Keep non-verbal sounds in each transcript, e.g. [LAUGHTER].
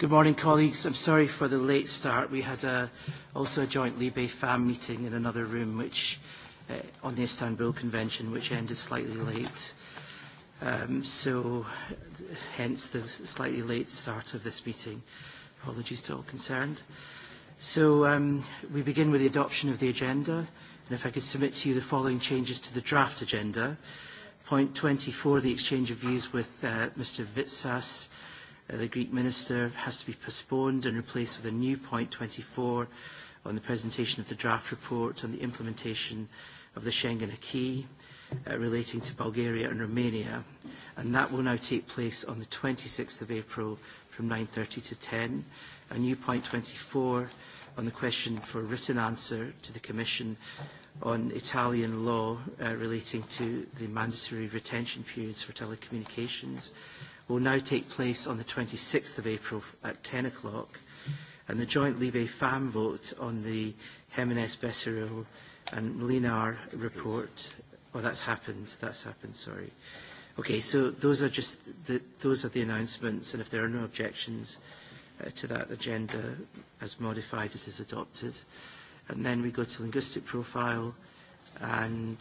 Good morning, colleagues. I'm sorry for the late start. We had a, also a joint Libe FAM meeting in another room which, uh, on the Istanbul Convention, which ended slightly late. Um, so, hence the slightly late start of this meeting. Apologies to all concerned. So, um, we begin with the adoption of the agenda. And if I could submit to you the following changes to the draft agenda. Point 24, the exchange of views with uh, Mr. Vitsas Uh, the Greek Minister has to be postponed and replaced with a new point 24 on the presentation of the draft report on the implementation of the Schengen Acquis uh, relating to Bulgaria and Romania. And that will now take place on the 26th of April from 9.30 to 10. A new point 24 on the question for written answer to the Commission on Italian law uh, relating to the mandatory retention periods for telecommunications will now take place on the 26th of April at 10 o'clock, and the joint Libe-FAM vote on the Jimenez Becerril and Linar report. Oh, that's happened. That's happened, sorry. Okay, so those are just the, those are the announcements, and if there are no objections uh, to that agenda as modified, it is adopted. And then we go to linguistic profile, and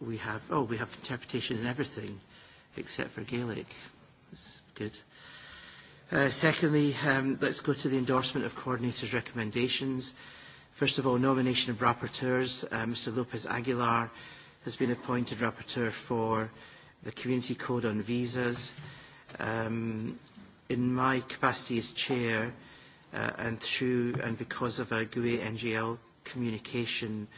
we have, oh, we have interpretation in everything except for Gaelic. That's good. Uh, secondly, um, let's go to the endorsement of coordinators' recommendations. First of all, nomination of rapporteurs. Uh, Mr. Lopez Aguilar has been appointed rapporteur for the Community Code on Visas. Um, in my capacity as chair, uh, and through and because of our GUE NGL communication,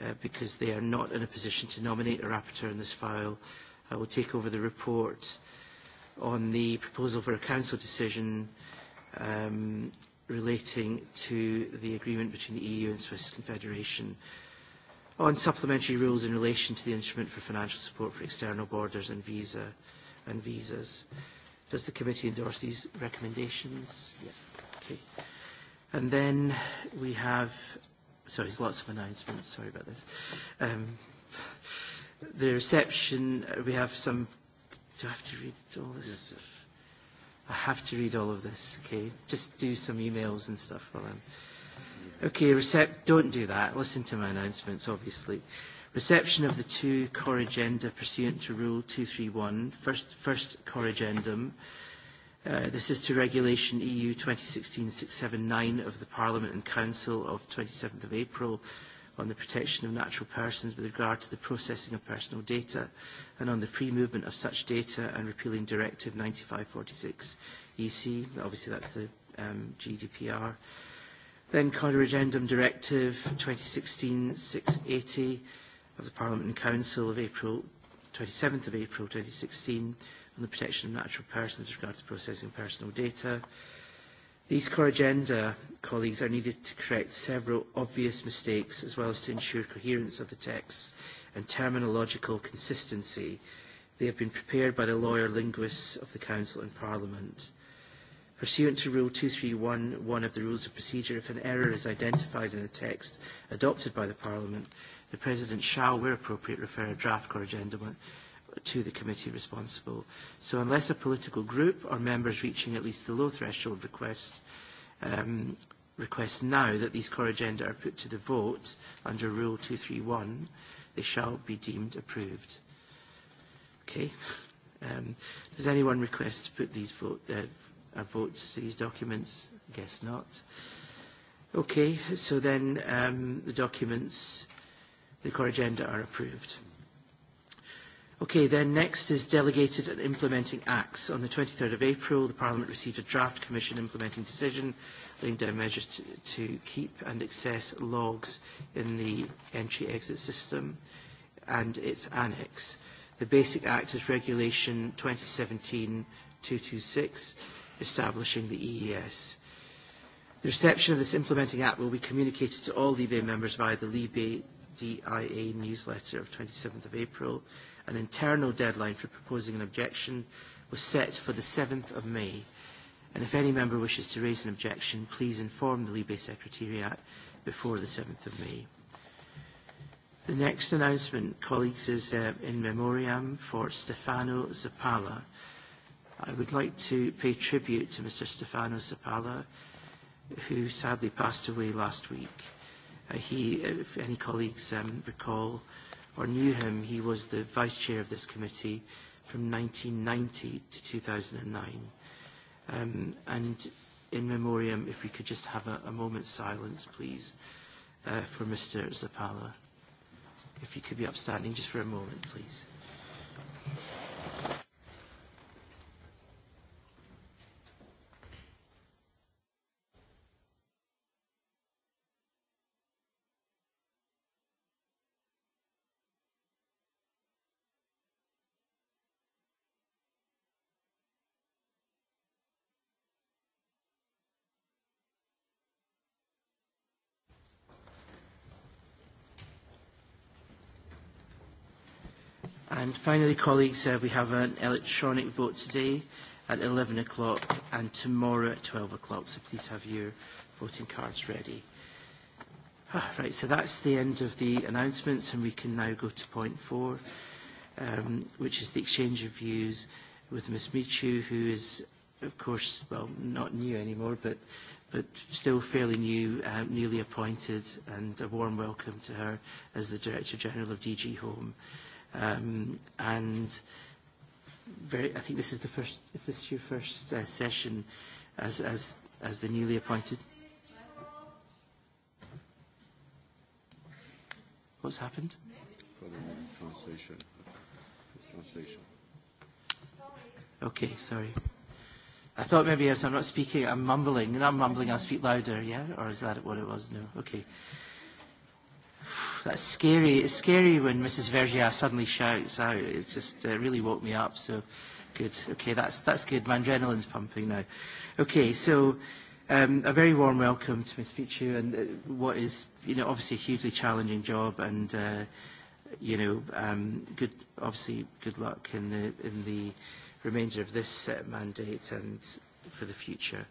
uh, because they are not in a position to nominate a rapporteur in this file, I will take over the report on the proposal for a council decision um, relating to the agreement between the EU and Swiss Confederation on supplementary rules in relation to the instrument for financial support for external borders and visa and visas. Does the committee endorse these recommendations? Yeah. Okay. And then we have, sorry, there's lots of announcements, sorry about this. Um, the reception, we have some do I have to read all this? Yes, yes. I have to read all of this, okay? Just do some emails and stuff for them. Okay, recept, don't do that. Listen to my announcements, obviously. Reception of the two core agenda pursuant to Rule 231, first, first core agenda. Uh, this is to Regulation EU 2016-679 of the Parliament and Council of 27th of April on the protection of natural persons with regard to the processing of personal data and on the free movement of such data and repealing Directive 9546 EC. Obviously, that's the um, GDPR. Then Counter-Agendum Directive 2016-680 of the Parliament and Council of April 27th of April 2016 on the protection of natural persons with regard to processing personal data. These core agenda, colleagues, are needed to correct several obvious mistakes as well as to ensure coherence of the text and terminological consistency. They have been prepared by the lawyer linguists of the Council and Parliament. Pursuant to Rule 2311 of the Rules of Procedure, if an error is identified in a text adopted by the Parliament, the President shall, where appropriate, refer a draft core agenda to the committee responsible. So unless a political group or members reaching at least the low threshold request, um, request now that these core agenda are put to the vote under Rule 231, they shall be deemed approved. Okay. Um, does anyone request to put these vote, our uh, uh, votes to these documents? I guess not. Okay, so then um, the documents, the core agenda are approved. Okay, then next is delegated and implementing acts. On the 23rd of April, the Parliament received a draft Commission implementing decision laying down measures to, to keep and access logs in the entry-exit system and its annex. The Basic Act is Regulation 2017-226, establishing the EES. The reception of this implementing act will be communicated to all LIBE members via the LIBE DIA newsletter of 27th of April An internal deadline for proposing an objection was set for the 7th of May. And if any member wishes to raise an objection, please inform the Libe Secretariat before the 7th of May. The next announcement, colleagues, is uh, in memoriam for Stefano Zappala. I would like to pay tribute to Mr. Stefano Zappala, who sadly passed away last week. Uh, he, if any colleagues um, recall, or knew him, he was the vice chair of this committee from 1990 to 2009. Um, and in memoriam, if we could just have a, a moment's silence, please, uh, for Mr. Zapala. If you could be upstanding just for a moment, please. And finally, colleagues, uh, we have an electronic vote today at 11 o'clock and tomorrow at 12 o'clock, so please have your voting cards ready. Ah, right, so that's the end of the announcements, and we can now go to point four, um, which is the exchange of views with Ms. Michu, who is, of course, well, not new anymore, but, but still fairly new, uh, newly appointed, and a warm welcome to her as the Director General of DG Home. Um, and very, I think this is the first, is this your first uh, session as, as, as the newly appointed? What's happened? Translation. Translation. Okay, sorry. I thought maybe as I'm not speaking, I'm mumbling. And I'm mumbling, I'll speak louder, yeah? Or is that what it was? No. Okay. That's scary. It's scary when Mrs. Vergia suddenly shouts out. It just uh, really woke me up. So good. Okay, that's, that's good. My adrenaline's pumping now. Okay, so um, a very warm welcome to Ms. Pichu and uh, what is, you know, obviously a hugely challenging job and, uh, you know, um, good, obviously good luck in the, in the remainder of this uh, mandate and for the future.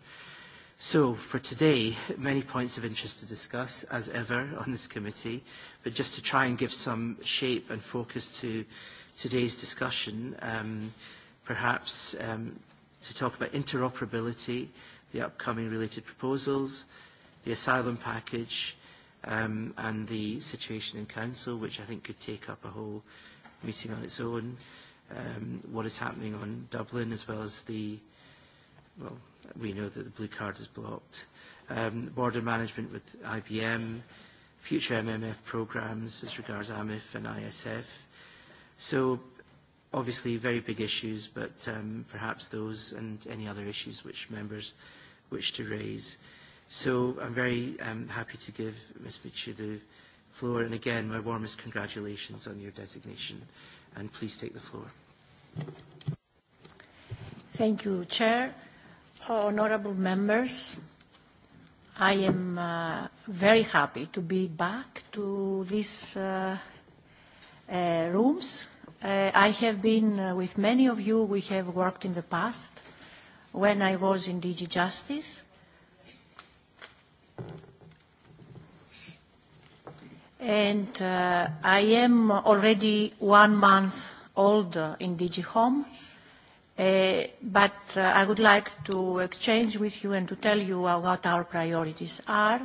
So for today, many points of interest to discuss, as ever, on this committee, but just to try and give some shape and focus to today's discussion, um, perhaps um, to talk about interoperability, the upcoming related proposals, the asylum package, um, and the situation in council, which I think could take up a whole meeting on its own, um, what is happening on Dublin, as well as the, well, we know that the blue card is blocked. Um, border management with IBM, future MMF programs as regards AMIF and ISF. So obviously very big issues, but um, perhaps those and any other issues which members wish to raise. So I'm very um, happy to give Ms. Michu the floor. And again, my warmest congratulations on your designation. And please take the floor. Thank you, Chair. Uh, honorable members, I am uh, very happy to be back to these uh, rooms. I have been with many of you, we have worked in the past when I was in DG Justice. And I am already one month old in DG Home Uh, but uh, I would like to exchange with you and to tell you uh, what our priorities are,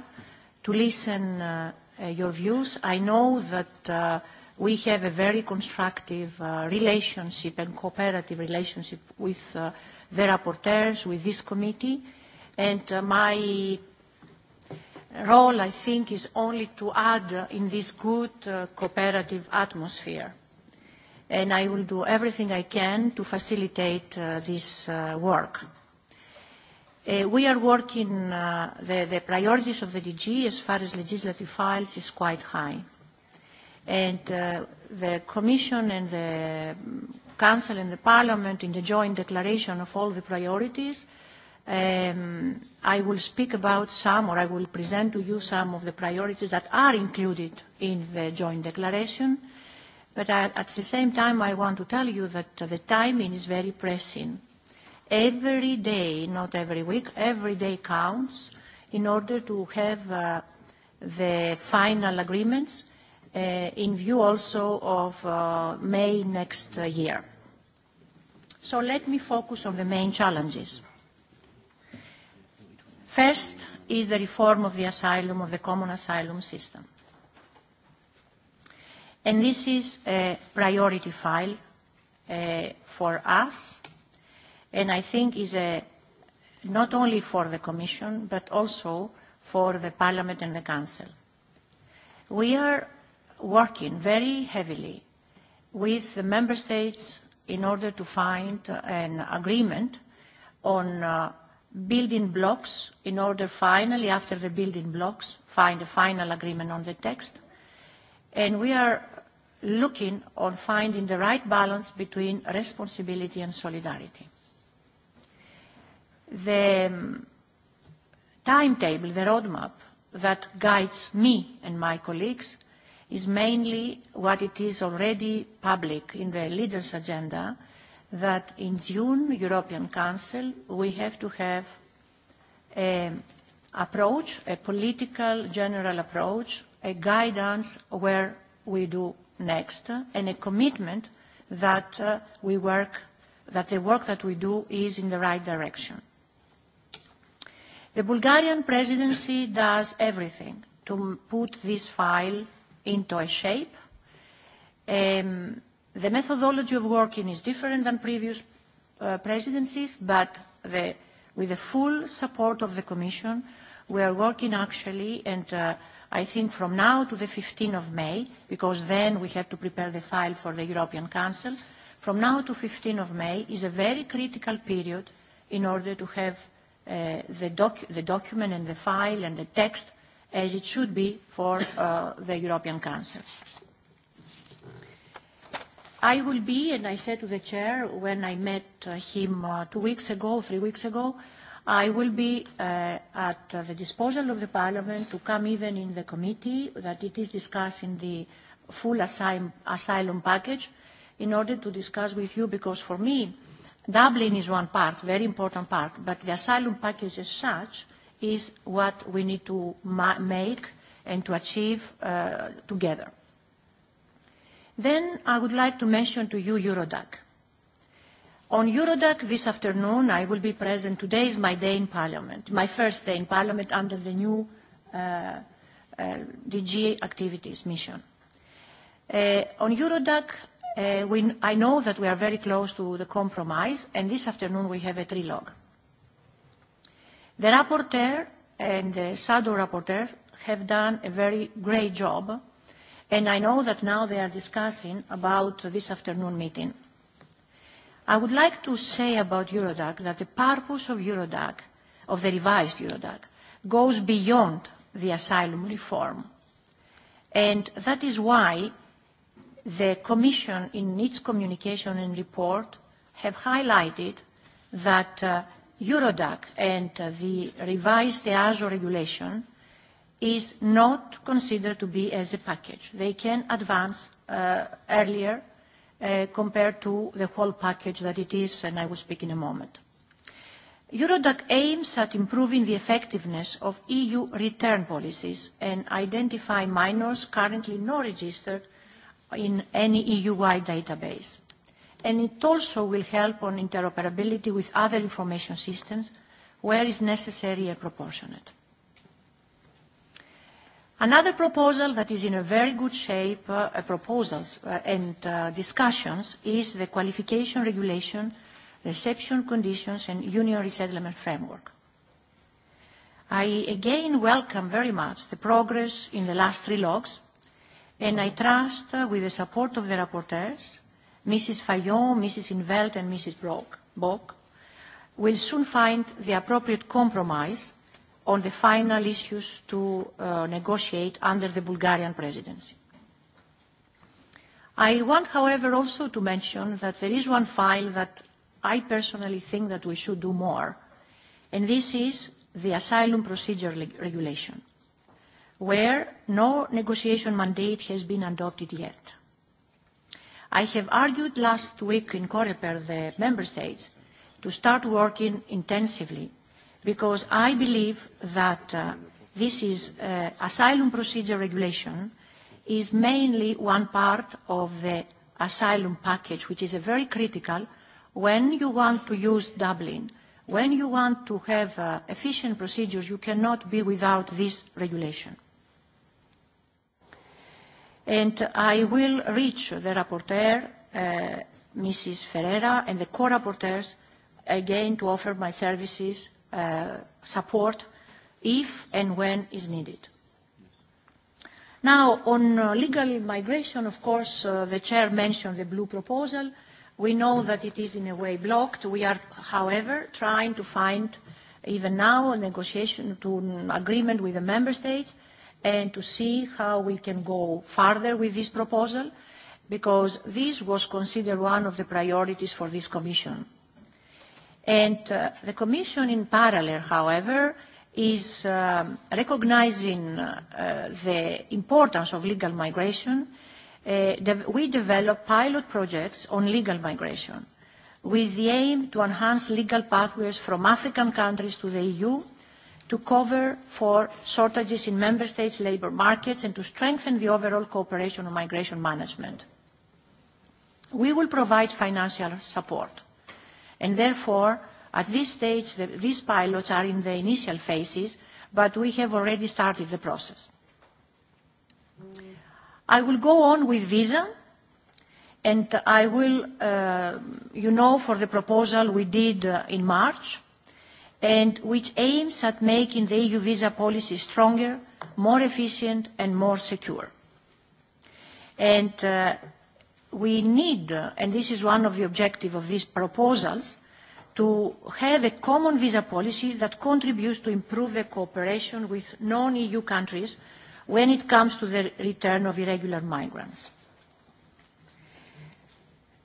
to listen your views. I know that we have a very constructive relationship and cooperative relationship with the rapporteurs, with this committee, and my role, I think, is only to add in this good cooperative atmosphere and I will do everything I can to facilitate uh, this uh, work. Uh, we are working, the, priorities of the DG as far as legislative files is quite high. And the Commission and the mm, Council and the Parliament in the joint declaration of all the priorities, um, I will speak about some or I will present to you some of the priorities that are included in the joint declaration But at the same time, I want to tell you that the timing is very pressing. Every day, not every week, every day counts in order to have uh, the final agreements uh, in view also of uh, May next year. So let me focus on the main challenges. First is the reform of the asylum, of the common asylum system and this is a priority file uh, for us and I think is a not only for the Commission but also for the Parliament and the Council. We are working very heavily with the Member States in order to find an agreement on uh, building blocks in order finally after the building blocks find a final agreement on the text and we are looking on finding the right balance between responsibility and solidarity. The um, timetable, the roadmap that guides me and my colleagues is mainly what it is already public in the leaders' agenda that in June European Council we have to have an um, approach, a political general approach, a guidance where we do next uh, and a commitment that uh, we work that the work that we do is in the right direction. The Bulgarian presidency does everything to put this file into a shape. Um, the methodology of working is different than previous uh, presidencies, but the, with the full support of the Commission, we are working actually and uh, i think from now to the 15th of May, because then we have to prepare the file for the European Council, from now to 15th of May is a very critical period in order to have uh, the, doc the document and the file and the text as it should be for uh, the European Council. I will be, and I said to the chair when I met uh, him uh, two weeks ago, three weeks ago, i will be uh, at the disposal of the Parliament to come even in the committee that it is discussing the full asylum, asylum package in order to discuss with you because for me Dublin is one part, very important part, but the asylum package as such is what we need to ma make and to achieve uh, together. Then I would like to mention to you Eurodac. On Eurodac this afternoon, I will be present. Today is my day in Parliament, my first day in Parliament under the new uh, uh, DG activities mission. Uh, on Eurodac, uh, we, I know that we are very close to the compromise, and this afternoon we have a trilogue. The rapporteur and the shadow rapporteur have done a very great job, and I know that now they are discussing about this afternoon meeting. I would like to say about Eurodac that the purpose of Eurodac, of the revised Eurodac, goes beyond the asylum reform. And that is why the Commission, in its communication and report, have highlighted that uh, Eurodac and uh, the revised EASO regulation is not considered to be as a package. They can advance uh, earlier Uh, compared to the whole package that it is, and I will speak in a moment. Eurodac aims at improving the effectiveness of EU return policies and identify minors currently not registered in any EU-wide database. And it also will help on interoperability with other information systems where is necessary and proportionate. Another proposal that is in a very good shape, uh, proposals uh, and uh, discussions, is the qualification regulation, reception conditions and union resettlement framework. I again welcome very much the progress in the last three logs, and I trust uh, with the support of the rapporteurs, Mrs. Fayon, Mrs. Invelt and Mrs. Brock, Bock, will soon find the appropriate compromise on the final issues to uh, negotiate under the Bulgarian presidency. I want, however, also to mention that there is one file that I personally think that we should do more, and this is the asylum procedure regulation, where no negotiation mandate has been adopted yet. I have argued last week in Coreper, the member states, to start working intensively because I believe that uh, this is uh, asylum procedure regulation is mainly one part of the asylum package, which is a very critical when you want to use Dublin, when you want to have uh, efficient procedures, you cannot be without this regulation. And I will reach the rapporteur, uh, Mrs. Ferreira, and the co-rapporteurs, again to offer my services Uh, support if and when is needed. Now, on uh, legal migration, of course, uh, the chair mentioned the blue proposal. We know that it is in a way blocked. We are, however, trying to find, even now, a negotiation to an um, agreement with the member states and to see how we can go further with this proposal because this was considered one of the priorities for this commission And uh, the Commission in parallel, however, is um, recognizing uh, the importance of legal migration. Uh, we develop pilot projects on legal migration with the aim to enhance legal pathways from African countries to the EU to cover for shortages in member states' labour markets and to strengthen the overall cooperation on migration management. We will provide financial support and therefore at this stage these pilots are in the initial phases but we have already started the process. I will go on with visa and I will, uh, you know, for the proposal we did uh, in March and which aims at making the EU visa policy stronger, more efficient and more secure. And uh, we need, uh, and this is one of the objectives of these proposals, to have a common visa policy that contributes to improve the cooperation with non-EU countries when it comes to the return of irregular migrants.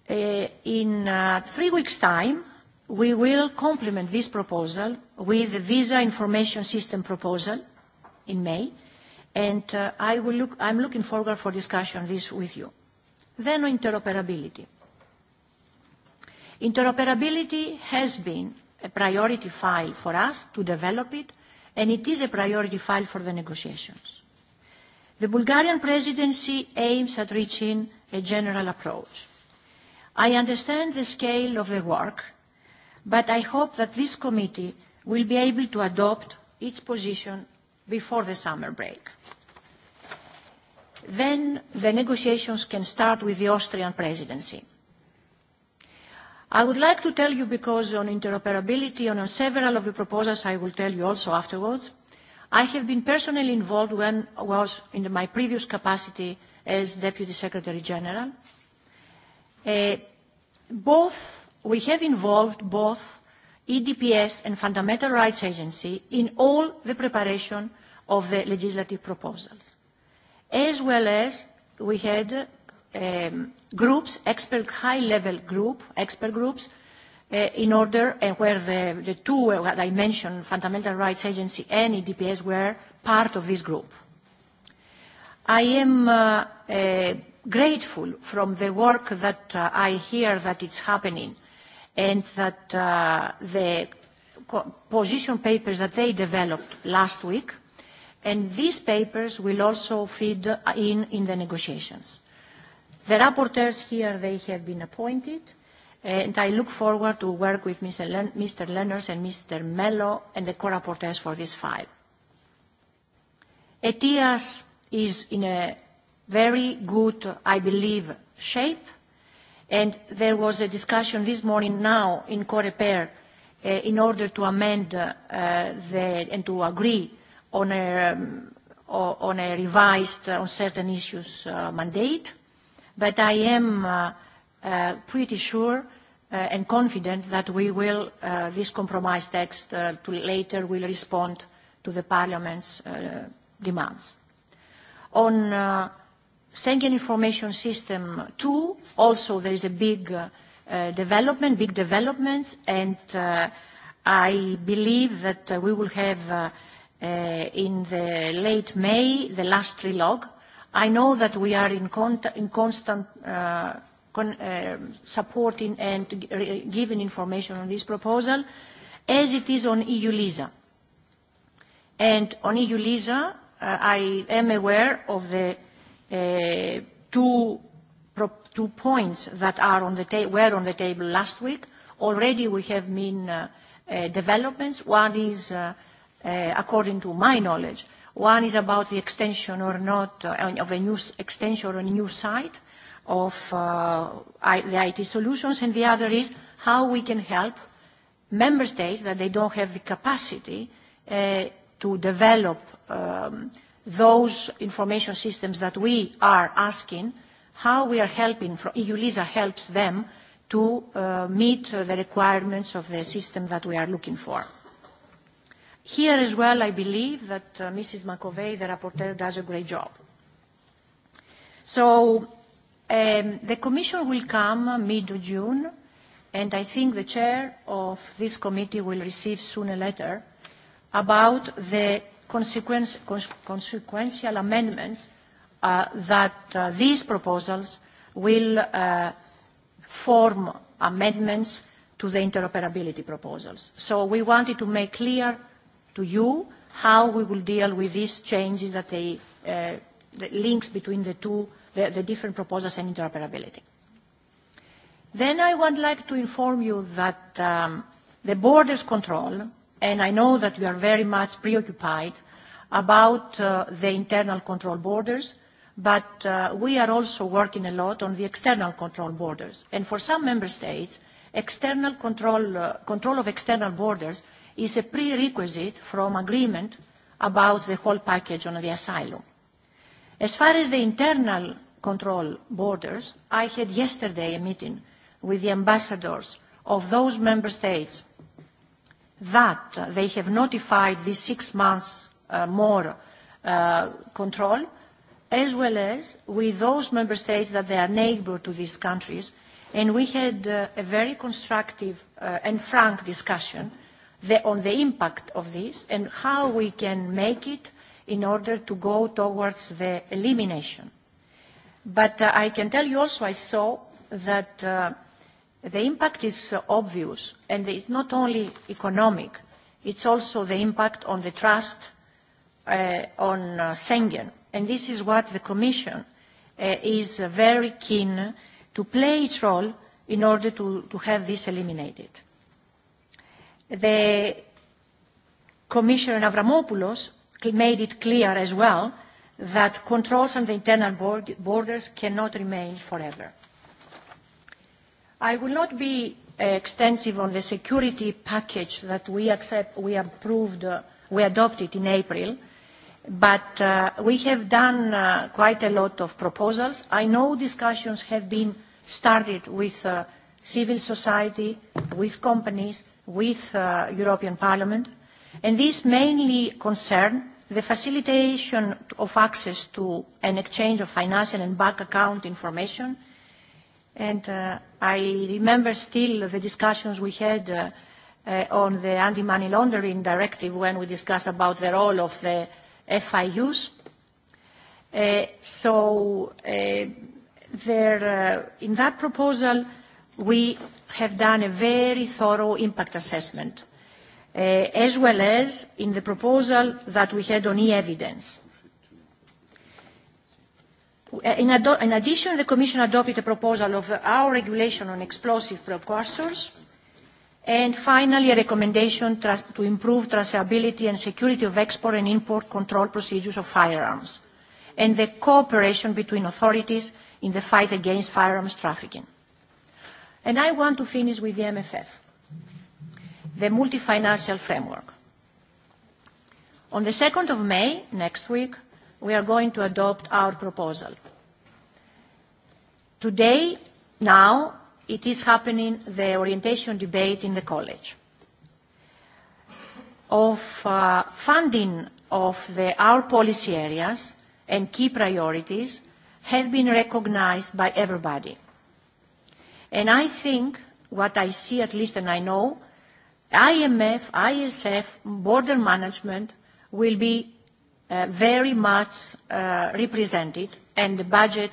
Uh, in uh, three weeks' time, we will complement this proposal with the Visa Information System proposal in May, and uh, I will look, I'm looking forward for discussion this with you. Then interoperability. Interoperability has been a priority file for us to develop it, and it is a priority file for the negotiations. The Bulgarian presidency aims at reaching a general approach. I understand the scale of the work, but I hope that this committee will be able to adopt its position before the summer break then the negotiations can start with the Austrian presidency. I would like to tell you, because on interoperability and on several of the proposals I will tell you also afterwards, I have been personally involved when I was in my previous capacity as Deputy Secretary General. Uh, both, we have involved both EDPS and Fundamental Rights Agency in all the preparation of the legislative proposals as well as we had um, groups, expert high-level group, expert groups, uh, in order uh, where the, the two uh, that I mentioned, Fundamental Rights Agency and EDPS, were part of this group. I am uh, uh, grateful from the work that uh, I hear that it's happening and that uh, the position papers that they developed last week – and these papers will also feed in in the negotiations. The rapporteurs here, they have been appointed, and I look forward to work with Mr. Lenners and Mr. Mello and the co-rapporteurs for this file. ETIAS is in a very good, I believe, shape, and there was a discussion this morning now in Corepair uh, eh, in order to amend eh, the, and to agree on a, um, on a revised on certain issues uh, mandate, but I am uh, uh, pretty sure uh, and confident that we will, uh, this compromise text uh, to later will respond to the Parliament's demands. On Schengen Information System 2, also there is a big development, big developments, and I believe that we will have Uh, in the late May, the last trilogue. I know that we are in, constant uh, uh, supporting and giving information on this proposal, as it is on EU LISA. And on EU LISA, I am aware of the two two points that are on the were on the table last week. Already we have been developments. One is uh, Uh, according to my knowledge. One is about the extension or not uh, of a new extension or a new site of uh, the IT solutions, and the other is how we can help member states that they don't have the capacity to develop um, those information systems that we are asking, how we are helping, EU LISA helps them to meet the requirements of the system that we are looking for. Here as well, I believe that uh, Mrs. McAvey, the rapporteur, does a great job. So um, the Commission will come mid-June, and I think the chair of this committee will receive soon a letter about the consequence, cons consequential amendments uh, that uh, these proposals will uh, form amendments to the interoperability proposals. So we wanted to make clear to you how we will deal with these changes that they, uh, the links between the two, the, the different proposals and interoperability. Then I would like to inform you that um, the borders control, and I know that you are very much preoccupied about uh, the internal control borders, but uh, we are also working a lot on the external control borders. And for some member states, external control, uh, control of external borders is a prerequisite from agreement about the whole package on the asylum. As far as the internal control borders, I had yesterday a meeting with the ambassadors of those member states that they have notified the six months uh, more uh, control, as well as with those member states that they are neighbor to these countries. And we had uh, a very constructive uh, and frank discussion on the impact of this and how we can make it in order to go towards the elimination. But uh, I can tell you also I saw that uh, the impact is uh, obvious and it's not only economic, it's also the impact on the trust on Schengen. And this is what the Commission is very keen to play its role in order to, to have this eliminated. The Commissioner Avramopoulos made it clear as well that controls on the internal borders cannot remain forever. I will not be uh, extensive on the security package that we accept, we approved, uh, we adopted in April, but uh, we have done uh, quite a lot of proposals. I know discussions have been started with uh, civil society, with companies, with uh, European Parliament, and these mainly concern the facilitation of access to an exchange of financial and bank account information. And uh, I remember still the discussions we had uh, uh, on the anti-money laundering directive when we discussed about the role of the FIUs. Uh, so uh, there, uh, in that proposal, we have done a very thorough impact assessment, eh, as well as in the proposal that we had on e-evidence. Eh, in, in addition, the Commission adopted a proposal of our regulation on explosive precursors, and finally, a recommendation to improve traceability and security of export and import control procedures of firearms, and the cooperation between authorities in the fight against firearms trafficking. And I want to finish with the MFF, the multi-financial framework. On the 2nd of May, next week, we are going to adopt our proposal. Today, now, it is happening the orientation debate in the college. Of uh, funding of the, our policy areas and key priorities have been recognized by everybody. And I think what I see at least and I know, IMF, ISF, border management will be uh, very much uh, represented and the budget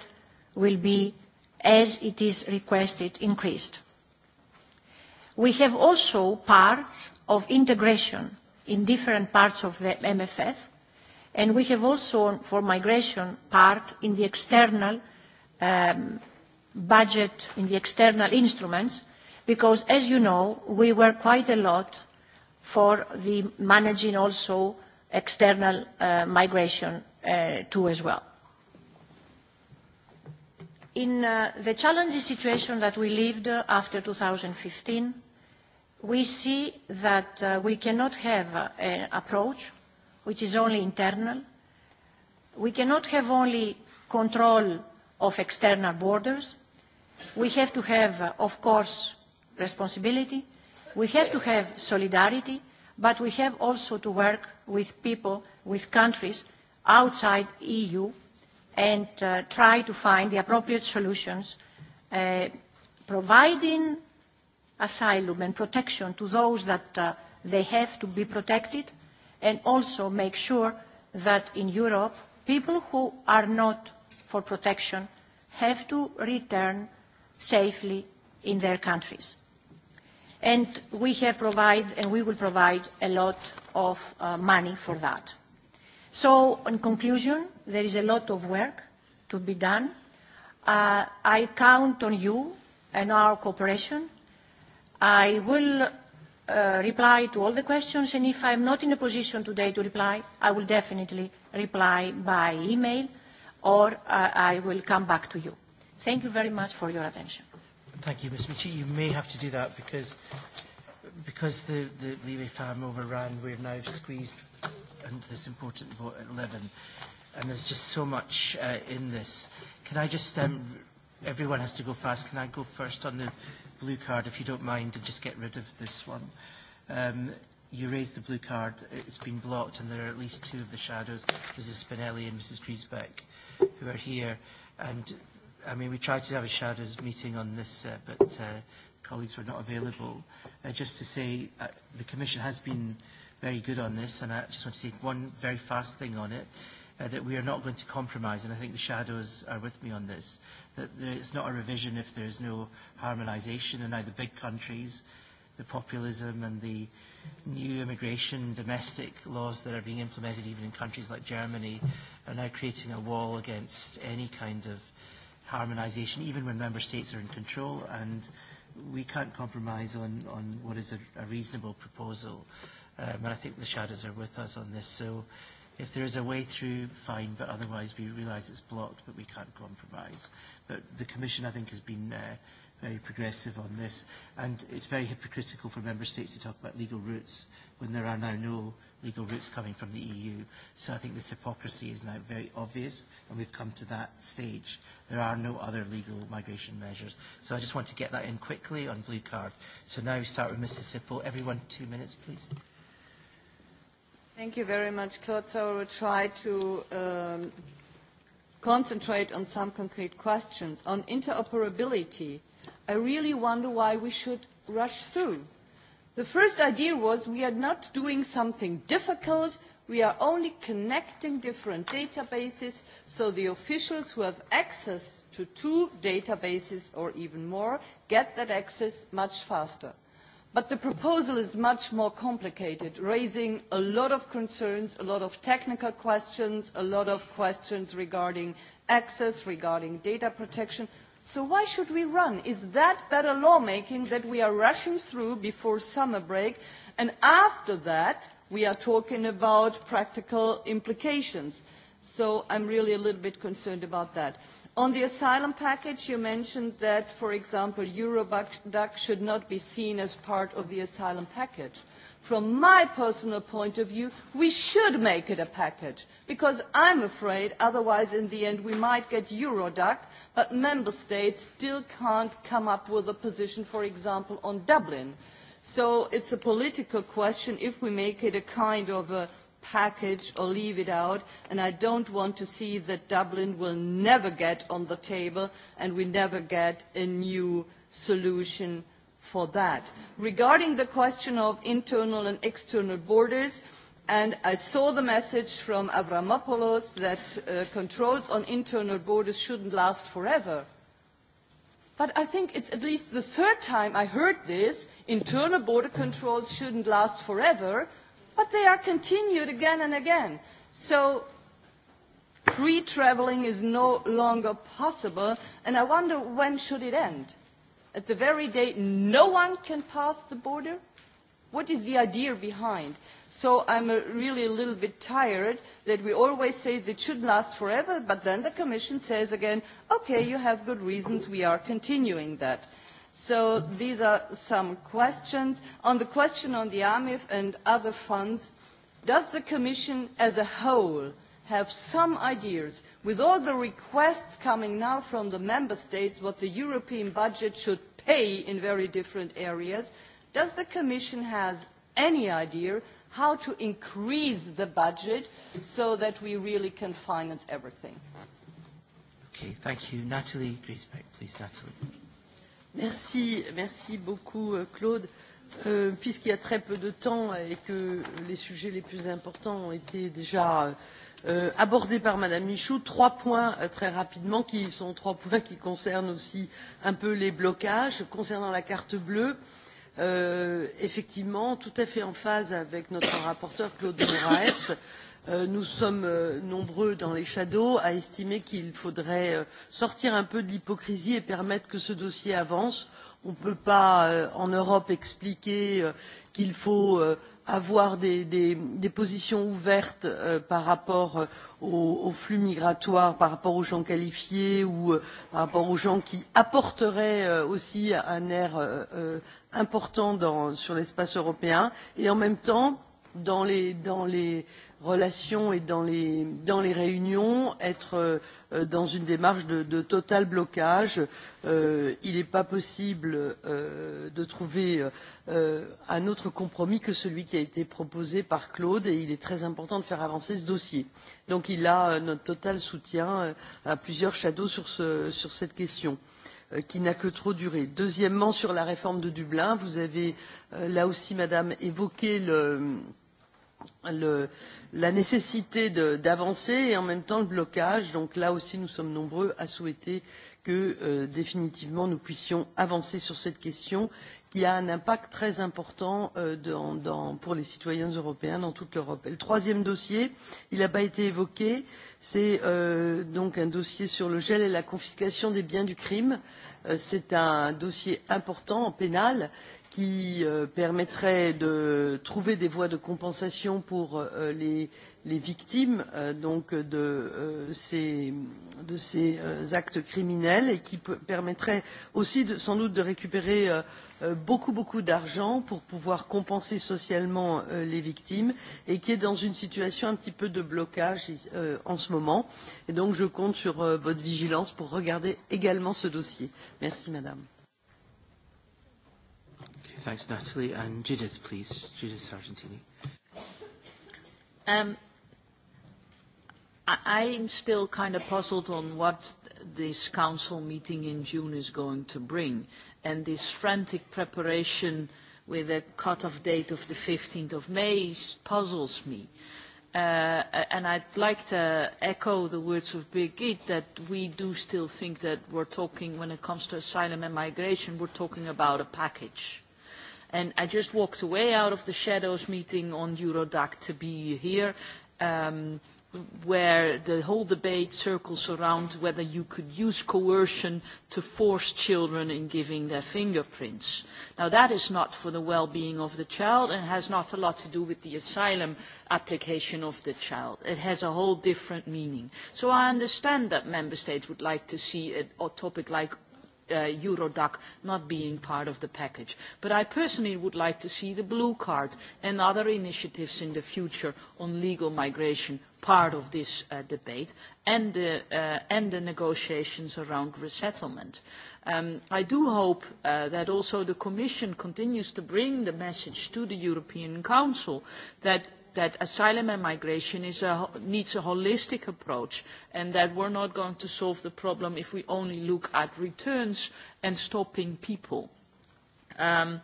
will be, as it is requested, increased. We have also parts of integration in different parts of the MFF and we have also for migration part in the external um, budget in the external instruments because as you know we were quite a lot for the managing also external uh, migration uh, too as well in uh, the challenging situation that we lived after 2015 we see that we cannot have an approach which is only internal we cannot have only control of external borders we have to have, uh, of course, responsibility, we have to have solidarity, but we have also to work with people, with countries outside EU and uh, try to find the appropriate solutions, uh, providing asylum and protection to those that uh, they have to be protected, and also make sure that in Europe, people who are not for protection have to return safely in their countries. And we have provided, and we will provide a lot of uh, money for that. So, in conclusion, there is a lot of work to be done. Uh, I count on you and our cooperation. I will uh, reply to all the questions, and if I'm not in a position today to reply, I will definitely reply by email, or I will come back to you. Thank you very much for your attention. Thank you, Ms. Michi. You may have to do that because because the, the Levy farm overran, we're now squeezed into this important vote at 11. And there's just so much uh, in this. Can I just, um, everyone has to go fast. Can I go first on the blue card, if you don't mind, and just get rid of this one? Um, you raised the blue card. It's been blocked, and there are at least two of the shadows, Mrs. Spinelli and Mrs. Griesbeck, who are here. And i mean, we tried to have a shadows meeting on this, uh, but uh, colleagues were not available. Uh, just to say, uh, the Commission has been very good on this, and I just want to say one very fast thing on it, uh, that we are not going to compromise, and I think the shadows are with me on this, that there, it's not a revision if there is no harmonisation, and now the big countries, the populism and the new immigration domestic laws that are being implemented even in countries like Germany are now creating a wall against any kind of harmonisation, even when member states are in control, and we can't compromise on, on what is a, a reasonable proposal. Um, and I think the shadows are with us on this. So if there is a way through, fine, but otherwise we realise it's blocked, but we can't compromise. But the Commission, I think, has been uh, very progressive on this. And it's very hypocritical for member states to talk about legal routes when there are now no legal routes coming from the EU. So I think this hypocrisy is now very obvious, and we've come to that stage. There are no other legal migration measures. So I just want to get that in quickly on blue card. So now we start with Mrs. Sippel. Everyone, two minutes, please. Thank you very much, Claude. So I will try to um, concentrate on some concrete questions. On interoperability, I really wonder why we should rush through The first idea was we are not doing something difficult, we are only connecting different databases so the officials who have access to two databases or even more get that access much faster. But the proposal is much more complicated, raising a lot of concerns, a lot of technical questions, a lot of questions regarding access, regarding data protection, So why should we run? Is that better lawmaking that we are rushing through before summer break? And after that, we are talking about practical implications. So I'm really a little bit concerned about that. On the asylum package, you mentioned that, for example, Eurodac should not be seen as part of the asylum package. From my personal point of view, we should make it a package, because I'm afraid otherwise in the end we might get Eurodac, but member states still can't come up with a position, for example, on Dublin. So it's a political question if we make it a kind of a package or leave it out and i don't want to see that dublin will never get on the table and we never get a new solution for that. Regarding the question of internal and external borders, and I saw the message from Avramopoulos that uh, controls on internal borders shouldn't last forever. But I think it's at least the third time I heard this, internal border controls shouldn't last forever, but they are continued again and again. So free travelling is no longer possible, and I wonder when should it end? at the very day no one can pass the border? What is the idea behind? So I'm a, really a little bit tired that we always say it should last forever, but then the Commission says again, okay, you have good reasons, we are continuing that. So these are some questions. On the question on the AMIF and other funds, does the Commission as a whole have some ideas with all the requests coming now from the member states what the european budget should pay in very different areas does the commission have any idea how to increase the budget so that we really can finance everything okay thank you natalie Griesbeck, please natalie merci merci beaucoup euh, claude euh, puisqu'il y a très peu de temps et que les sujets les plus importants ont été déjà euh, Euh, abordé par mme Michou trois points euh, très rapidement qui sont trois points qui concernent aussi un peu les blocages. concernant la carte bleue euh, effectivement tout à fait en phase avec notre rapporteur claude moraes nous sommes nombreux dans les shadows à estimer qu'il faudrait sortir un peu de l'hypocrisie et permettre que ce dossier avance. on ne peut pas en europe expliquer qu'il faut avoir des, des, des positions ouvertes euh, par rapport euh, aux, flux migratoires, par rapport aux gens qualifiés ou euh, par rapport aux gens qui apporteraient aussi un air important dans, sur l'espace européen et en même temps dans les, dans les relations et dans les, dans les réunions être euh, dans une démarche de, de total blocage. Euh, il n'est pas possible euh, de trouver euh, un autre compromis que celui qui a été proposé par Claude et il est très important de faire avancer ce dossier. Donc il a euh, notre total soutien euh, à plusieurs shadows sur, ce, sur cette question qui n'a que trop duré. Deuxièmement, sur la réforme de Dublin, vous avez là aussi, Madame, évoqué le la nécessité d'avancer et en même temps le blocage. Donc là aussi, nous sommes nombreux à souhaiter que euh, définitivement nous puissions avancer sur cette question qui a un impact très important euh, dans, dans, pour les citoyens européens dans toute l'Europe. Le troisième dossier, il n'a pas été évoqué, c'est euh, donc un dossier sur le gel et la confiscation des biens du crime. C'est un dossier important en pénal qui euh, permettrait de trouver des voies de compensation pour euh, les, les victimes euh, donc de ces, de ces actes criminels et qui permettrait aussi sans doute de récupérer beaucoup beaucoup d'argent pour pouvoir compenser socialement les victimes et qui est dans une situation un petit peu de blocage en ce moment et donc je compte sur votre vigilance pour regarder également ce dossier merci madame Thanks, Natalie. And Judith, please. Judith Sargentini. Um, I, I'm still kind of puzzled on what this council meeting in June is going to bring. And this frantic preparation with a cut-off date of the 15th of May puzzles me. Uh, and I'd like to echo the words of Birgit that we do still think that we're talking, when it comes to asylum and migration, we're talking about a package And I just walked away out of the shadows meeting on Eurodac to be here. Um, where the whole debate circles around whether you could use coercion to force children in giving their fingerprints. Now that is not for the well-being of the child and has not a lot to do with the asylum application of the child. It has a whole different meaning. So I understand that member states would like to see a, a topic like uh, Eurodac not being part of the package. But I personally would like to see the blue card and other initiatives in the future on legal migration part of this uh, debate and the, uh, and the negotiations around resettlement. Um, I do hope uh, that also the Commission continues to bring the message to the European Council that that asylum and migration is a, needs a holistic approach and that we're not going to solve the problem if we only look at returns and stopping people. Um,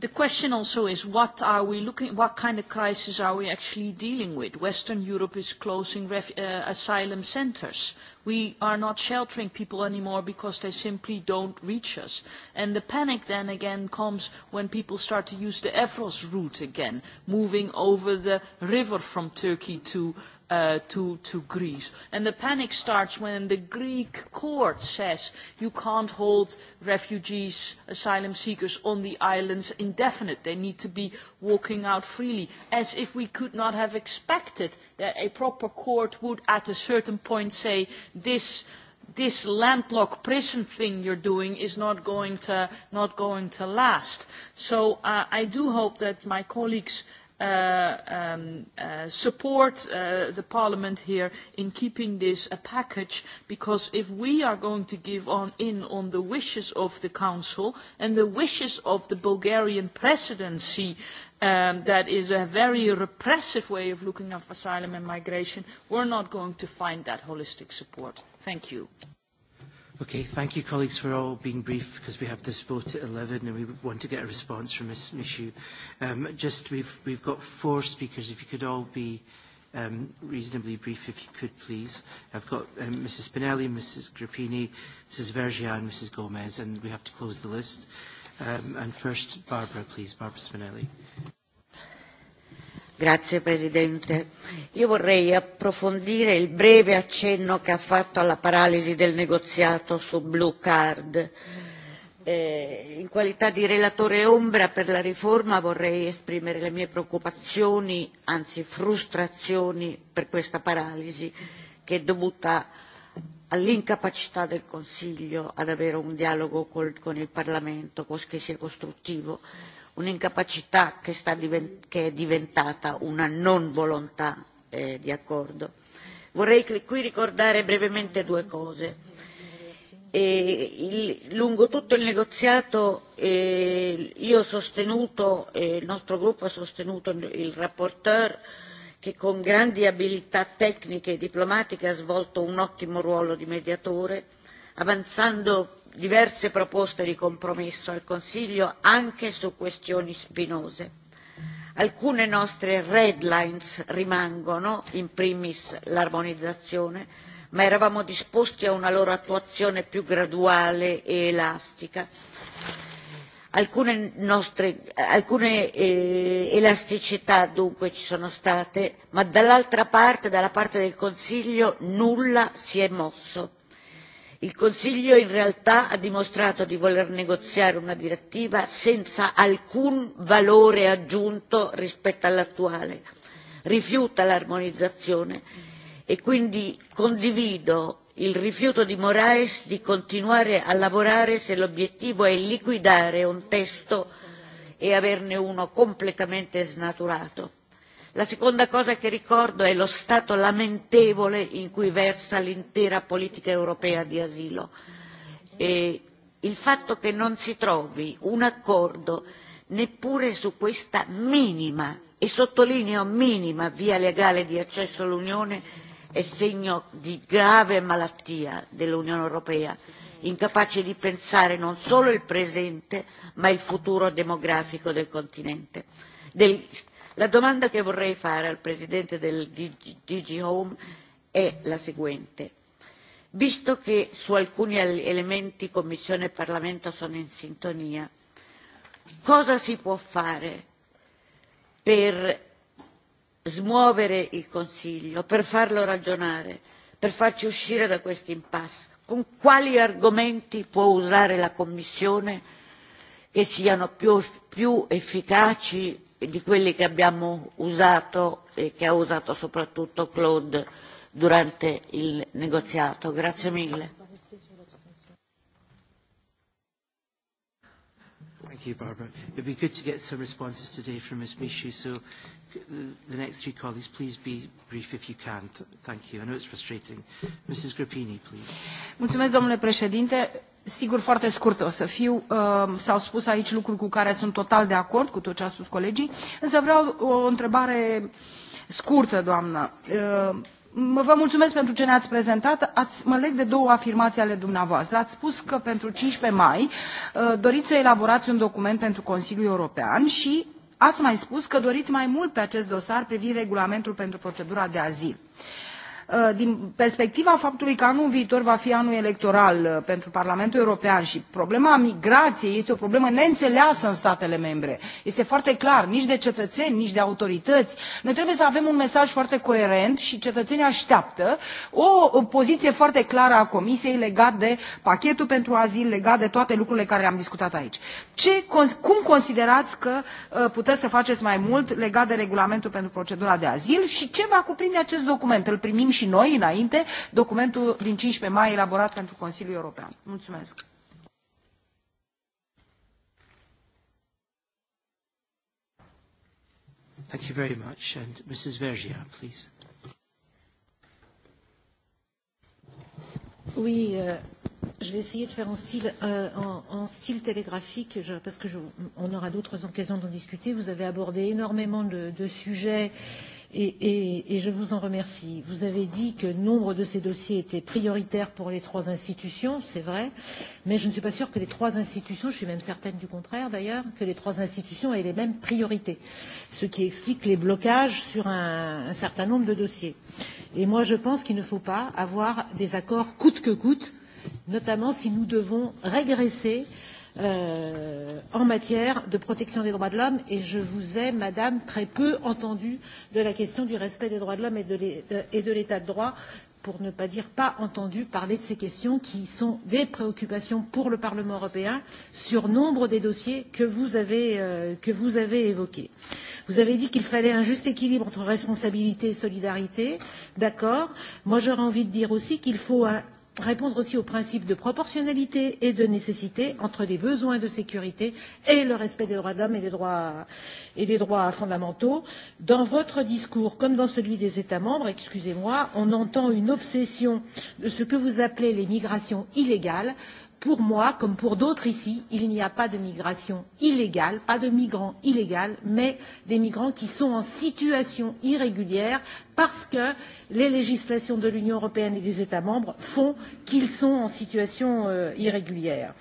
the question also is what are we looking what kind of crisis are we actually dealing with western europe is closing uh, asylum centres we are not sheltering people anymore because they simply don't reach us. And the panic then again comes when people start to use the Evros route again, moving over the river from Turkey to Uh, to, to Greece. And the panic starts when the Greek court says you can't hold refugees, asylum seekers on the islands indefinite. They need to be walking out freely, as if we could not have expected that a proper court would at a certain point say this this landlocked prison thing you're doing is not going to, not going to last. So uh, I do hope that my colleagues Uh, um, uh, support uh, parliament here in keeping this a package because if we are going to give in on the wishes of the council and the wishes of the bulgarian presidency um, that is a very repressive way of looking at asylum and migration we are not going to find that holistic support. thank you. Okay, thank you colleagues for all being brief because we have this vote at 11 and we want to get a response from Ms. Michu. Um, just, we've, we've got four speakers. If you could all be um, reasonably brief, if you could, please. I've got um, Mrs. Spinelli, Mrs. Grappini, Mrs. Vergia and Mrs. Gomez, and we have to close the list. Um, and first, Barbara, please. Barbara Spinelli. Grazie Presidente. Io vorrei approfondire il breve accenno che ha fatto alla paralisi del negoziato su Blue Card. Eh, in qualità di relatore ombra per la riforma vorrei esprimere le mie preoccupazioni, anzi frustrazioni per questa paralisi che è dovuta all'incapacità del Consiglio ad avere un dialogo con il Parlamento che sia costruttivo un'incapacità che, è diventata una non volontà eh, di accordo. Vorrei qui ricordare brevemente due cose. E lungo tutto il negoziato eh, io ho sostenuto, e il nostro gruppo ha sostenuto il rapporteur che con grandi abilità tecniche e diplomatiche ha svolto un ottimo ruolo di mediatore, avanzando diverse proposte di compromesso al Consiglio anche su questioni spinose. Alcune nostre red lines rimangono, in primis l'armonizzazione, ma eravamo disposti a una loro attuazione più graduale e elastica. Alcune, eh, elasticità dunque ci sono state, ma dall'altra parte, dalla parte del Consiglio, nulla si è mosso il consiglio in realtà ha dimostrato di voler negoziare una direttiva senza alcun valore aggiunto rispetto all'attuale rifiuta l'armonizzazione e quindi condivido il rifiuto di moraes di continuare a lavorare se l'obiettivo è liquidare un testo e averne uno completamente snaturato. La seconda cosa che ricordo è lo stato lamentevole in cui versa l'intera politica europea di asilo e il fatto che non si trovi un accordo neppure su questa minima e sottolineo minima via legale di accesso all'Unione è segno di grave malattia dell'Unione Europea, incapace di pensare non solo il presente ma il futuro demografico del continente, la domanda che vorrei fare al presidente del dg, home è la seguente visto che su alcuni elementi commissione e parlamento sono in sintonia cosa si può fare per smuovere il consiglio per farlo ragionare per farci uscire da questo impasse con quali argomenti può usare la commissione che siano più efficaci di quelli che abbiamo usato e che ha usato soprattutto Claude durante il negoziato. Grazie mille. Thank you, Barbara. It would be good to get some responses today from Ms. Michu, so the, next three colleagues, please be brief if you can. Thank you. I know it's frustrating. Mrs. Grappini, please. Mulțumesc, domnule președinte. Sigur, foarte scurt o să fiu. Ehm, s-au spus aici lucruri cu care sunt total de acord cu tot ce a spus colegii, însă vreau o întrebare scurtă, doamnă. Ehm, vă mulțumesc pentru ce ne-ați prezentat. Ați, mă leg de două afirmații ale dumneavoastră. Ați spus că pentru 15 mai ehm, doriți să elaborați un document pentru Consiliul European și Ați mai spus că doriți mai mult pe acest dosar privind regulamentul pentru procedura de azil. Uh, din perspectiva faptului că anul viitor va fi anul electoral uh, pentru Parlamentul European și problema migrației este o problemă neînțeleasă în statele membre. Este foarte clar, nici de cetățeni, nici de autorități. Noi trebuie să avem un mesaj foarte coerent și cetățenii așteaptă o poziție foarte clară a Comisiei legat de pachetul pentru azil, legat de toate lucrurile care am discutat aici. cum considerați că uh, puteți să faceți mai mult legat de regulamentul pentru procedura de azil și ce va cuprinde acest document? Îl primim și noi înainte documentul din 15 mai elaborat pentru Consiliul European. Mulțumesc! Thank you very much. And Mrs. Vergia, please. Oui, euh, je vais essayer de faire en style, euh, en, en style télégraphique, je, parce que je, on aura d'autres occasions d'en discuter. Vous avez abordé énormément de, de sujets euh, et, je vous en remercie. Vous avez dit que nombre de ces dossiers étaient prioritaires pour les trois institutions, c'est vrai, mais je ne suis pas sûre que les trois institutions, je suis même certaine du contraire d'ailleurs, que les trois institutions aient les mêmes priorités, ce qui explique les blocages sur un, un certain nombre de dossiers. Et moi, je pense qu'il ne faut pas avoir des accords coûte que coûte, notamment si nous devons régresser euh, en matière de protection des droits de l'homme et je vous ai, Madame, très peu entendu de la question du respect des droits de l'homme et de l'état de droit pour ne pas dire pas entendu parler de ces questions qui sont des préoccupations pour le Parlement européen sur nombre des dossiers que vous avez, euh, que vous avez évoqués. Vous avez dit qu'il fallait un juste équilibre entre responsabilité et solidarité. D'accord. Moi, j'aurais envie de dire aussi qu'il faut un répondre aussi aux principes de proportionnalité et de nécessité entre les besoins de sécurité et le respect des droits de l'homme et des droits et des droits fondamentaux dans votre discours comme dans celui des états membres excusez-moi on entend une obsession de ce que vous appelez les migrations illégales pour moi comme pour d'autres ici il n'y a pas de migration illégale pas de migrants illégaux mais des migrants qui sont en situation irrégulière parce que les législations de l'union européenne et des états membres font qu'ils sont en situation euh, irrégulière.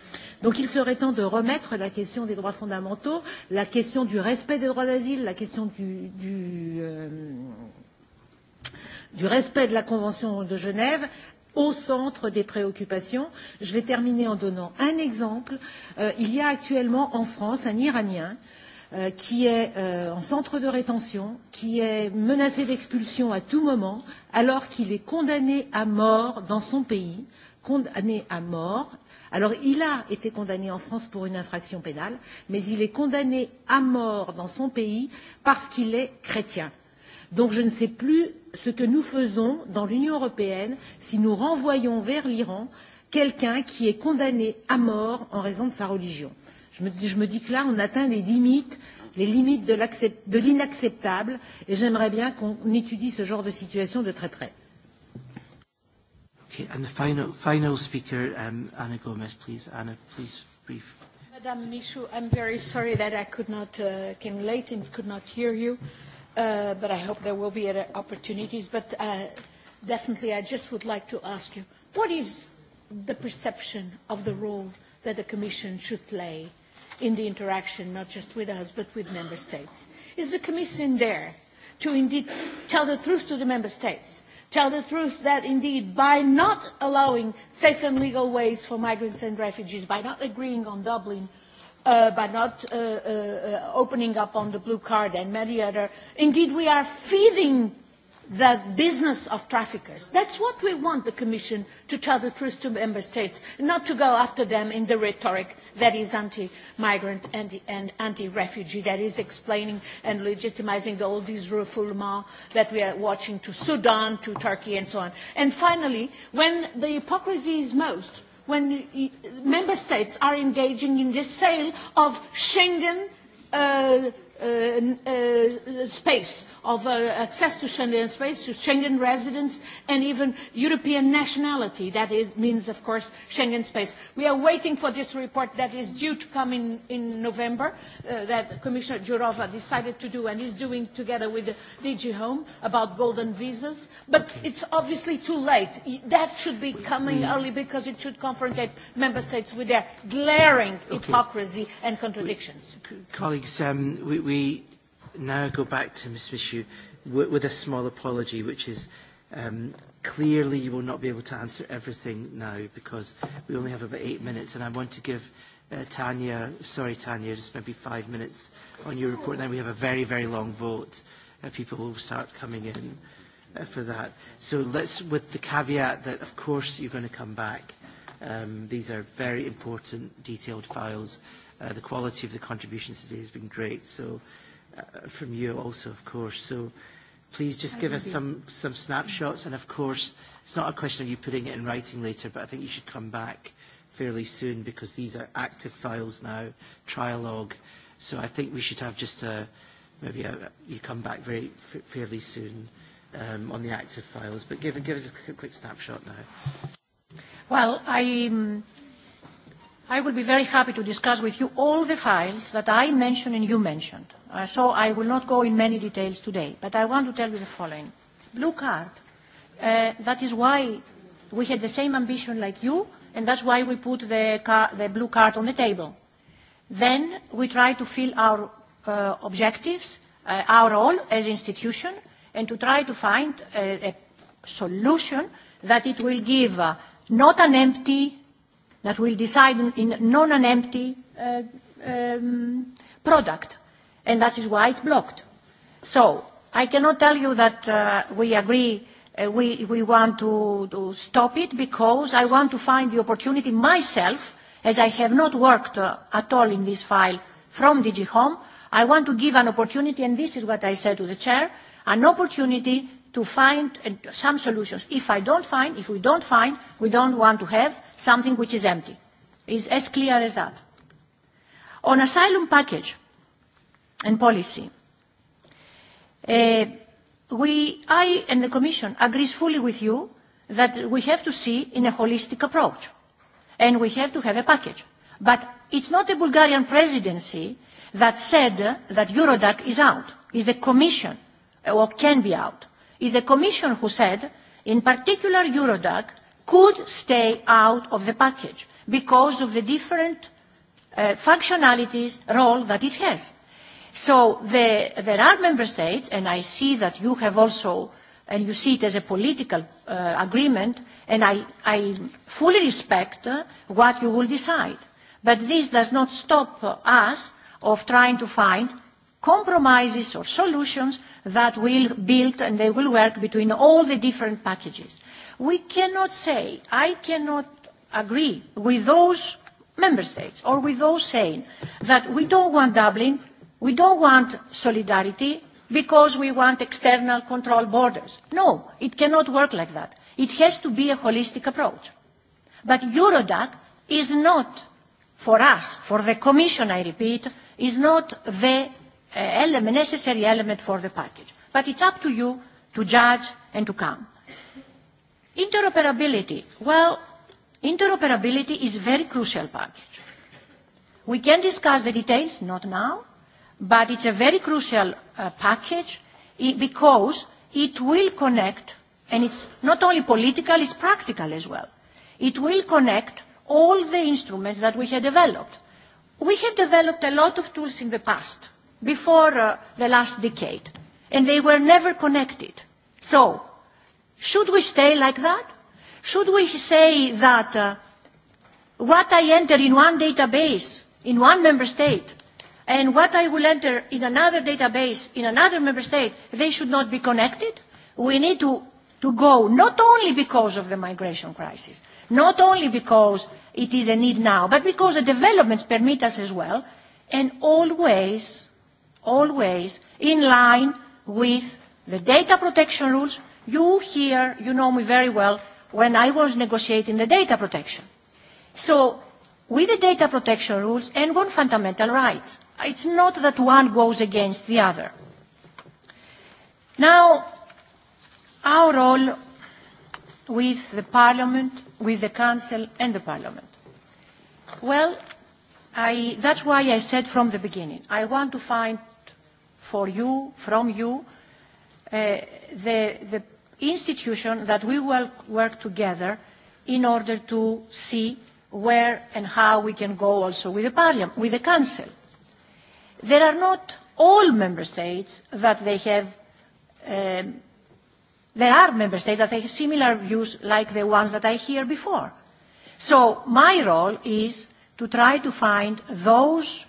donc il serait temps de remettre la question des droits fondamentaux la question du respect des droits d'asile la question du, du euh, du respect de la Convention de Genève au centre des préoccupations. Je vais terminer en donnant un exemple. Euh, il y a actuellement en France un Iranien euh, qui est euh, en centre de rétention, qui est menacé d'expulsion à tout moment, alors qu'il est condamné à mort dans son pays, condamné à mort. Alors il a été condamné en France pour une infraction pénale, mais il est condamné à mort dans son pays parce qu'il est chrétien. Donc je ne sais plus ce que nous faisons dans l'Union européenne si nous renvoyons vers l'Iran quelqu'un qui est condamné à mort en raison de sa religion. Je me, je me dis que là, on atteint les limites, les limites de l'inacceptable et j'aimerais bien qu'on étudie ce genre de situation de très près. Okay, and the final, final speaker, um, Anna Gomez, please. Anna, please, brief. Madame Michou, I'm very sorry that I could not, uh, came late and could not hear you. Uh, but I hope there will be other opportunities. But uh, definitely, I just would like to ask you, what is the perception of the role that the Commission should play in the interaction, not just with us, but with Member States? Is the Commission there to indeed tell the truth to the Member States? Tell the truth that indeed by not allowing safe and legal ways for migrants and refugees, by not agreeing on Dublin Uh, by not uh, uh, uh, opening up on the blue card and many other. Indeed, we are feeding the business of traffickers. That's what we want the Commission to tell the truth to member states, not to go after them in the rhetoric that is anti-migrant and, anti-refugee, that is explaining and legitimizing all these refoulements that we are watching to Sudan, to Turkey, and so on. And finally, when the hypocrisy is most, when member states are engaging in the sale of Schengen uh, uh, uh, space of uh, access to Schengen space, to Schengen residents, and even European nationality. That is, means, of course, Schengen space. We are waiting for this report that is due to come in, November, uh, that Commissioner Jourova decided to do and is doing together with DG Home about golden visas. But okay. it's obviously too late. That should be coming early because it should confrontate member states with their glaring hypocrisy and contradictions. colleagues, um, we, we now go back to Ms. Michu with a small apology, which is um, clearly you will not be able to answer everything now because we only have about eight minutes and I want to give uh, Tanya, sorry Tanya, just maybe five minutes on your report. Then we have a very, very long vote. and uh, people will start coming in uh, for that. So let's, with the caveat that of course you're going to come back. Um, these are very important detailed files. Uh, the quality of the contributions today has been great. So Uh, from you also, of course. So please just give us some, some snapshots. And of course, it's not a question of you putting it in writing later, but I think you should come back fairly soon because these are active files now, trialogue. So I think we should have just a, maybe a, you come back very fairly soon um, on the active files. But give, give us a quick snapshot now. Well, I, um, i will be very happy to discuss with you all the files that I mentioned and you mentioned. Uh, so I will not go in many details today, but I want to tell you the following. Blue card, uh, that is why we had the same ambition like you, and that's why we put the, the blue card on the table. Then we try to fill our uh, objectives, uh, our role as institution, and to try to find a, solution that it will give not an empty that will decide in non an empty uh, um, product and that is why it's blocked. So I cannot tell you that uh, we agree uh, we, we want to, to stop it because I want to find the opportunity myself as I have not worked uh, at all in this file from DG Home. I want to give an opportunity and this is what I said to the chair, an opportunity to find uh, some solutions. If I don't find, if we don't find, we don't want to have something which is empty. It's as clear as that. On asylum package and policy, uh, we, I and the Commission agree fully with you that we have to see in a holistic approach and we have to have a package. But it's not the Bulgarian presidency that said that Eurodac is out. It's the Commission or can be out is the Commission who said, in particular Eurodac, could stay out of the package because of the different uh, functionalities, role that it has. So the, there are member states, and I see that you have also, and you see it as a political uh, agreement, and I, I fully respect uh, what you will decide. But this does not stop us of trying to find compromises or solutions that will build and they will work between all the different packages. We cannot say, I cannot agree with those member states or with those saying that we don't want Dublin, we don't want solidarity because we want external control borders. No, it cannot work like that. It has to be a holistic approach. But Eurodac is not, for us, for the Commission, I repeat, is not the Eh, element, necessary element for the package. But it's up to you to judge and to come. Interoperability. Well, interoperability is a very crucial package. We can discuss the details, not now, but it's a very crucial uh, package because it will connect, and it's not only political, it's practical as well. It will connect all the instruments that we have developed. We have developed a lot of tools in the past before uh, the last decade, and they were never connected. So, should we stay like that? Should we say that uh, what I enter in one database in one member state and what I will enter in another database in another member state, they should not be connected? We need to go not only because of the migration crisis, not only because it is a need now, but because the developments permit us as well, and always always in line with the data protection rules. You here, you know me very well, when I was negotiating the data protection. So with the data protection rules and one fundamental rights, it's not that one goes against the other. Now, our role with the Parliament, with the Council and the Parliament. Well, I, that's why I said from the beginning, I want to find for you, from you, uh, the, the institution that we will work together in order to see where and how we can go also with the Parliament, with the Council. There are not all Member States that they have um, there are Member States that have similar views like the ones that I hear before. So my role is to try to find those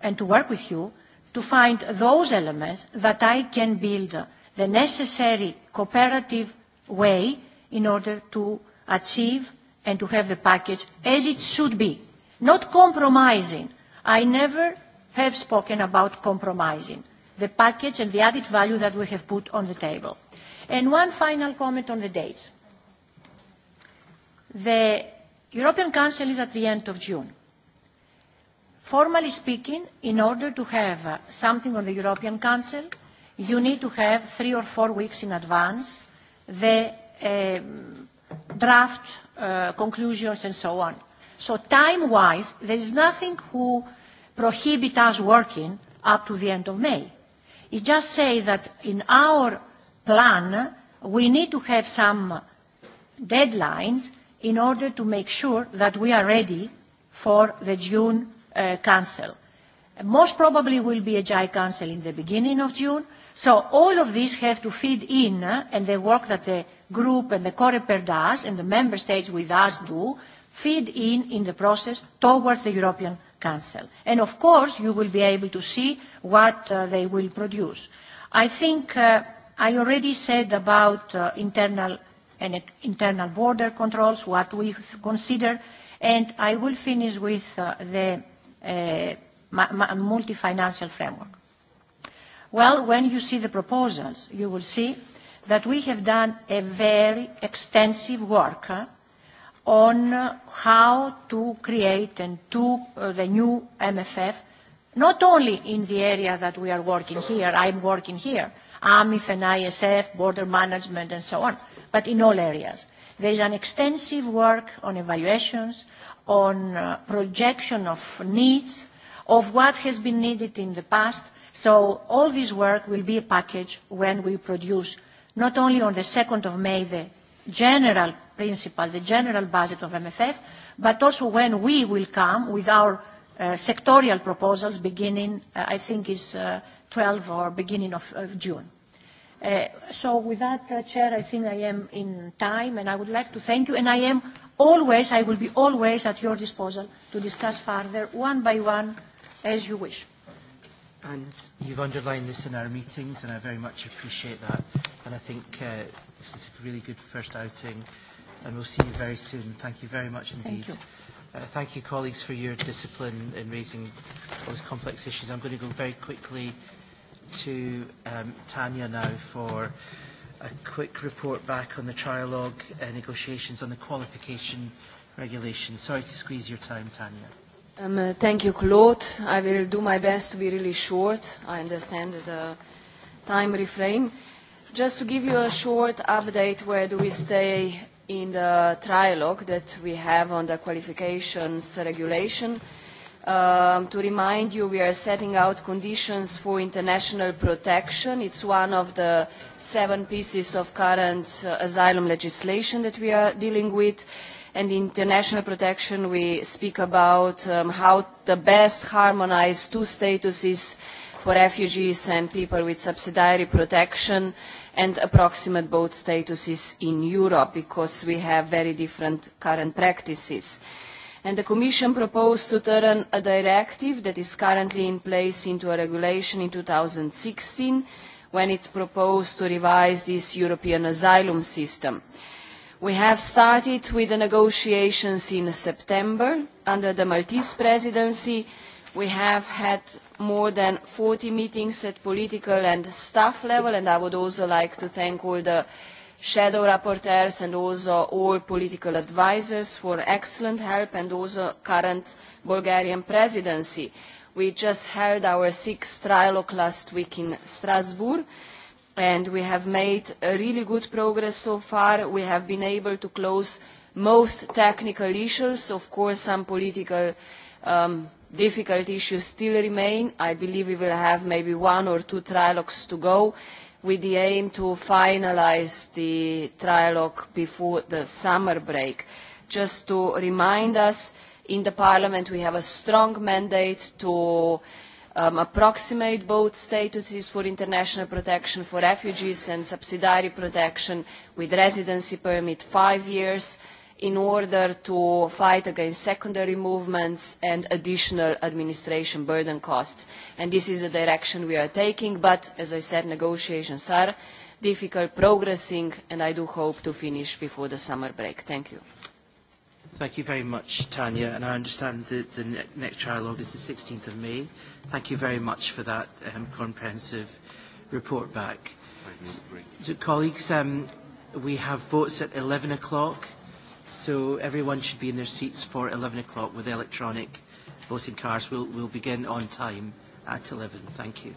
and to work with you to find those elements that I can build the necessary cooperative way in order to achieve and to have the package as it should be, not compromising. I never have spoken about compromising the package and the added value that we have put on the table. And one final comment on the dates. The European Council is at the end of June. Formally speaking, in order to have uh, something on the European Council, you need to have three or four weeks in advance the um, draft uh, conclusions and so on. So time-wise, there is nothing who prohibit us working up to the end of May. It just say that in our plan, we need to have some deadlines in order to make sure that we are ready for the June Uh, Council. Most probably will be a JI Council in the beginning of June. So all of these have to feed in uh, and the work that the group and the COREPER does and the member states with us do feed in in the process towards the European Council. And of course you will be able to see what uh, they will produce. I think I already said about internal and internal border controls, what we consider, and I will finish with the Eh, multi-financial framework. Well, when you see the proposals, you will see that we have done a very extensive work eh, on how to create and to uh, the new MFF, not only in the area that we are working here, I'm working here, AMIF and ISF, border management and so on, but in all areas. There is an extensive work on evaluations, on uh, projection of needs, of what has been needed in the past. So all this work will be a package when we produce not only on the 2nd of May the general principle, the general budget of MFF, but also when we will come with our uh, sectorial proposals beginning, uh, I think is uh, 12 or beginning of, of June. Uh, so with that, uh, Chair, I think I am in time, and I would like to thank you. And I am always, I will be always at your disposal to discuss further, one by one, as you wish. And you've underlined this in our meetings, and I very much appreciate that. And I think uh, this is a really good first outing, and we'll see you very soon. Thank you very much indeed. Thank you. Uh, thank you, colleagues, for your discipline in raising those complex issues. I'm going to go very quickly to um, Tanya now for a quick report back on the trialogue uh, negotiations on the qualification regulation. Sorry to squeeze your time, Tanya. Um, uh, thank you, Claude. I will do my best to be really short. I understand the time refrain. Just to give you a short update where do we stay in the trialogue that we have on the qualifications regulation. Um, to remind you, we are setting out conditions for international protection. It's one of the seven pieces of current uh, asylum legislation that we are dealing with. And in international protection, we speak about um, how the best harmonize two statuses for refugees and people with subsidiary protection and approximate both statuses in Europe because we have very different current practices and the Commission proposed to turn a directive that is currently in place into a regulation in 2016 when it proposed to revise this European asylum system. We have started with the negotiations in September under the Maltese presidency. We have had more than 40 meetings at political and staff level and I would also like to thank all the shadow rapporteurs and also all political advisers for excellent help and also current Bulgarian presidency. We just held our sixth trilogue last week in Strasbourg and we have made really good progress so far. We have been able to close most technical issues. Of course, some political um, difficult issues still remain. I believe we will have maybe one or two trilogues to go with the aim to finalize the trilogue before the summer break. Just to remind us, in the Parliament we have a strong mandate to um, approximate both statuses for international protection for refugees and subsidiary protection with residency permit five years in order to fight against secondary movements and additional administration burden costs. And this is the direction we are taking, but as I said, negotiations are difficult, progressing, and I do hope to finish before the summer break. Thank you. Thank you very much, Tanya. And I understand that the next trialogue is the 16th of May. Thank you very much for that um, comprehensive report back. So, colleagues, um, we have votes at 11 o'clock. So everyone should be in their seats for 11 o'clock with electronic voting cards. We'll, we'll begin on time at 11. Thank you.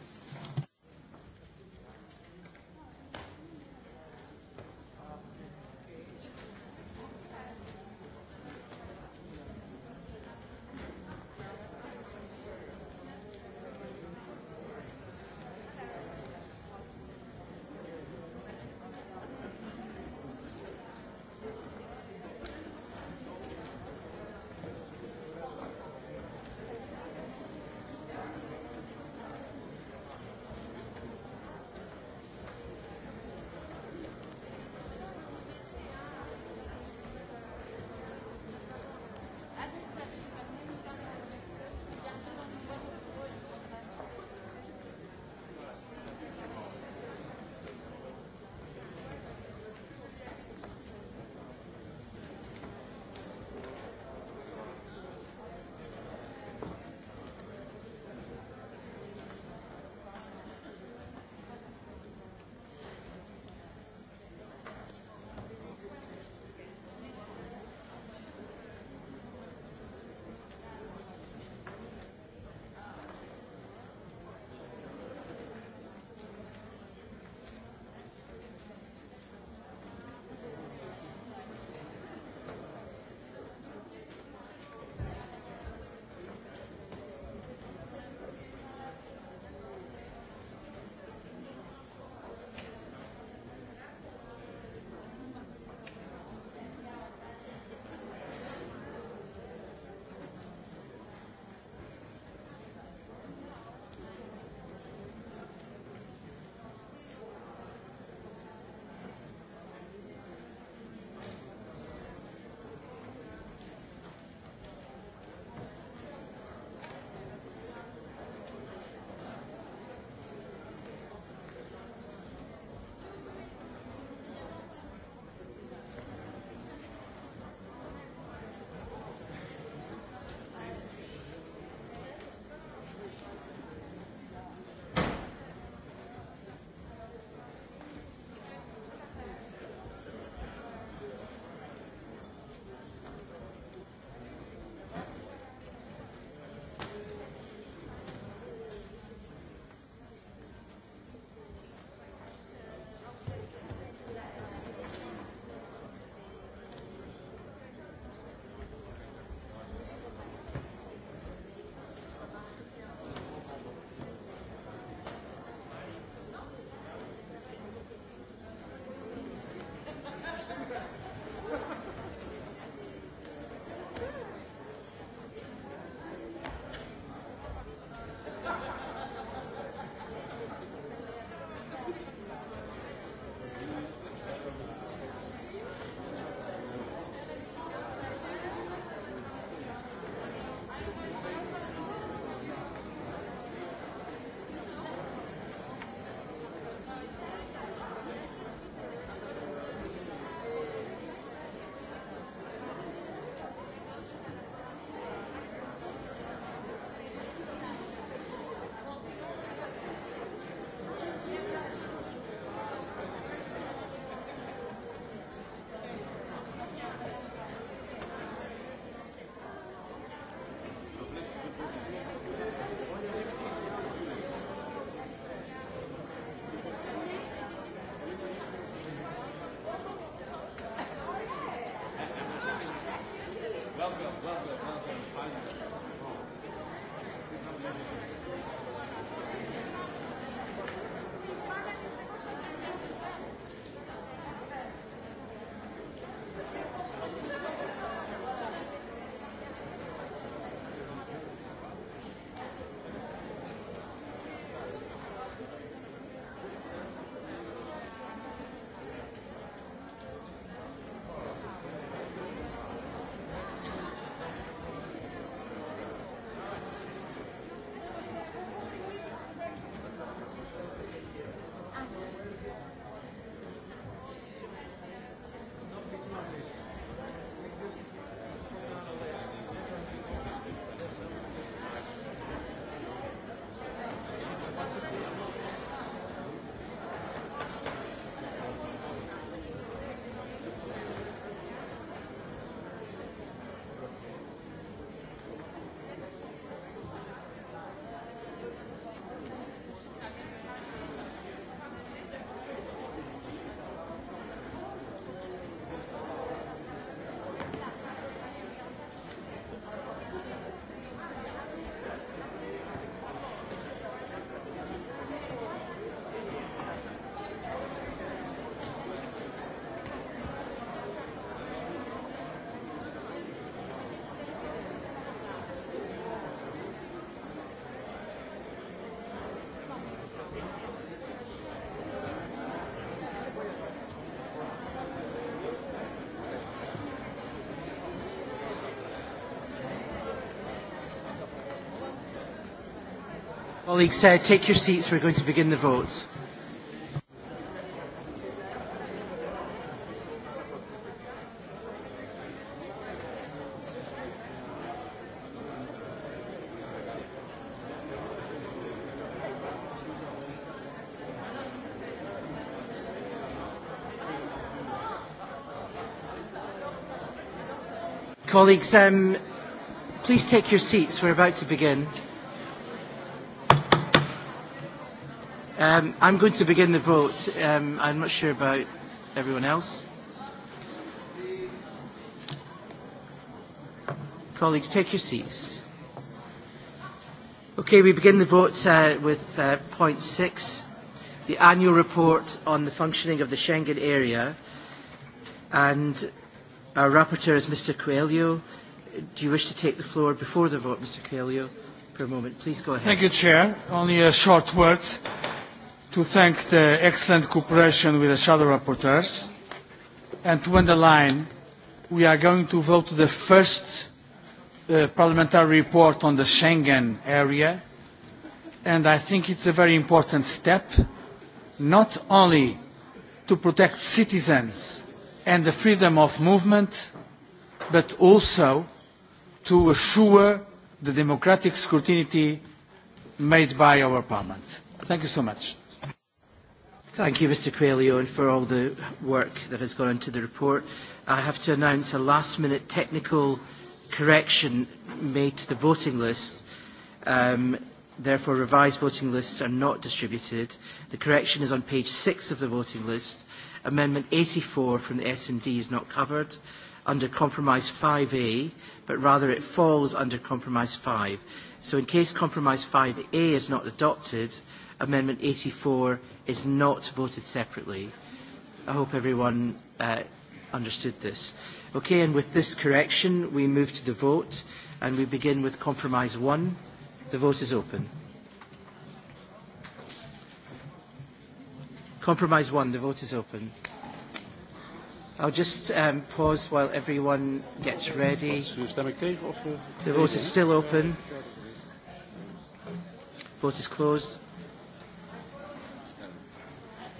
Colleagues, uh, take your seats. We're going to begin the votes. Colleagues, um, please take your seats. We're about to begin. Um, I'm going to begin the vote. Um, I'm not sure about everyone else. Colleagues, take your seats. Okay, we begin the vote uh, with uh, point six, the annual report on the functioning of the Schengen area. And our rapporteur is Mr. Coelho. Do you wish to take the floor before the vote, Mr. Coelho, for a moment? Please go ahead. Thank you, Chair. Only a short word to thank the excellent cooperation with the shadow rapporteurs and to underline we are going to vote the first uh, parliamentary report on the Schengen area and I think it's a very important step not only to protect citizens and the freedom of movement but also to assure the democratic scrutiny made by our parliament. Thank you so much. Thank you, Mr. Coelho, and for all the work that has gone into the report. I have to announce a last-minute technical correction made to the voting list. Um, therefore, revised voting lists are not distributed. The correction is on page six of the voting list. Amendment 84 from the D is not covered under Compromise 5A, but rather it falls under Compromise 5. So in case Compromise 5A is not adopted, Amendment 84 is not voted separately. I hope everyone uh, understood this. Okay, and with this correction, we move to the vote, and we begin with compromise one. The vote is open. Compromise one, the vote is open. I'll just um, pause while everyone gets ready. The vote is still open. Vote is closed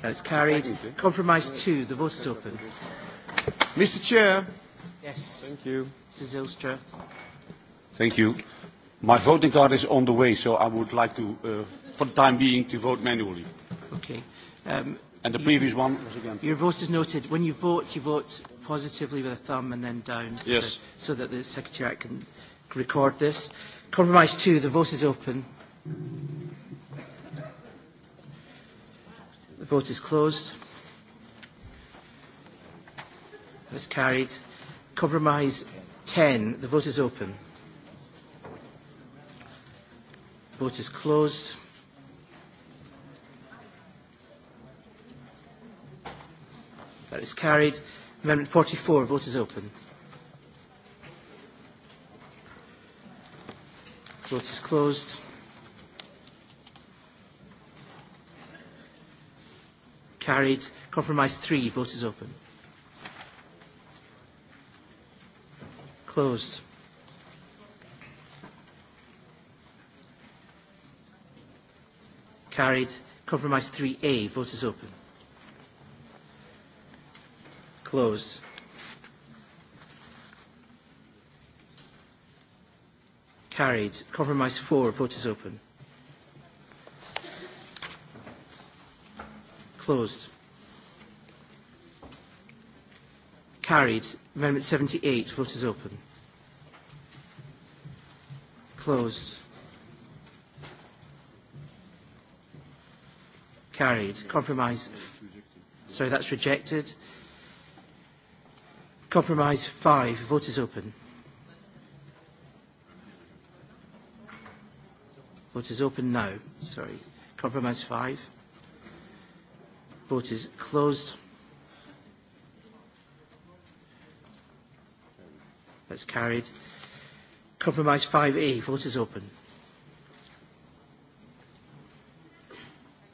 is carried. Compromise two. The vote is open. Mr. Chair. Yes. Thank you. Mrs. Ilstra. Thank you. My voting card is on the way, so I would like to, uh, for the time being, to vote manually. Okay. Um, and the you, previous one was again. Your vote is noted. When you vote, you vote positively with a thumb and then down. Yes. The, so that the Secretary can record this. Compromise two. The vote is open. The vote is closed. That's carried. Compromise 10. The vote is open. Vote is closed. That is carried. Amendment 44. Vote is open. Vote is closed. Carried. Compromise three, Vote is open. Closed. Carried. Compromise 3A. Vote is open. Closed. Carried. Compromise four, Vote is open. closed. Carried. Amendment 78. Vote is open. Closed. Carried. Compromise. Sorry, that's rejected. Compromise 5. Vote is open. Vote is open now. Sorry. Compromise 5. Vote is closed. That's carried. Compromise 5A. Vote is open.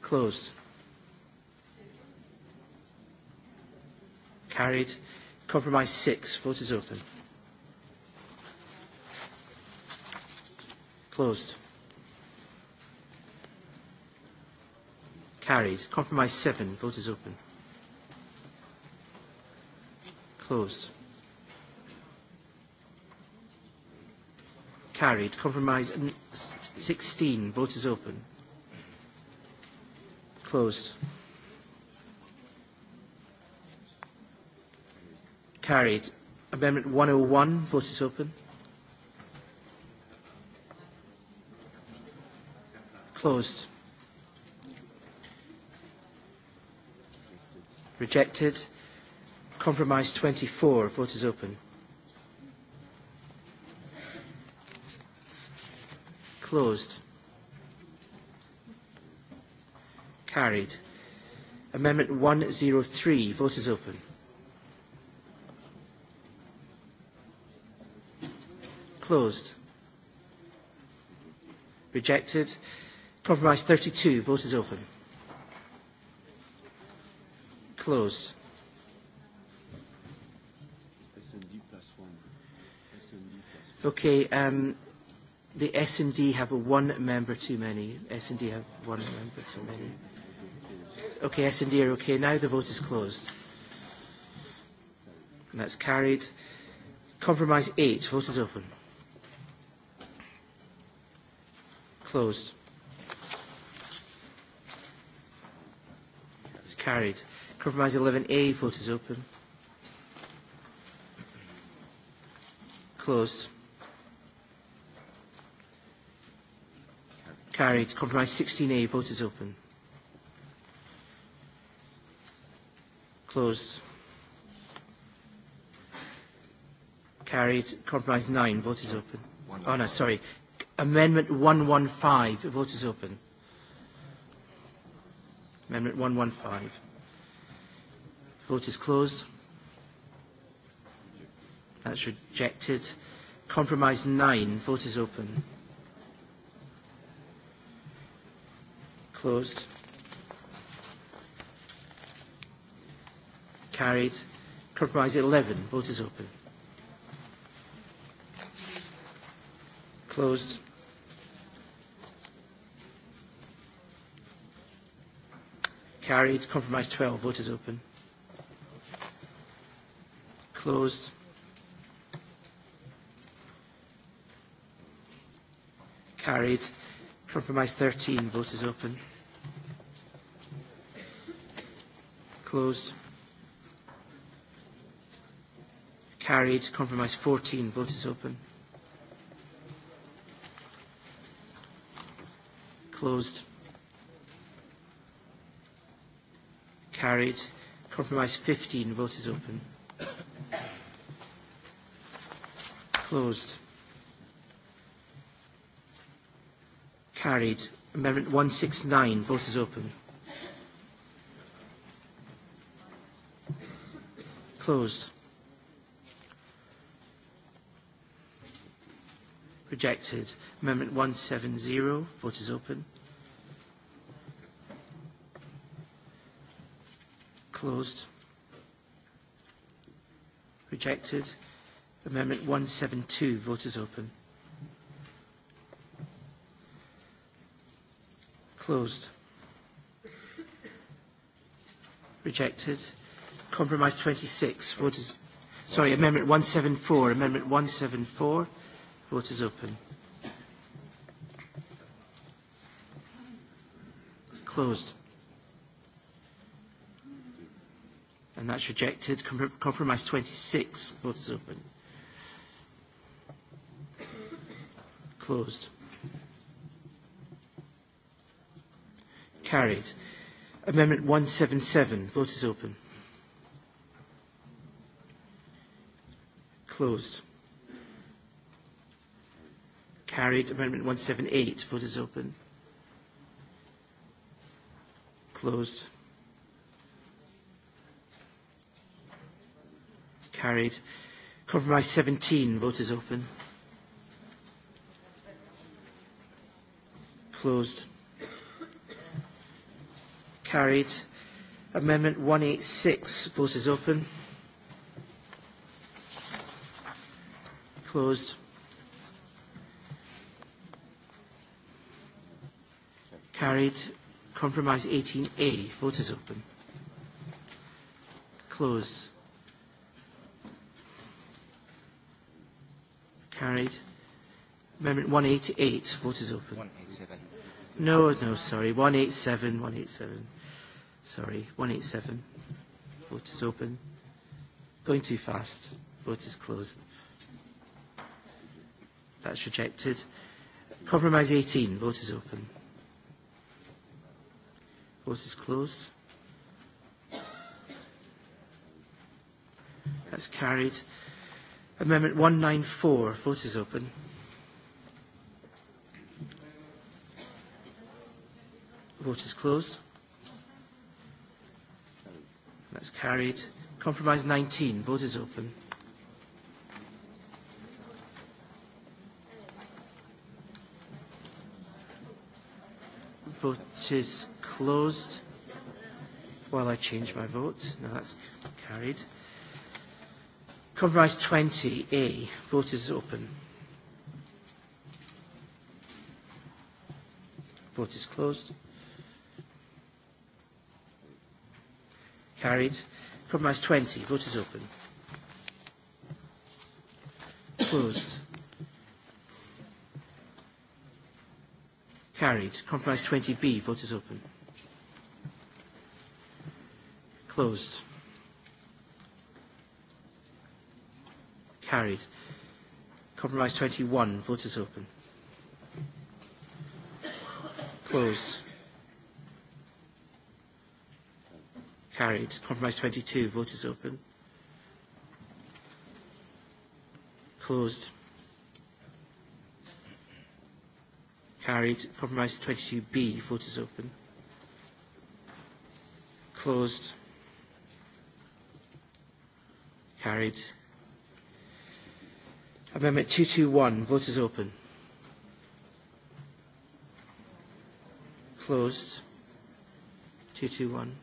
Closed. Carried. Compromise 6. Vote is open. Closed. Carried. Compromise 7. Vote is open. Closed. Carried. Compromise 16. Vote is open. Closed. Carried. Amendment 101. Vote is open. Closed. Rejected. Compromise 24. Vote is open. Closed. Carried. Amendment 103. Vote is open. Closed. Rejected. Compromise 32. Vote is open close. Okay, um, the S&D have a one member too many. D have one member too many. Okay, S&D are okay. Now the vote is closed. And that's carried. Compromise eight. Vote is open. Closed. It's carried. Compromise 11A, vote is open. Closed. Carried. Compromise 16A, vote is open. Closed. Carried. Compromise 9, vote is open. Oh, no, sorry. Amendment 115, vote is open. Amendment 115. Vote is closed. That's rejected. Compromise nine, Vote is open. Closed. Carried. Compromise 11. Vote is open. Closed. Carried. Compromise 12. Vote is open closed. Carried. Compromise 13. Vote is open. Closed. Carried. Compromise 14. Vote is open. Closed. Carried. Compromise 15. Vote is open. Closed. Carried. Amendment 169. Vote is open. Closed. Rejected. Amendment 170. Vote is open. Closed. Rejected. Amendment 172. Vote is open. Closed. Rejected. Compromise 26. Vote is... Sorry, Amendment 174. Amendment 174. Vote is open. Closed. And that's rejected. Com compromise 26. Vote is open. Closed. Carried. Amendment 177. Vote is open. Closed. Carried. Amendment 178. Vote is open. Closed. Carried. Compromise 17. Vote is open. Closed. Carried. Amendment 186. Vote is open. Closed. Carried. Compromise 18A. Vote is open. Closed. Carried. Amendment 188. Vote is open. 187. No, no, sorry. 187, 187. Sorry, 187. Vote is open. Going too fast. Vote is closed. That's rejected. Compromise 18. Vote is open. Vote is closed. That's carried. Amendment 194. Vote is open. Vote is closed. That's carried. Compromise 19. Vote is open. Vote is closed. While I change my vote, no, that's carried. Compromise 20A. Vote is open. Vote is closed. carried. Compromise 20. Vote is open. Closed. Carried. Compromise 20B. Vote is open. Closed. Carried. Compromise 21. Vote is open. Closed. Carried. Compromise 22. Vote is open. Closed. Carried. Compromise 22B. Vote is open. Closed. Carried. Amendment 221. Vote is open. Closed. 221.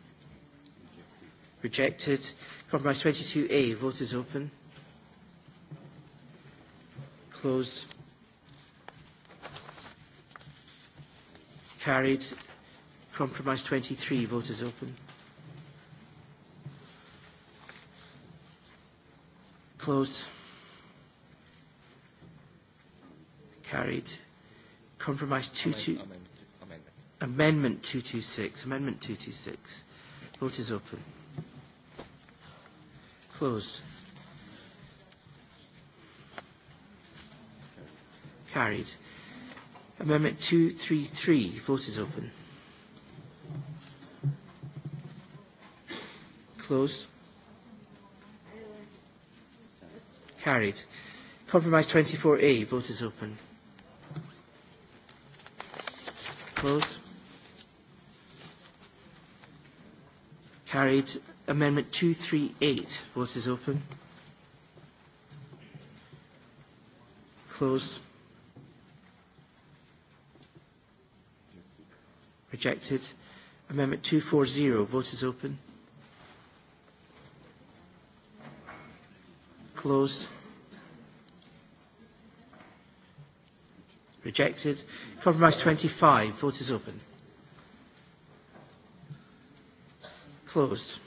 Rejected. Compromise 22A. Vote is open. Closed. Carried. Compromise 23. Vote is open. Closed. Carried. Compromise 22. Amendment 226. Amendment 226. Vote is open closed. Carried. Amendment 233. Vote is open. close Carried. Compromise 24A. Vote is open. close Carried. Amendment 238. Vote is open. Closed. Rejected. Amendment 240. Vote is open. Closed. Rejected. Compromise 25. Vote is open. Closed.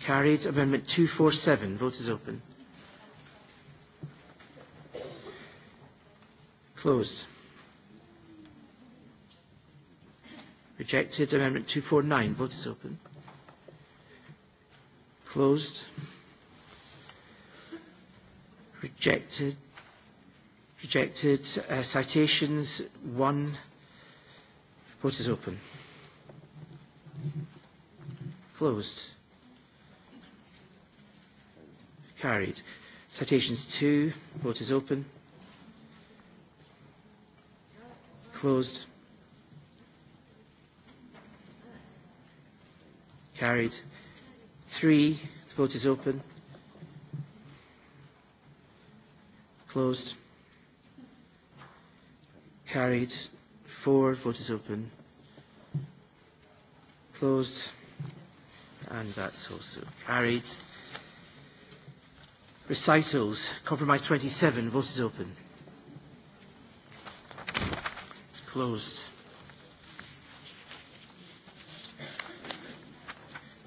Carried. Amendment 247. Vote is open. Closed. Rejected. Amendment 249. Vote is open. Closed. Rejected. Rejected. Uh, citations. One. Vote is open. Closed. Carried. Citations 2. Vote is open. Closed. Carried. 3. The vote is open. Closed. Carried. 4. Vote is open. Closed. And that's also carried recitals. Compromise 27. Vote is open. closed.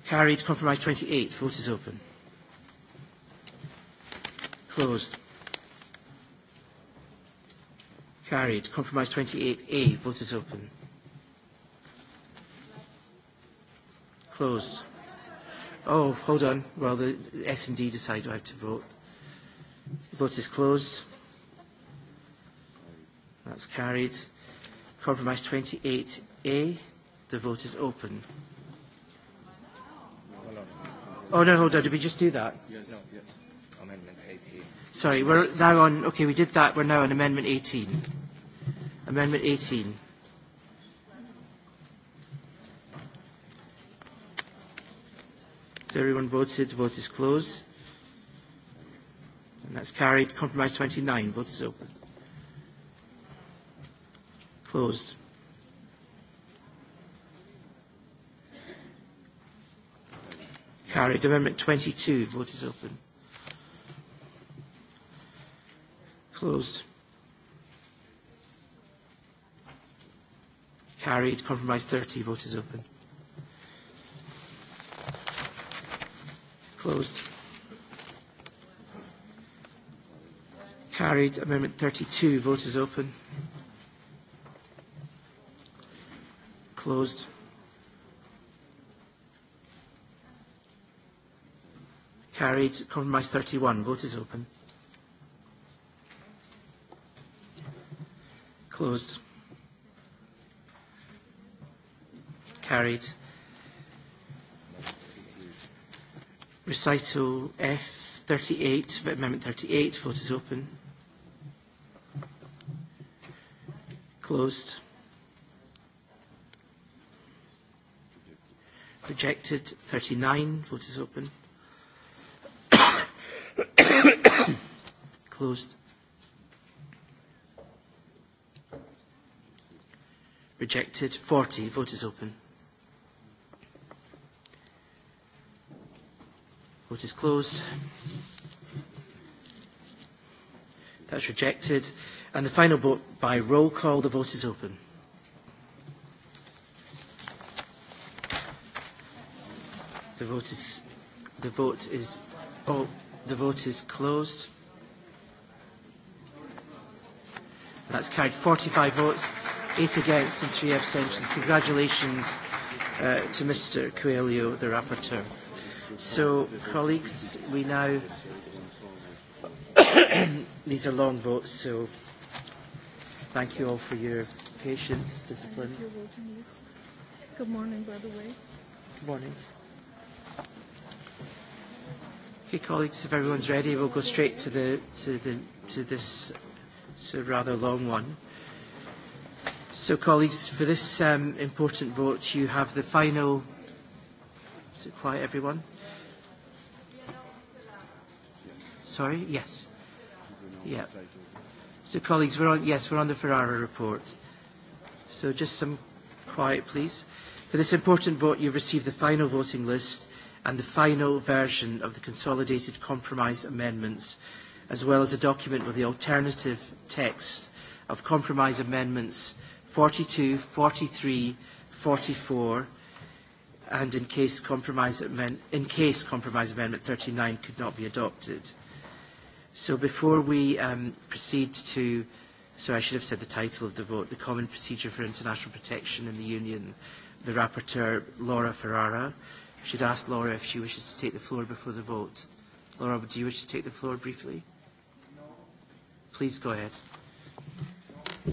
Carried. Compromise 28. Vote is open. Closed. Carried. Compromise 28A. Vote is open. Closed. Oh, hold on. Well, the S&D decide I have to vote. Vote is closed. That's carried. Compromise 28A. The vote is open. Oh, no, hold on. Did we just do that? Yes. No, Amendment 18. Sorry, we're now on... Okay, we did that. We're now on Amendment 18. Amendment 18. Everyone voted. Vote is closed. And that's carried. Compromise 29. votes open. Closed. Carried. Amendment 22. Vote is open. Closed. Carried. Compromise 30. Vote is open. Closed. Carried. Amendment 32. Vote is open. Closed. Carried. Compromise 31. Vote is open. Closed. Carried. Recital F 38, Amendment 38. Vote is open. Closed. Rejected. 39. Vote is open. [COUGHS] Closed. Rejected. 40. Vote is open. Vote is closed. That's rejected. And the final vote by roll call. The vote is open. The vote is, the vote is, oh, the vote is closed. That's carried 45 votes, eight against and three abstentions. Congratulations uh, to Mr Coelho, the rapporteur. So, colleagues, we now These are long votes, so thank you all for your patience, discipline. Good morning, by the way. Good morning. Okay, colleagues, if everyone's ready, we'll go straight to the to the to this so rather long one. So, colleagues, for this um, important vote, you have the final. Is it quiet, everyone? Sorry. Yes. Yeah. So colleagues, we're on, yes, we're on the Ferrara report. So just some quiet, please. For this important vote, you've received the final voting list and the final version of the consolidated compromise amendments, as well as a document with the alternative text of compromise amendments 42, 43, 44, and in case compromise, in case compromise amendment 39 could not be adopted. So before we um, proceed to, so I should have said the title of the vote, the Common Procedure for International Protection in the Union, the rapporteur, Laura Ferrara. should ask Laura if she wishes to take the floor before the vote. Laura, do you wish to take the floor briefly? Please go ahead.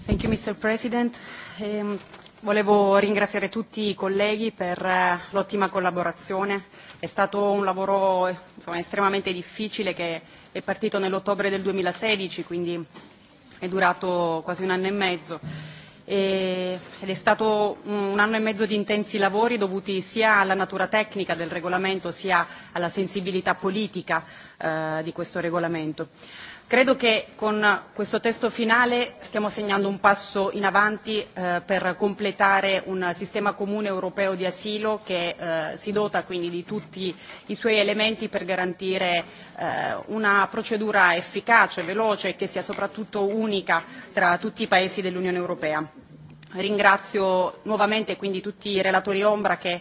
Thank you, Mr. President. Um, Volevo ringraziare tutti i colleghi per eh, l'ottima collaborazione. È stato un lavoro insomma, estremamente difficile che è partito nell'ottobre del 2016, quindi è durato quasi un anno e mezzo. E, ed è stato un anno e mezzo di intensi lavori dovuti sia alla natura tecnica del regolamento sia alla sensibilità politica eh, di questo regolamento. Credo che con questo testo finale stiamo segnando un passo in avanti eh, per completare un sistema comune europeo di asilo che eh, si dota quindi di tutti i suoi elementi per garantire eh, una procedura efficace, veloce e che sia soprattutto unica tra tutti i paesi dell'Unione Europea. Ringrazio nuovamente quindi tutti i relatori ombra che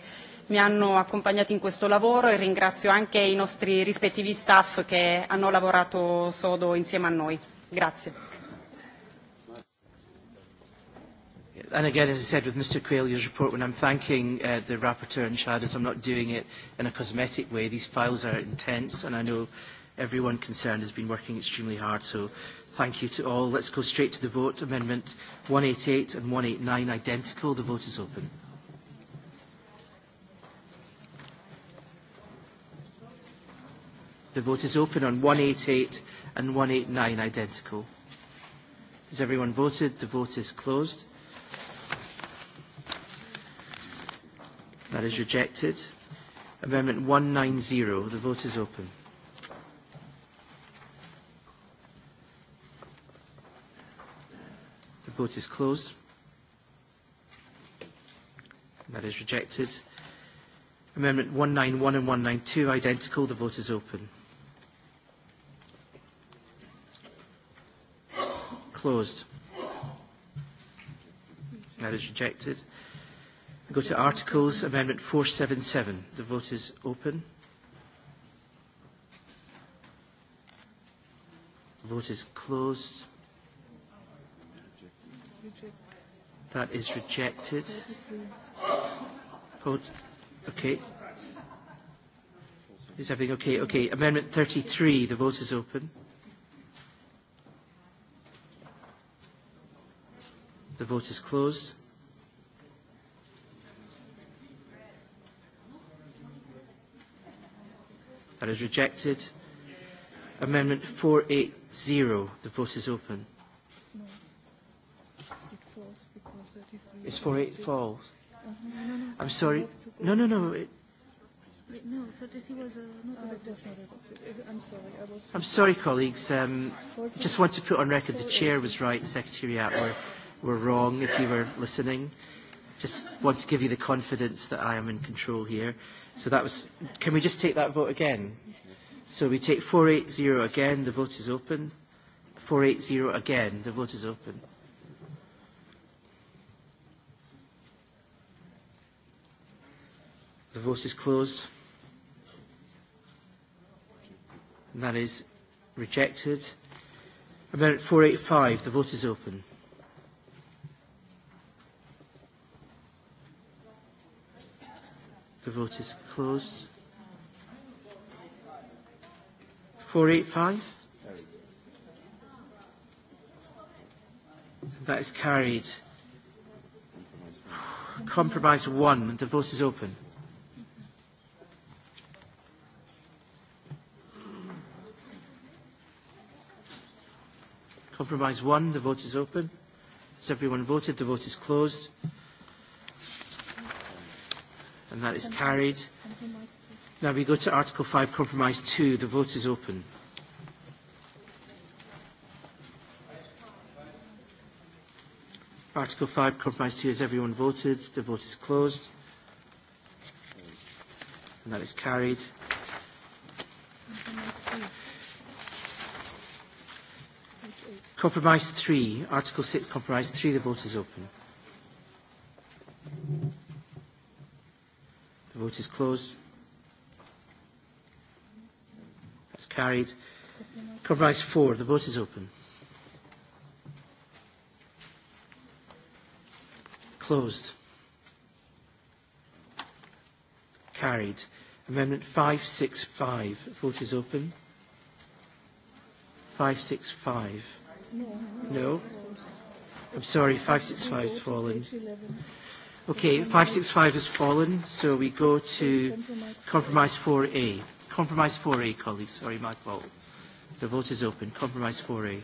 mi hanno accompagnato in questo lavoro e ringrazio anche i nostri rispettivi staff che hanno lavorato sodo insieme a noi. Grazie. And again, as I said with Mr. Quayle's report, when I'm thanking uh, the rapporteur and shadows, I'm not doing it in a cosmetic way. These files are intense, and I know everyone concerned has been working extremely hard, so thank you to all. Let's go straight to the vote. Amendment 188 and 189 identical. The vote is open. The vote is open on 188 and 189 identical. Has everyone voted? The vote is closed. That is rejected. Amendment 190. The vote is open. The vote is closed. That is rejected. Amendment 191 and 192 identical. The vote is open. closed. That is rejected. We go to Articles, Amendment 477. The vote is open. The vote is closed. That is rejected. Hold. Okay. Is everything okay? Okay. Amendment 33. The vote is open. The vote is closed. That is rejected. Amendment 480. The vote is open. No. It falls because It's 48 falls. I'm sorry. No, no, no. It... No, was uh, not uh, I'm sorry. I was... I'm sorry, colleagues. Um, just want to put on record the chair was right, the secretary at were were wrong if you were listening. Just want to give you the confidence that I am in control here. So that was, can we just take that vote again? So we take 480 again, the vote is open. 480 again, the vote is open. The vote is closed. And that is rejected. Amendment 485, the vote is open. The vote is closed. 485. That is carried. Compromise one, The vote is open. Compromise one, The vote is open. Has everyone voted? The vote is closed and that is carried. Now we go to Article 5, Compromise 2. The vote is open. Article 5, Compromise 2. Has everyone voted? The vote is closed. And that is carried. Compromise 3, Article 6, Compromise 3. The vote is open. Vote is closed. That's carried. Compromise 4. The vote is open. Closed. Carried. Amendment 565. The Vote is open. 565. No. no. I'm sorry, 565 has fallen. Okay, 565 has fallen, so we go to compromise 4A. Compromise 4A, colleagues. Sorry, my fault. The vote is open. Compromise 4A.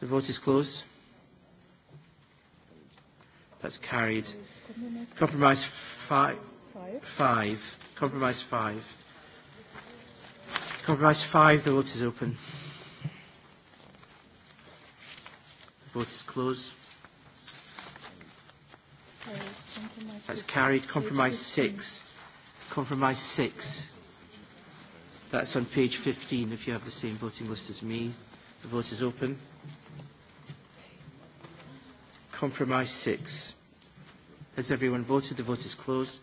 The vote is closed. That's carried. Compromise 5. Compromise 5. Compromise 5, the vote is open. Vote is closed. That's carried. Compromise 6. Compromise 6. That's on page 15 if you have the same voting list as me. The vote is open. Compromise 6. Has everyone voted? The vote is closed.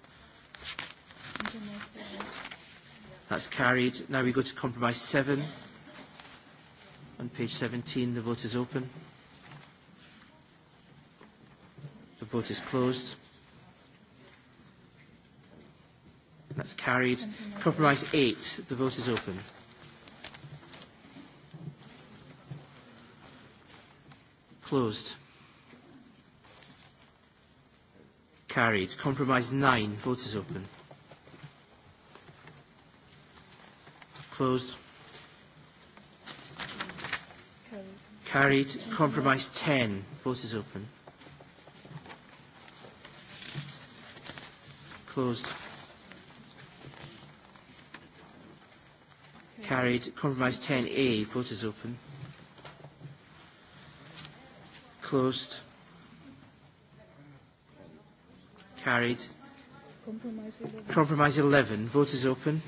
That's carried. Now we go to compromise 7. On page 17, the vote is open. vote is closed. That's carried. Compromise 8. The vote is open. Closed. Carried. Compromise 9. Vote is open. Closed. Carried. Compromise 10. Vote is open. Closed. Carried. Compromise 10A. Vote is open. Closed. Carried. Compromise 11. voters Vote is open.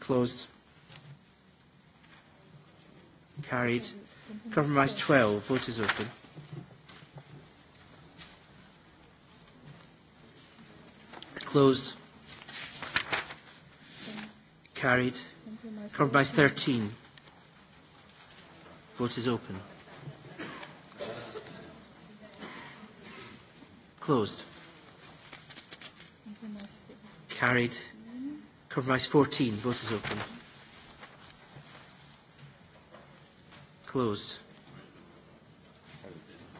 Closed. Carried. Compromise 12. Vote is open. closed. Carried. Compromise 13. Vote is open. Closed. Carried. Compromise 14. Vote is open. Closed.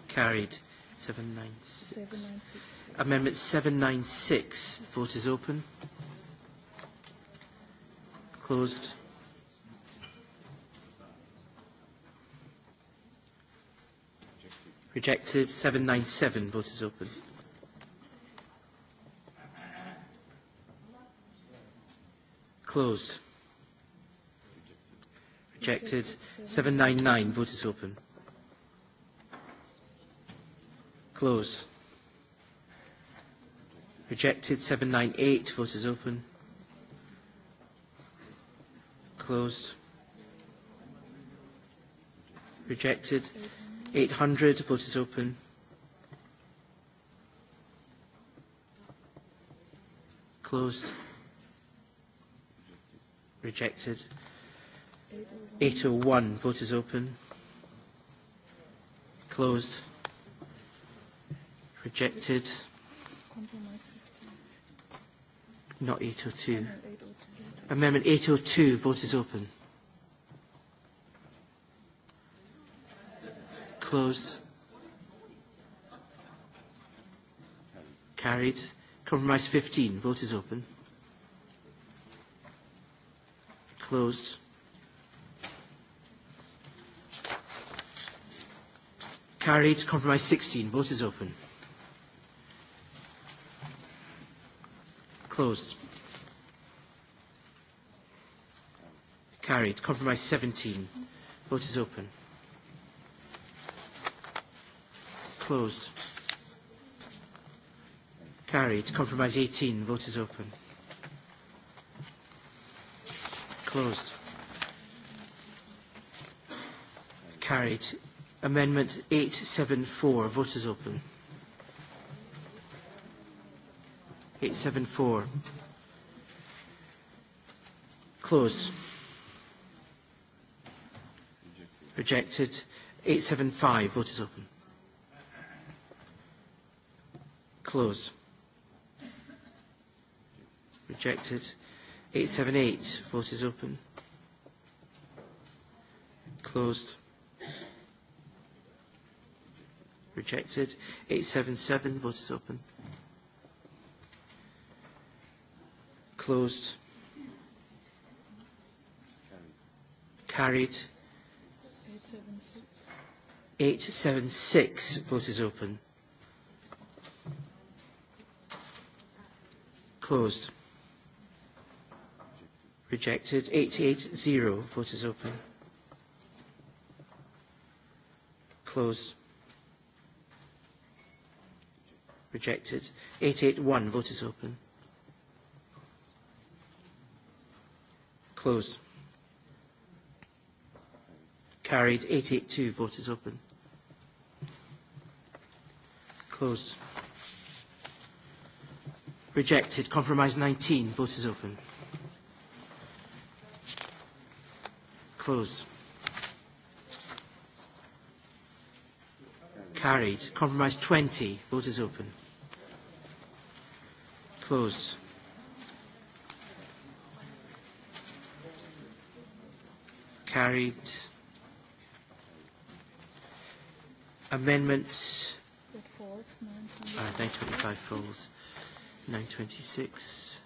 Carried. 796. 796. Amendment 796. Vote is open. Closed. Rejected. 797. Vote is open. Closed. Rejected. 799. Vote is open. Closed. Rejected. 798. Vote is open. Closed. Rejected. 800. Vote is open. Closed. Rejected. 801. Vote is open. Closed. Rejected. Not 802. Amendment 802, vote is open. Closed. Carried. Compromise 15, vote is open. Closed. Carried. Compromise 16, vote is open. Closed. Carried. Compromise 17. Vote is open. Closed. Carried. Compromise 18. Vote is open. Closed. Carried. Amendment 874. Vote is open. 874. Close. Rejected. 875. Vote is open. Close. Rejected. 878. Vote is open. Closed. Rejected. 877. Vote is open. Closed. Carried. 876. Vote is open. Closed. Rejected. 880. Vote is open. Closed. Rejected. 881. Vote is open. Close. Carried. 882. Vote is open. Close. Rejected. Compromise 19. Vote is open. Close. Carried. Compromise 20. Vote is open. Close. carried. Amendments. Ah, It falls, 925 falls. 926.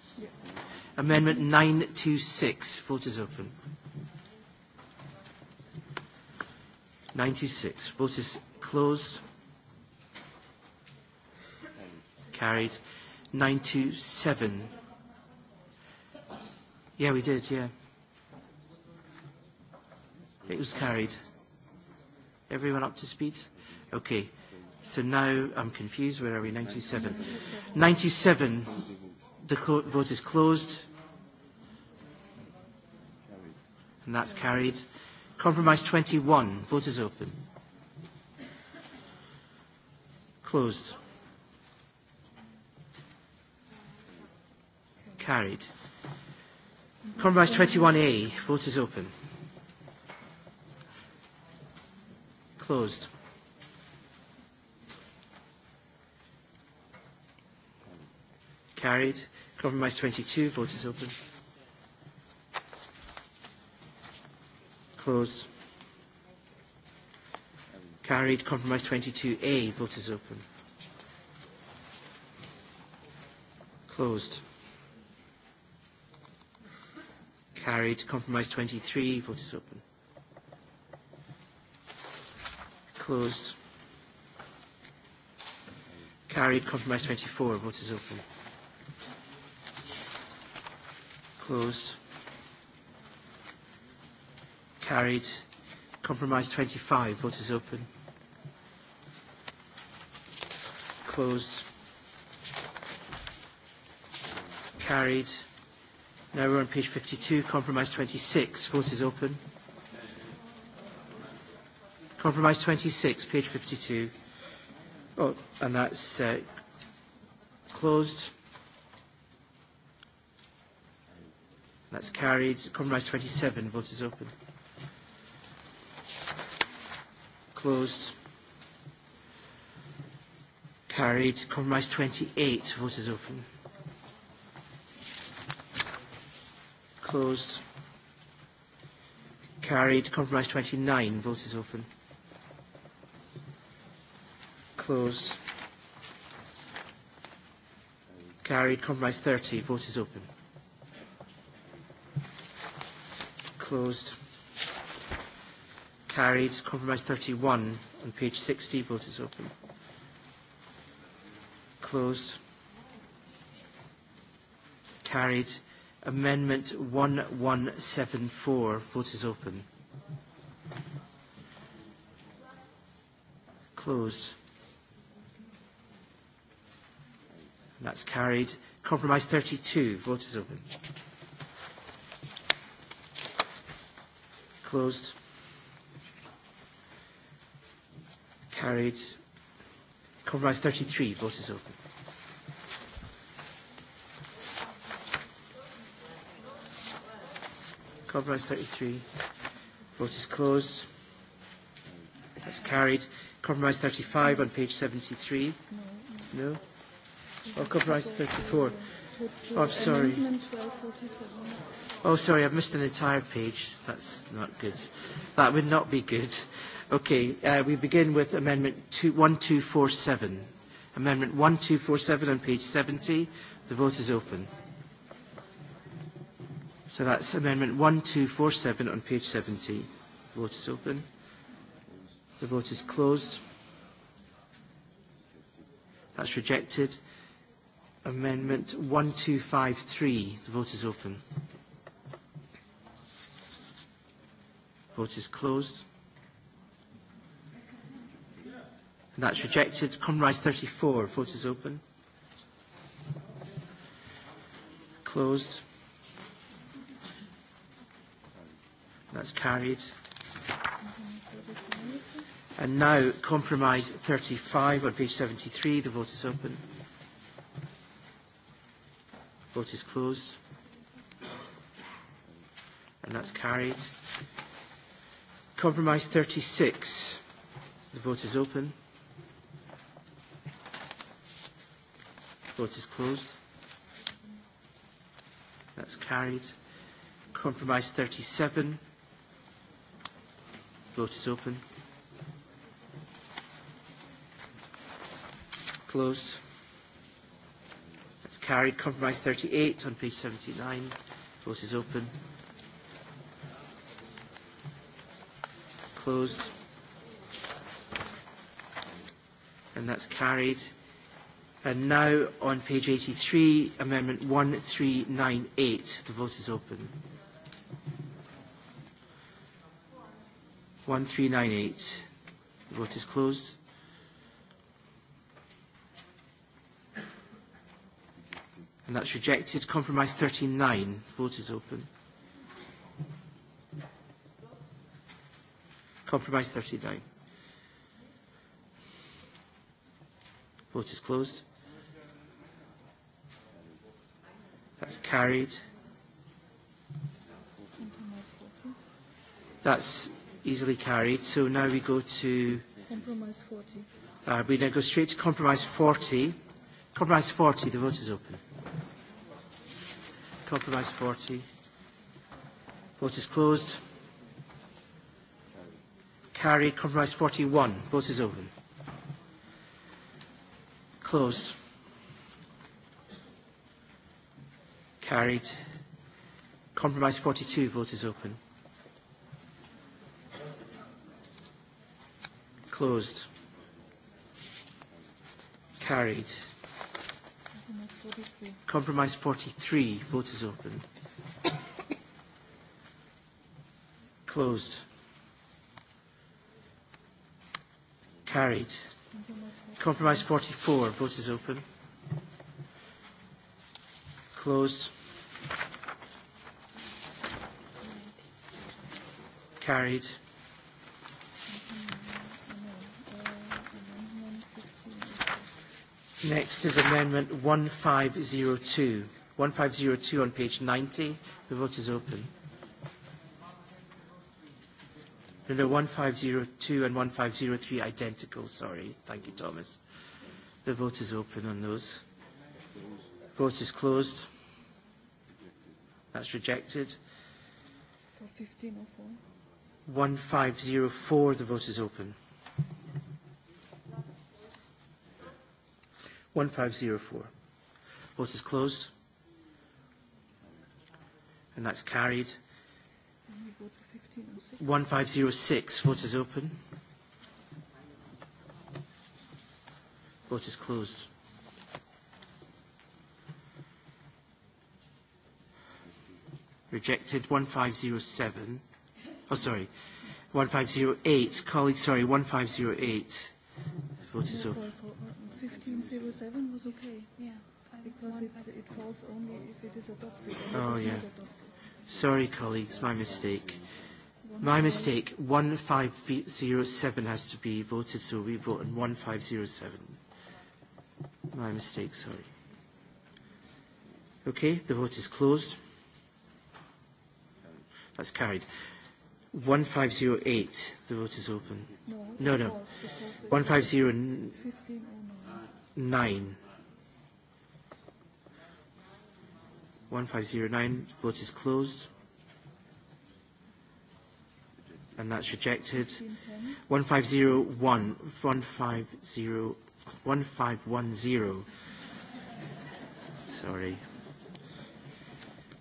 Amendment 926. Vote is open. 926. Vote is closed. Carried. 927. Yeah, we did, yeah. It was carried. Everyone up to speed? Okay. So now I'm confused. Where are we? 97. 97. The vote is closed. And that's carried. Compromise 21. Vote is open. Closed. Carried. Compromise 21A. Vote is open. Closed. Carried. Compromise 22. Vote is open. Closed. Carried. Compromise 22A. Vote is open. Closed. Carried. Compromise 23. Vote is open. closed. Carried. Compromise 24. Vote is open. Closed. Carried. Compromise 25. Vote is open. Closed. Carried. Now we're on page 52. Compromise 26. Vote is open. Compromise 26, page 52. Oh, and that's uh, closed. That's carried. Compromise 27, vote is open. Closed. Carried. Compromise 28, vote is open. Closed. Carried. Compromise 29, vote is open close. Carried. Compromise 30. Vote is open. Closed. Carried. Compromise 31 on page 60. Vote is open. Closed. Carried. Amendment 1174. Vote is open. Closed. That's carried. Compromise 32. Vote is open. Closed. Carried. Compromise 33. Vote is open. Compromise 33. Vote is closed. That's carried. Compromise 35 on page 73. No? no. Oh, copyright 34. sorry. Oh, sorry, I've missed an entire page. That's not good. That would not be good. Okay, uh, we begin with Amendment 1247. Amendment 1247 on page 70. The vote is open. So that's Amendment 1247 on page 70. The vote is open. The vote is closed. That's rejected. Amendment 1253. The vote is open. Vote is closed. And that's rejected. Compromise 34. Vote is open. Closed. That's carried. And now compromise 35 on page 73. The vote is open. Vote is closed. And that's carried. Compromise 36. The vote is open. Vote is closed. That's carried. Compromise 37. Vote is open. Closed. Carried. Compromise 38 on page 79. Vote is open. Closed. And that's carried. And now on page 83, Amendment 1398. The vote is open. 1398. The vote is closed. And that's rejected. Compromise 39. Vote is open. Compromise 39. Vote is closed. That's carried. That's easily carried. So now we go to... Compromise 40. Uh, we now go straight to Compromise 40. Compromise 40, the vote is open. Compromise 40. Vote is closed. Carry. Compromise 41. Vote is open. Closed. Carried. Compromise 42. Vote is open. Closed. Carried. Compromise 43. Vote is open. Closed. Carried. Compromise 44. Vote is open. Closed. Carried. Next is Amendment 1502. 1502 on page 90. The vote is open. No, no, 1502 and 1503 identical, sorry. Thank you, Thomas. The vote is open on those. Vote is closed. That's rejected. 1504. 1504, the vote is open. 1504. Vote is closed. And that's carried. 1506. Vote is open. Vote is closed. Rejected. 1507. Oh, sorry. 1508. Colleagues, sorry. 1508. Vote is open. 1507 was okay, yeah. Because it, it falls only if it is adopted. Oh, yeah. Adopted. Sorry, colleagues, my mistake. My mistake, 1507 has to be voted, so we vote on 1507. My mistake, sorry. Okay, the vote is closed. That's carried. 1508, the vote is open. No, no. no. 1509. 1509. vote is closed. And that's rejected. 1501, 150, 1510. Sorry.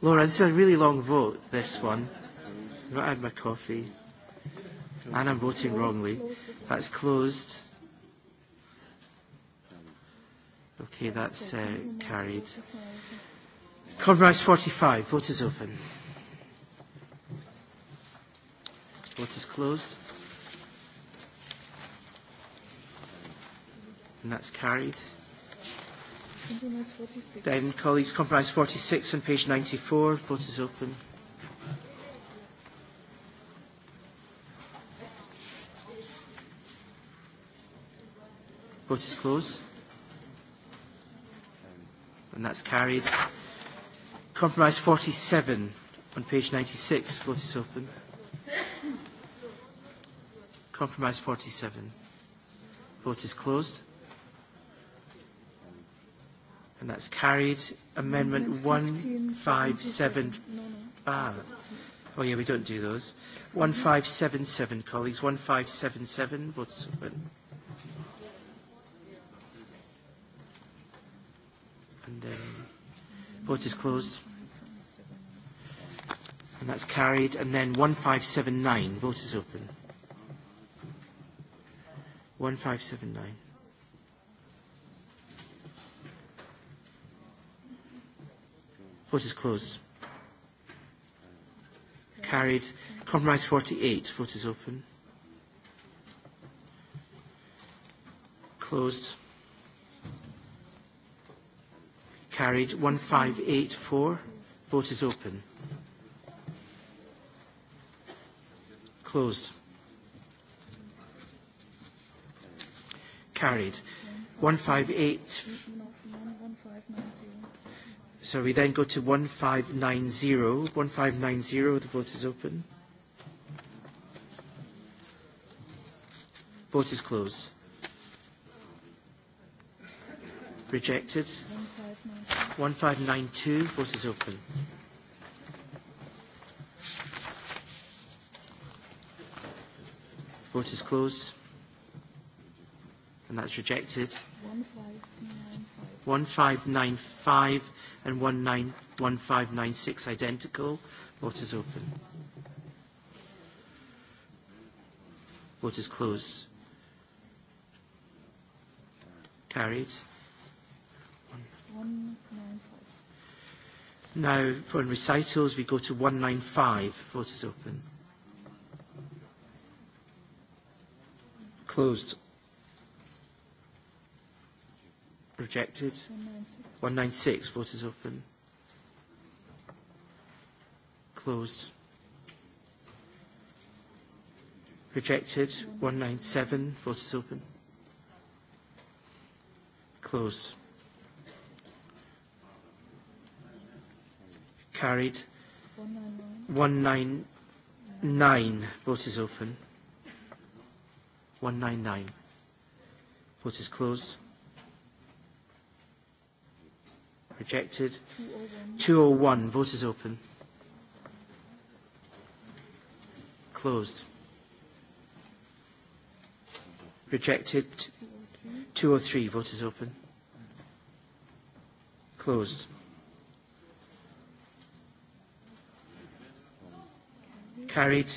Laura, this is a really long vote, this one. I've not had my coffee. And I'm voting wrongly. That's closed. Okay, that's uh, carried. Compromise 45. Vote is open. Vote is closed. And that's carried. Then, colleagues, compromise 46 on page 94. Vote is open. Vote is closed and that's carried. Compromise 47 on page 96. Vote is open. Compromise 47. Vote is closed. And that's carried. Amendment 157. Ah. Oh, yeah, we don't do those. 1577, mm-hmm. colleagues. 1577. Vote is open. And uh, vote is closed. And that's carried. And then 1579. Vote is open. 1579. Vote is closed. Carried. Compromise 48. Vote is open. Closed. Carried. 1584. Vote is open. Closed. Carried. 158. So we then go to 1590. 1590, the vote is open. Vote is closed. Rejected. 1590. 1592. Vote is open. Vote is closed. And that's rejected. 1595 and 1596 identical. Vote is open. Vote is closed. Carried. Now, for recitals, we go to 195. Vote is open. Closed. Rejected. 196. Vote is open. Closed. Rejected. 197. Vote is open. Closed carried. 199. 199. Vote is open. 199. Vote is closed. Rejected. 201. 201. Vote is open. Closed. Rejected. 203. Vote is open. Closed. Carried.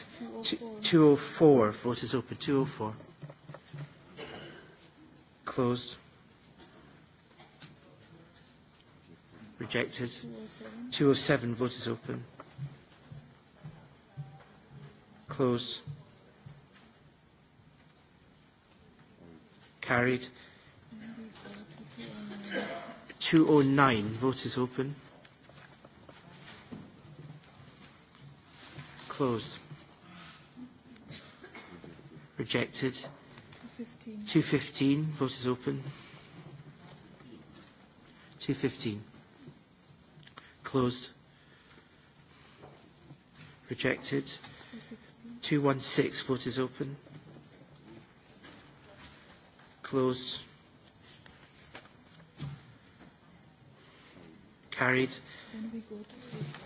204. Vote is open. 204. Closed. Rejected. 207. Vote is open. closed, Carried. 209. Vote is open. closed. Rejected. 215. 215. Vote is open. 215. Closed. Rejected. 216. Vote is open. Closed. Carried. Then we go to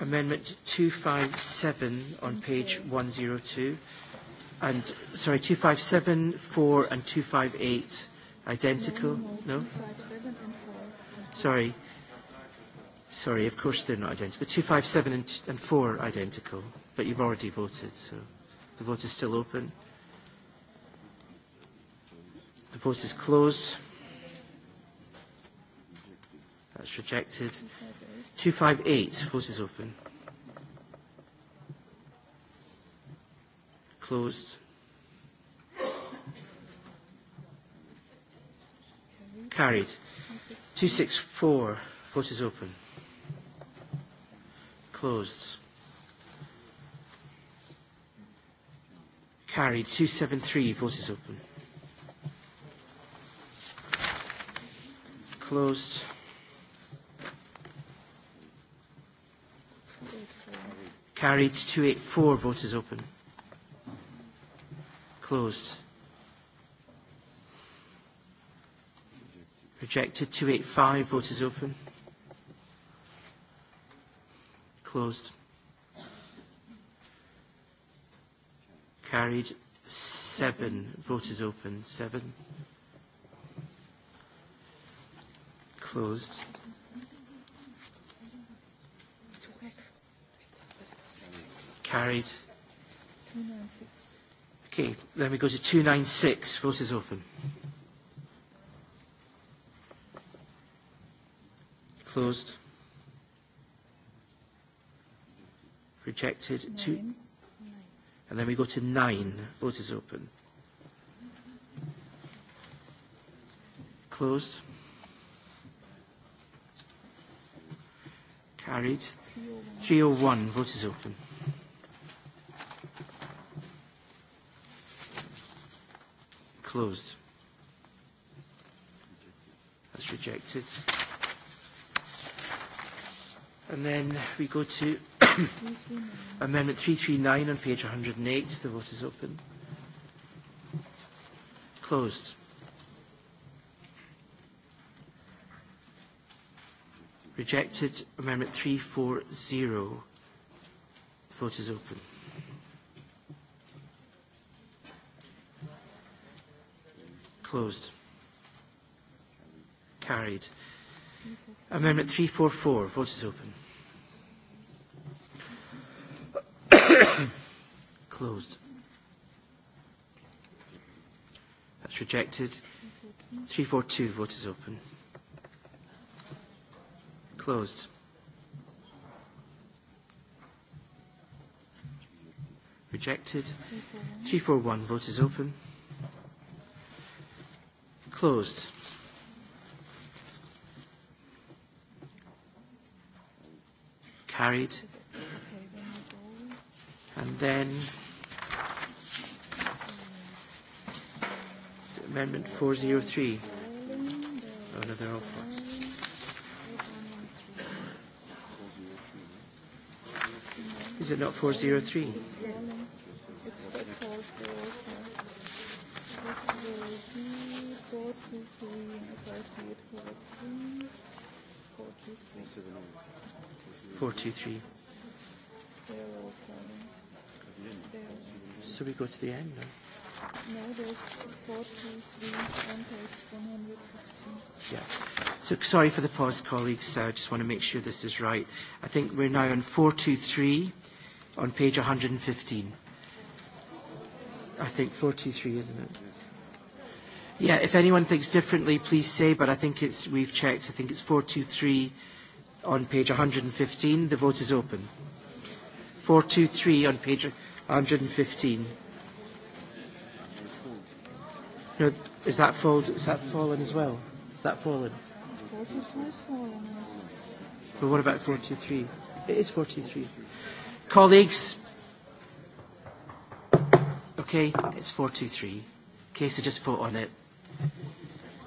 Amendment 257 on page 102 and sorry 257 4 and 258 identical no, sorry sorry of course they're not identical 257 and, and 4 identical but you've already voted so the vote is still open the vote is closed That's rejected. 258. Vote is open. Closed. Carried. 264. Vote is open. Closed. Carried. 273. Vote is open. Closed. Carried. 284. Vote is open. Closed. Rejected. 285. Vote is open. Closed. Carried. 7. Vote is open. 7. Closed. Carried. Okay, then we go to 296. Vote is open. Closed. Rejected. Two. And then we go to nine. Vote is open. Closed. Carried. 301. 301. Vote is open. Closed. That's rejected. And then we go to [COUGHS] Amendment 339 on page 108. The vote is open. Closed. Rejected. Amendment 340. The vote is open. Closed. Carried. Amendment 344. Vote is open. [COUGHS] Closed. That's rejected. 342. Vote is open. Closed. Rejected. 341. Vote is open. Closed. Carried. And then Amendment 403. Oh, no, they're all four. Is it not 403? two, three? So we go to the end now? No, there's four, on page 115. Yeah. So sorry for the pause, colleagues. I just want to make sure this is right. I think we're now on 423 on page 115. I think 423, isn't it? Yeah, if anyone thinks differently, please say, but I think it's, we've checked, I think it's 423 on page 115. The vote is open. 423 on page 115. No, is that fold, is that fallen as well? Is that fallen? But what about 423? It is 423. Colleagues, okay, it's 423. Okay, so just vote on it.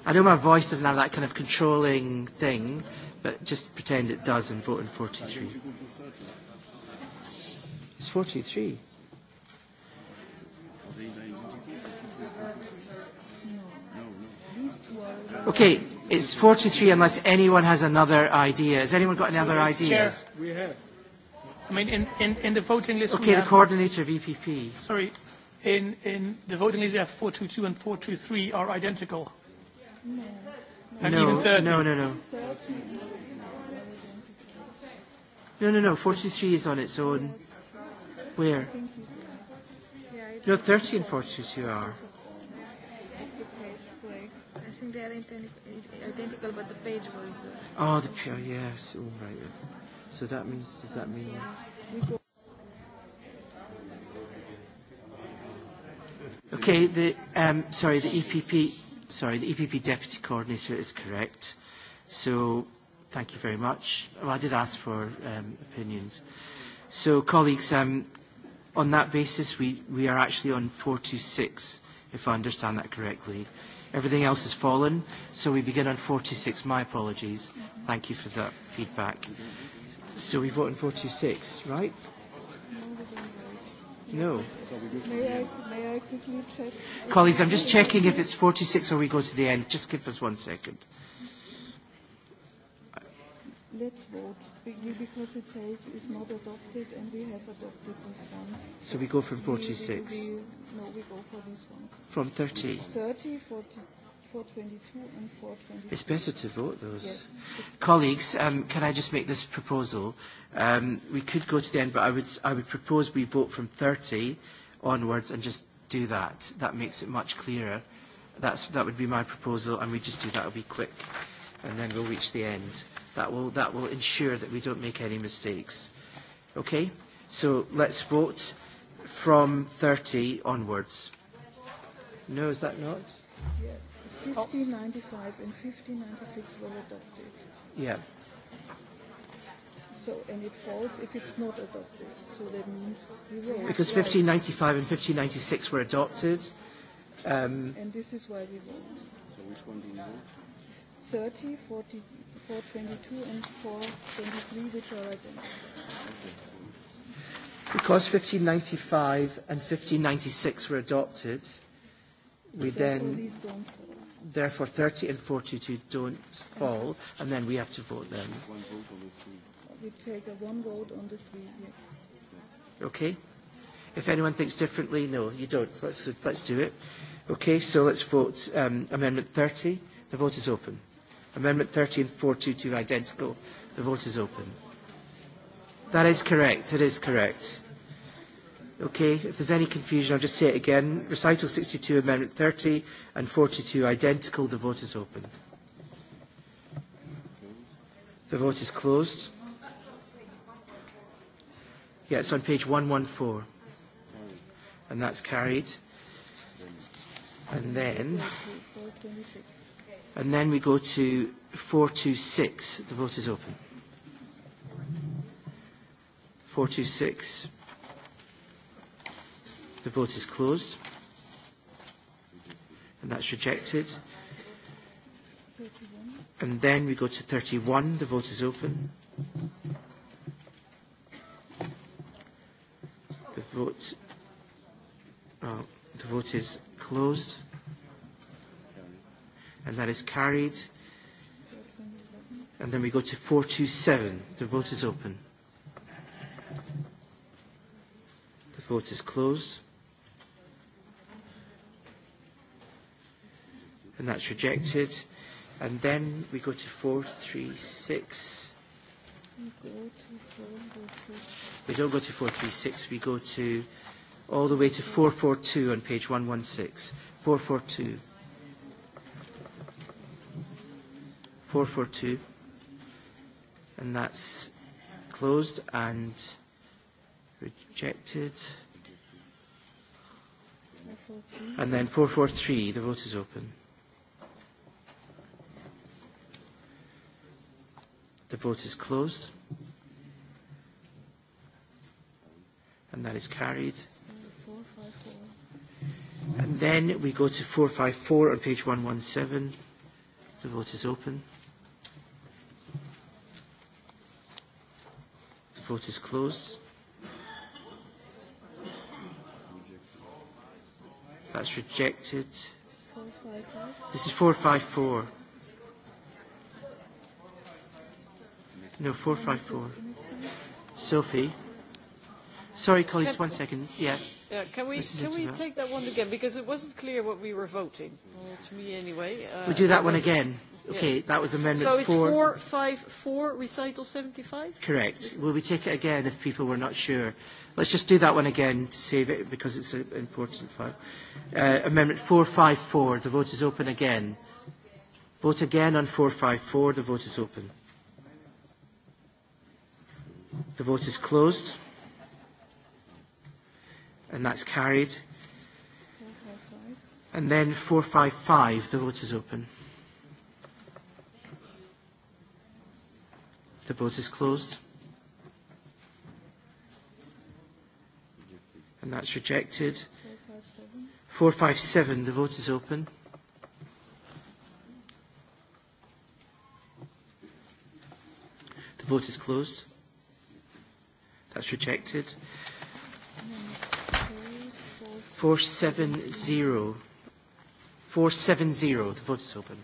I know my voice doesn't have that kind of controlling thing, But just pretend it does and vote in 43. It's 43. Okay, it's 43 unless anyone has another idea. Has anyone got any other ideas? we have. I mean, in, in, in the voting list... Okay, we the have, coordinator of EPP. Sorry, in, in the voting list we have 422 and 423 are identical. No. no, No, no, no. No, no, no. 43 is on its own. Where? No, 30 and 42 are. I think they are identical, but the page was. Oh, the pure, oh, yes. All right. So that means, does that mean. Okay, the, um, sorry, the EPP, sorry, the EPP deputy coordinator is correct. So Thank you very much. Well, I did ask for um, opinions. So, colleagues, um, on that basis, we, we are actually on 426, if I understand that correctly. Everything else has fallen, so we begin on 426. My apologies. Thank you for that feedback. So we vote on 426, right? No. May I, may I quickly check? Colleagues, I'm just checking if it's 46 or we go to the end. Just give us one second. Let's vote because it says it's not adopted and we have adopted this one. So we go from 46? no, we go for this one. From 30? 30, 40, 422 and 422. It's better to vote those. Yes, Colleagues, um, can I just make this proposal? Um, we could go to the end, but I would, I would propose we vote from 30 onwards and just do that. That makes it much clearer. That's, that would be my proposal and we just do that. It'll be quick and then we'll reach the end. That will, that will ensure that we don't make any mistakes. Okay? So let's vote from 30 onwards. No, is that not? Yeah. 1595 and 1596 were adopted. Yeah. So, and it falls if it's not adopted. So that means we vote. Because 1595 and 1596 were adopted. Um, and this is why we vote. So which one do you vote? 30, 40, 422 and 423, which are identical. Because 1595 and 1596 were adopted, we then... These don't fall. Therefore, 30 and 42 don't fall, and then we have to vote them. One vote on the three. We take a one vote on the three, yes. Okay. If anyone thinks differently, no, you don't. Let's, let's do it. Okay, so let's vote um, Amendment 30. The vote is open. Amendment 13, 422 identical. The vote is open. That is correct. It is correct. Okay, if there's any confusion, I'll just say it again. Recital 62, Amendment 30 and 42 identical. The vote is open. The vote is closed. Yeah, it's on page 114. And that's carried. And then... 426. And then we go to 426. The vote is open. 426. The vote is closed. And that's rejected. And then we go to 31. The vote is open. The vote, uh, the vote is closed and that is carried. And then we go to 427. The vote is open. The vote is closed. And that's rejected. And then we go to 436. We don't go to 436, we go to all the way to 442 on page 116. 442. 442. And that's closed and rejected. And then 443, the vote is open. The vote is closed. And that is carried. And then we go to 454 on page 117. The vote is open. Vote is closed. That's rejected. This is 454. No, 454. Sophie. Sorry, colleagues, one second. Yeah. Yeah, can we, can we take that one again? Because it wasn't clear what we were voting, well, to me anyway. Uh, we do that one again. Okay, that was amendment so four. So it's 454, recital 75? Correct. Will we take it again if people were not sure? Let's just do that one again to save it because it's an important file. Uh, amendment 454, the vote is open again. Vote again on 454, the vote is open. The vote is closed. And that's carried. And then 455, the vote is open. The vote is closed. And that's rejected. 457, the vote is open. The vote is closed. That's rejected. 470. 470, the vote is open.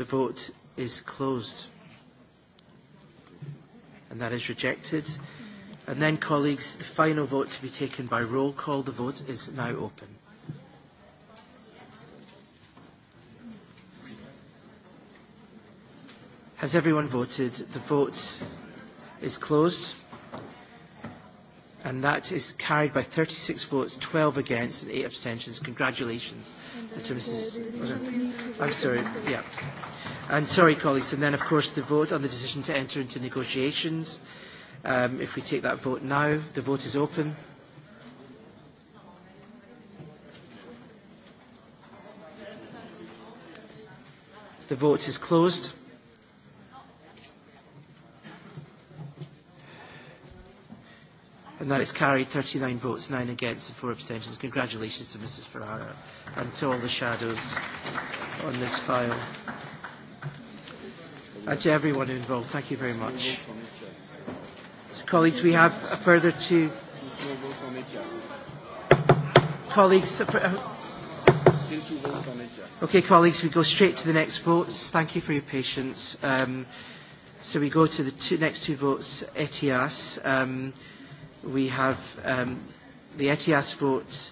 The vote is closed. And that is rejected. And then, colleagues, the final vote to be taken by roll call. The vote is now open. Has everyone voted? The vote is closed and that is carried by 36 votes, 12 against and 8 abstentions. Congratulations to Mrs. I'm sorry, yeah. And sorry, colleagues, and then of course the vote on the decision to enter into negotiations. Um, if we take that vote now, the vote is open. The vote is closed. and that is carried 39 votes, nine against and 4 abstentions. Congratulations to Mrs Ferrara and to all the shadows on this file. And to everyone involved, thank you very much. So, colleagues, we have a further two... Colleagues... Okay, colleagues, we go straight to the next votes. Thank you for your patience. Um, so we go to the two, next two votes, ETIAS. Um, we have um, the ETIAS vote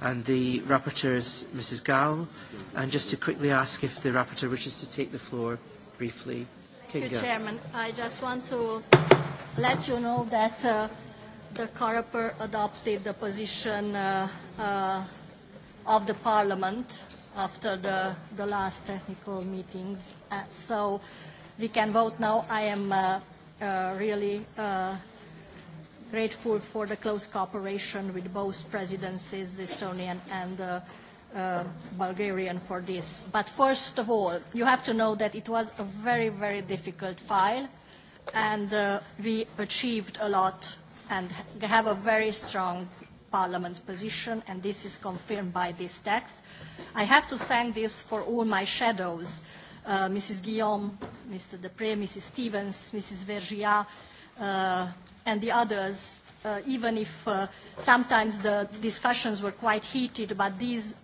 and the rapporteurs, Mrs. Gall. And just to quickly ask if the rapporteur wishes to take the floor briefly. Thank Chairman. I just want to let you know that uh, the Coreper adopted the position uh, uh, of the Parliament after the, the last technical meetings. Uh, so we can vote now. I am uh, uh, really uh, grateful for the close cooperation with both presidencies, the Estonian and the uh, uh, Bulgarian, for this. But first of all, you have to know that it was a very, very difficult file, and uh, we achieved a lot and have a very strong Parliament position, and this is confirmed by this text. I have to thank this for all my shadows, uh, Mrs. Guillaume, Mr. Deprez, Mrs. Stevens, Mrs. Vergia, uh, and the others, uh, even if uh, sometimes the discussions were quite heated, but these,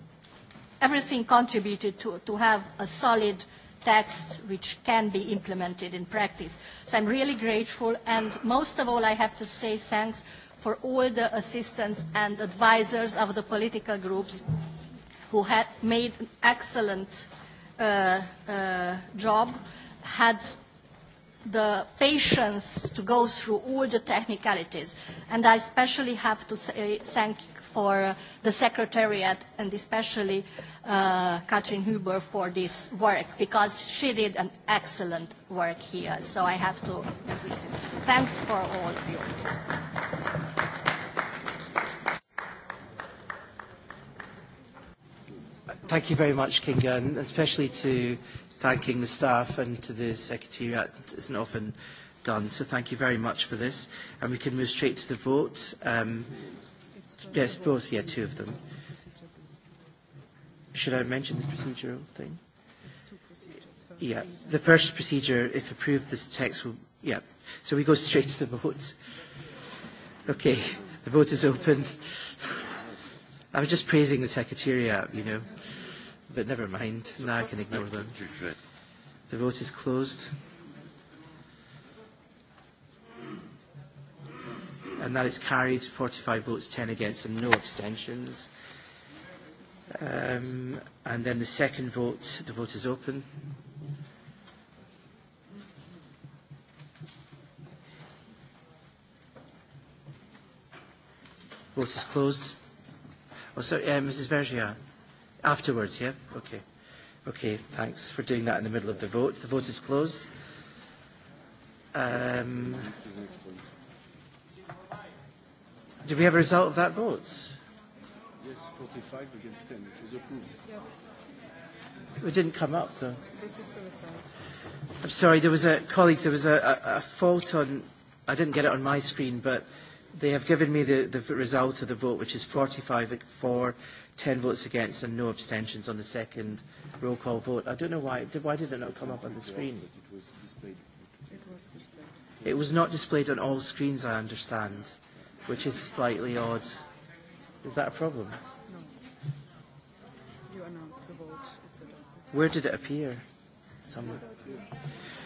everything contributed to, to have a solid text which can be implemented in practice. So I'm really grateful, and most of all, I have to say thanks for all the assistants and advisors of the political groups who had made an excellent uh, uh, job, had the patience to go through all the technicalities. And I especially have to say thank for uh, the Secretariat and especially uh, Katrin Huber for this work because she did an excellent work here. So I have to thanks for all of you. Thank you very much, Kinga, and especially to thanking the staff and to the Secretariat. isn't often done, so thank you very much for this. And we can move straight to the vote. Um, yes, both, yeah, two of them. Should I mention the procedural thing? Yeah, the first procedure, if approved, this text will, yeah. So we go straight to the vote. Okay, the vote is open. [LAUGHS] I was just praising the Secretariat, you know. But never mind. Now I can ignore them. The vote is closed. And that is carried. 45 votes, 10 against and no abstentions. Um, and then the second vote, the vote is open. Vote is closed. Oh, sorry, uh, Mrs. Bergia. Afterwards, yeah? Okay. Okay, thanks for doing that in the middle of the vote. The vote is closed. Um, do we have a result of that vote? Yes, 45 against 10. It was approved. Yes. It didn't come up, though. This is the result. I'm sorry, there was a, colleagues, there was a, a, a fault on, I didn't get it on my screen, but they have given me the, the result of the vote, which is 45 for, 10 votes against and no abstentions on the second roll call vote. I don't know why. Did, why did it not come up on the screen? It was It was, It was not displayed on all screens, I understand, which is slightly odd. Is that a problem? No. You announced the vote. Where did it appear? Somewhere.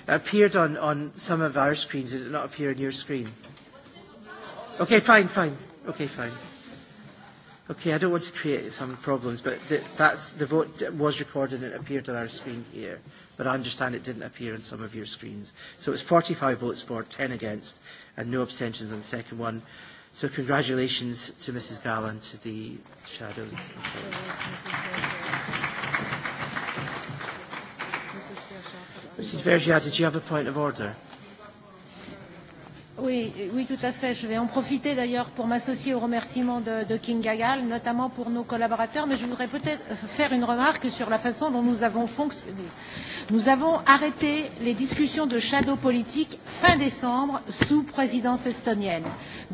It appeared on, on some of our screens. Did it not appear on your screen? Okay, fine, fine. Okay, fine. Okay, I don't want to create some problems, but th that's, the vote was recorded and it appeared on our screen here, but I understand it didn't appear on some of your screens. So it was 45 votes for, 10 against, and no abstentions on the second one. So congratulations to Mrs. and to the shadows. Mrs. Vergia, did you have a point of order? Oui, oui, tout à fait. Je vais en profiter d'ailleurs pour m'associer aux remerciements de, de King Gagal, notamment pour nos collaborateurs, mais je voudrais peut-être faire une remarque sur la façon dont nous avons fonctionné. Nous avons arrêté les discussions de shadow politique fin décembre sous présidence estonienne.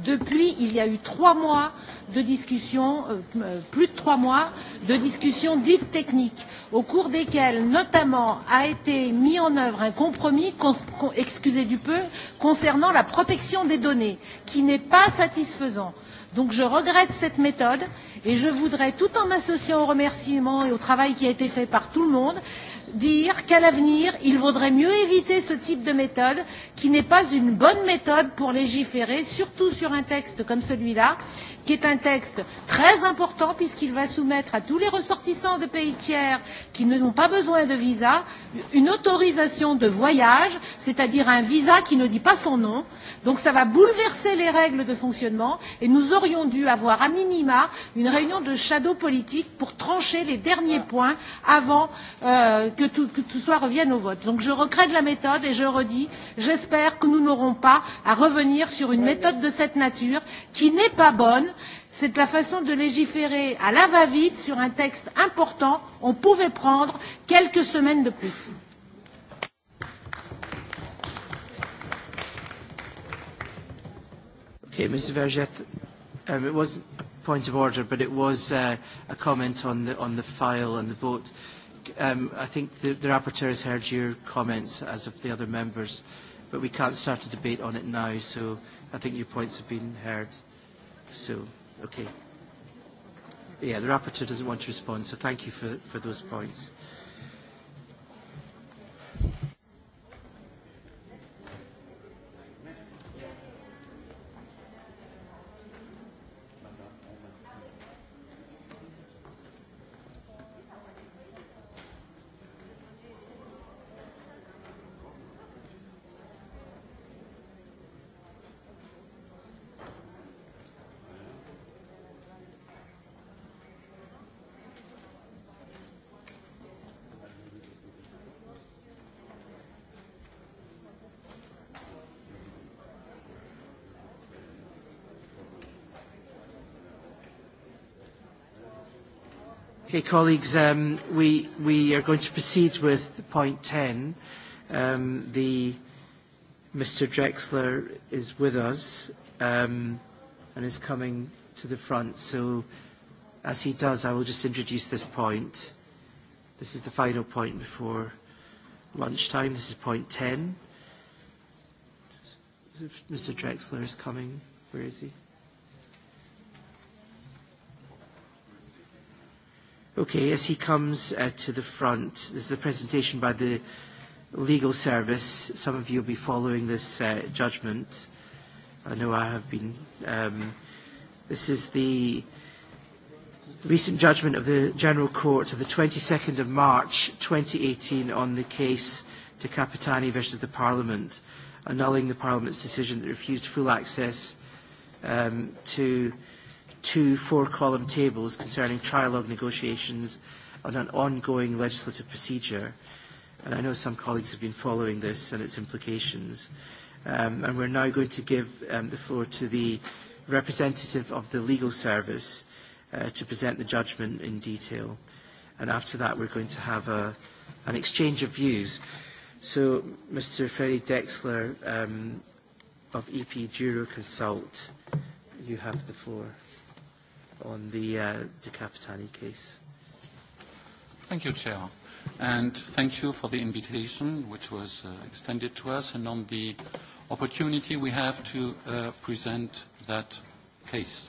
Depuis, il y a eu trois mois de discussions, euh, euh, plus de trois mois, de discussions dites techniques, au cours desquelles notamment a été mis en œuvre un compromis, con, excusez du peu, concernant la protection protection des données qui n'est pas satisfaisant. Donc je regrette cette méthode et je voudrais, tout en m'associant aux remerciements et au travail qui a été fait par tout le monde, dire qu'à l'avenir, il vaudrait mieux éviter ce type de méthode qui n'est pas une bonne méthode pour légiférer, surtout sur un texte comme celui-là, qui est un texte très important puisqu'il va soumettre à tous les ressortissants de pays tiers qui n'ont pas besoin de visa une autorisation de voyage, c'est-à-dire un visa qui ne dit pas son nom. Donc ça va bouleverser les règles de fonctionnement et nous aurions dû avoir à minima une réunion de shadow politique pour trancher les derniers points avant euh, que tout, que tout soit revienne au vote. Donc je regrette la méthode et je redis, j'espère que nous n'aurons pas à revenir sur une méthode de cette nature qui n'est pas bonne. C'est la façon de légiférer à la va-vite sur un texte important. On pouvait prendre quelques semaines de plus. Okay, Mrs. Vergette, um, it was a point of order, but it was uh, a comment on the, on the file and the vote um, I think the, the rapporteur has heard your comments, as of the other members, but we can't start a debate on it now, so I think your points have been heard. So, okay. Yeah, the rapporteur doesn't want to respond, so thank you for, for those points. Okay, colleagues, um, we, we are going to proceed with point 10. Um, the, Mr. Drexler is with us um, and is coming to the front. So as he does, I will just introduce this point. This is the final point before lunchtime. This is point 10. Mr. Drexler is coming. Where is he? Okay, as he comes uh, to the front, this is a presentation by the legal service. Some of you will be following this uh, judgment. I know I have been. Um, this is the recent judgment of the General Court of the 22nd of March 2018 on the case to Capitani versus the Parliament, annulling the Parliament's decision that refused full access um, to two four-column tables concerning trilogue negotiations on an ongoing legislative procedure. And I know some colleagues have been following this and its implications. Um, and we're now going to give um, the floor to the representative of the legal service uh, to present the judgment in detail. And after that, we're going to have a, an exchange of views. So, Mr. Ferry Dexler um, of EP Juro Consult, you have the floor on the uh, De Capitani case. Thank you, Chair. And thank you for the invitation, which was uh, extended to us, and on the opportunity we have to uh, present that case.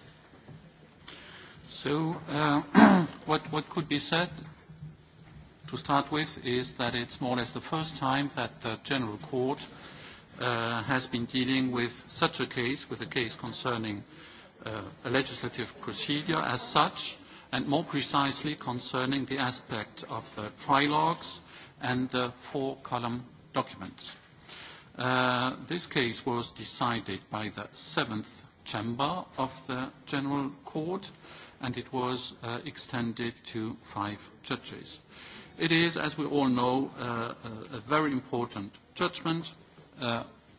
So uh, [CLEARS THROAT] what, what could be said to start with is that it's more or less the first time that the General Court uh, has been dealing with such a case, with a case concerning Uh, a legislative procedure as such, and more precisely concerning the aspect of the trilogues and the four-column documents. Uh, this case was decided by the seventh chamber of the General Court, and it was uh, extended to five judges. It is, as we all know, uh, a, a very important judgment,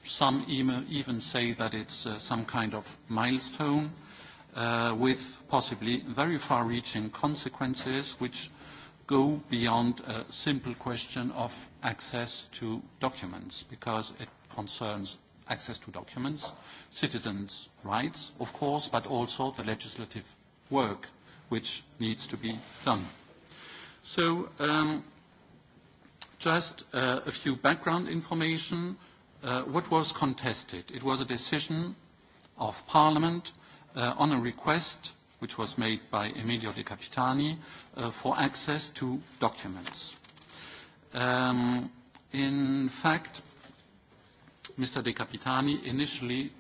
Some even say that it's uh, some kind of milestone uh, with possibly very far-reaching consequences which go beyond a simple question of access to documents because it concerns access to documents, citizens' rights, of course, but also the legislative work which needs to be done. So um, just uh, a few background information. Uh, what was contested? It was a decision of Parliament uh, on a request which was made by Emilio De Capitani uh, for access to documents. Um, in fact, Mr. De Capitani initially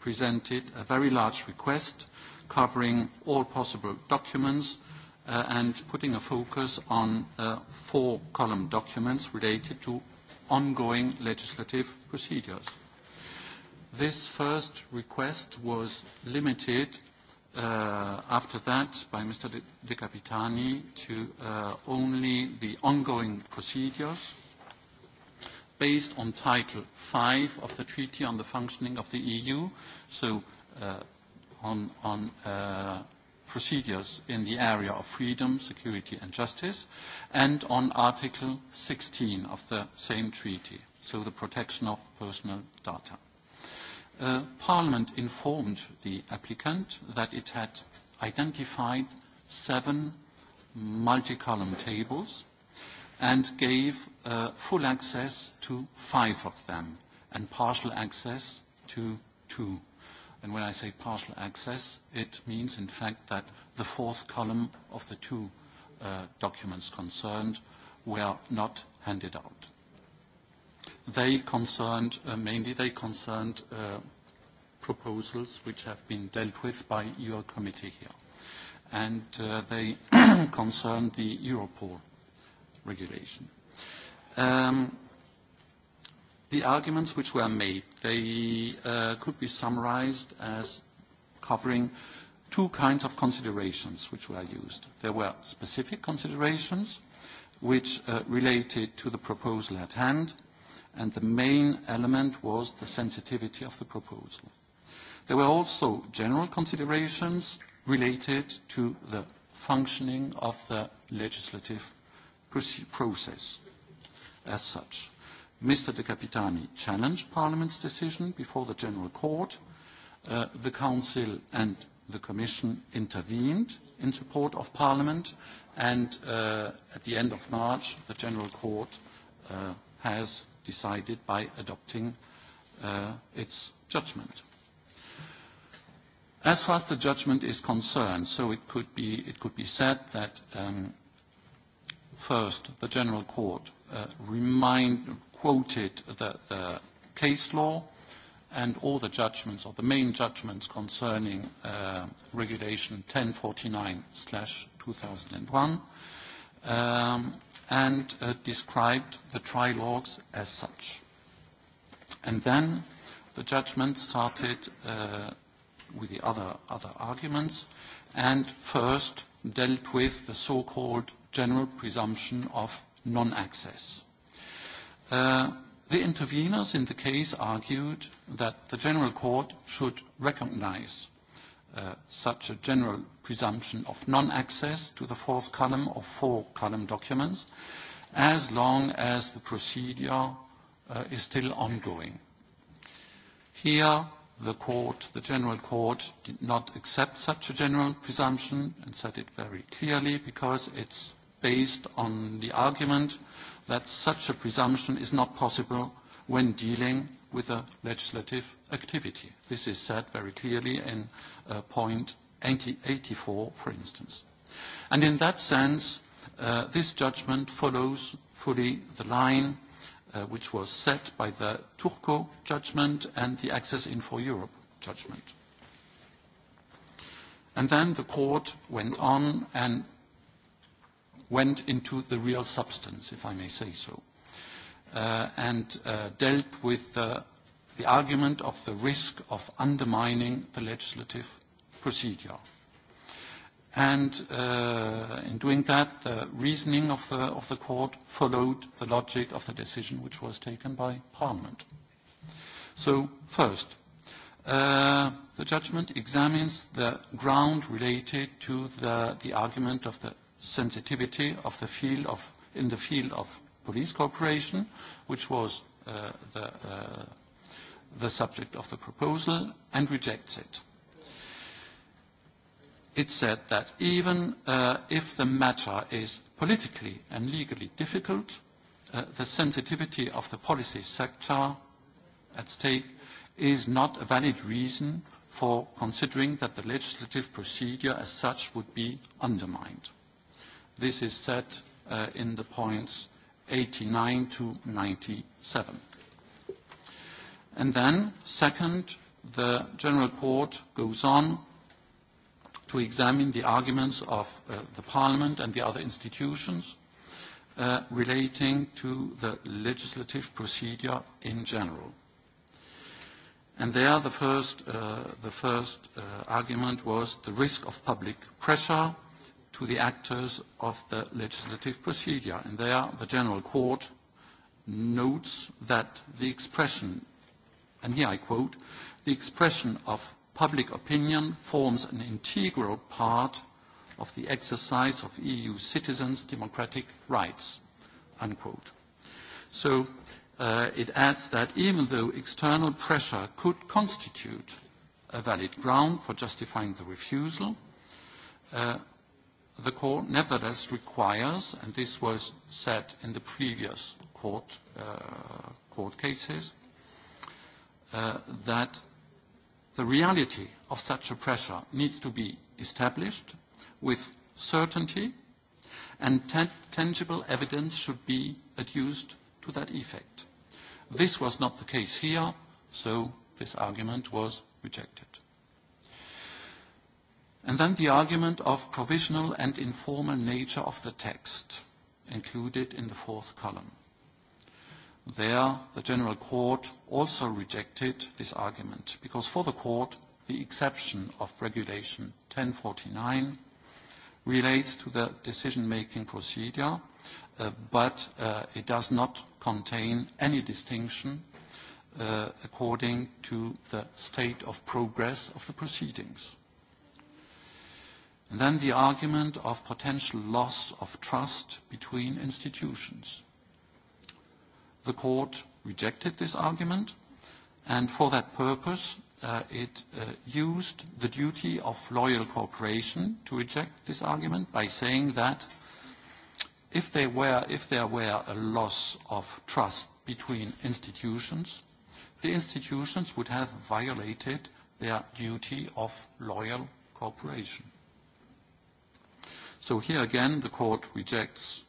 presented a very large request covering all possible documents and putting a focus on four column documents related to ongoing legislative procedures. This first request was limited uh, after that by Mr. De, Capitani to uh, only the ongoing procedures based on Title 5 of the Treaty on the Functioning of the EU, so uh, on, on uh, procedures in the area of freedom, security and justice, and on Article 16 of the same treaty, so the protection of personal data. Uh, Parliament informed the applicant that it had identified seven multi-column tables and gave uh, full access to five of them and partial access to two. And when I say partial access, it means, in fact, that the fourth column of the two uh, documents concerned were not handed out. They concerned, uh, mainly they concerned uh, proposals which have been dealt with by your committee here. And they [COUGHS] concerned the Europol regulation. Um, the arguments which were made They uh, could be summarized as covering two kinds of considerations which were used. There were specific considerations which uh, related to the proposal at hand, and the main element was the sensitivity of the proposal. There were also general considerations related to the functioning of the legislative process as such. Mr. De Capitani challenged Parliament's decision before the General Court. Uh, the Council and the Commission intervened in support of Parliament, and uh, at the end of March, the General Court uh, has decided by adopting its judgment. As far as the judgment is concerned, so it could be, it could be said that, um, first, the General Court remind, quoted the, the case law and all the judgments or the main judgments concerning uh, regulation 1049/2001 um, and uh, described the trilogues as such. And then the judgment started uh, with the other, other arguments and first dealt with the so-called general presumption of non-access. Uh, the interveners in the case argued that the General Court should recognize uh, such a general presumption of non-access to the fourth column of four-column documents as long as the procedure uh, is still ongoing. Here, the court, the General Court, did not accept such a general presumption and said it very clearly because it's based on the argument that such a presumption is not possible when dealing with a legislative activity. This is said very clearly in uh, point 84, for instance. And in that sense, uh, this judgment follows fully the line uh, which was set by the Turco judgment and the Access Info Europe judgment. And then the court went on and went into the real substance, if I may say so, uh, and uh, dealt with the, the argument of the risk of undermining the legislative procedure. And uh, in doing that, the reasoning of the, of the court followed the logic of the decision which was taken by Parliament. So, first, Uh, the judgment examines the ground related to the, the argument of the sensitivity of the field of, in the field of police cooperation, which was uh, the, uh, the subject of the proposal, and rejects it. It said that even uh, if the matter is politically and legally difficult, the sensitivity of the policy sector at stake is not a valid reason for considering that the legislative procedure as such would be undermined. This is said uh, in the points 89 to 97. And then, second, the General Court goes on to examine the arguments of uh, the Parliament and the other institutions uh, relating to the legislative procedure in general. And there the first, uh, the first uh, argument was the risk of public pressure to the actors of the legislative procedure. And there the General Court notes that the expression, and here I quote, the expression of public opinion forms an integral part of the exercise of EU citizens' democratic rights, unquote. So Uh, it adds that even though external pressure could constitute a valid ground for justifying the refusal, uh, the court nevertheless requires, and this was said in the previous court, uh, court cases, uh, that the reality of such a pressure needs to be established with certainty and tangible evidence should be adduced to that effect. This was not the case here, so this argument was rejected. And then the argument of provisional and informal nature of the text included in the fourth column. There, the General Court also rejected this argument because for the Court, the exception of Regulation 1049 relates to the decision-making procedure Uh, but uh, it does not contain any distinction uh, according to the state of progress of the proceedings. And then the argument of potential loss of trust between institutions. The court rejected this argument, and for that purpose, it used the duty of loyal cooperation to reject this argument by saying that if there were, if there were a loss of trust between institutions, the institutions would have violated their duty of loyal cooperation. So here again, the court rejects,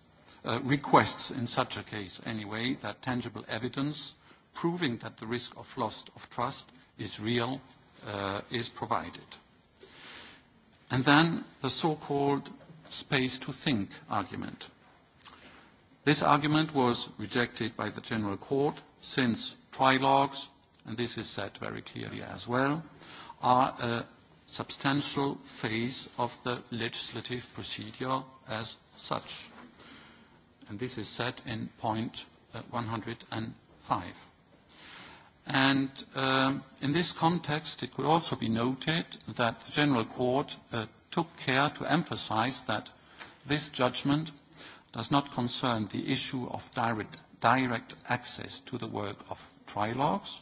uh, requests in such a case anyway, that tangible evidence proving that the risk of loss of trust is real uh, is provided. And then the so-called space to think argument. This argument was rejected by the General Court since trilogues, and this is said very clearly as well, are a substantial phase of the legislative procedure as such. And this is said in point 105. Uh, and um, in this context, it could also be noted that the General Court uh, took care to emphasize that this judgment does not concern the issue of direct, direct access to the work of trilogues,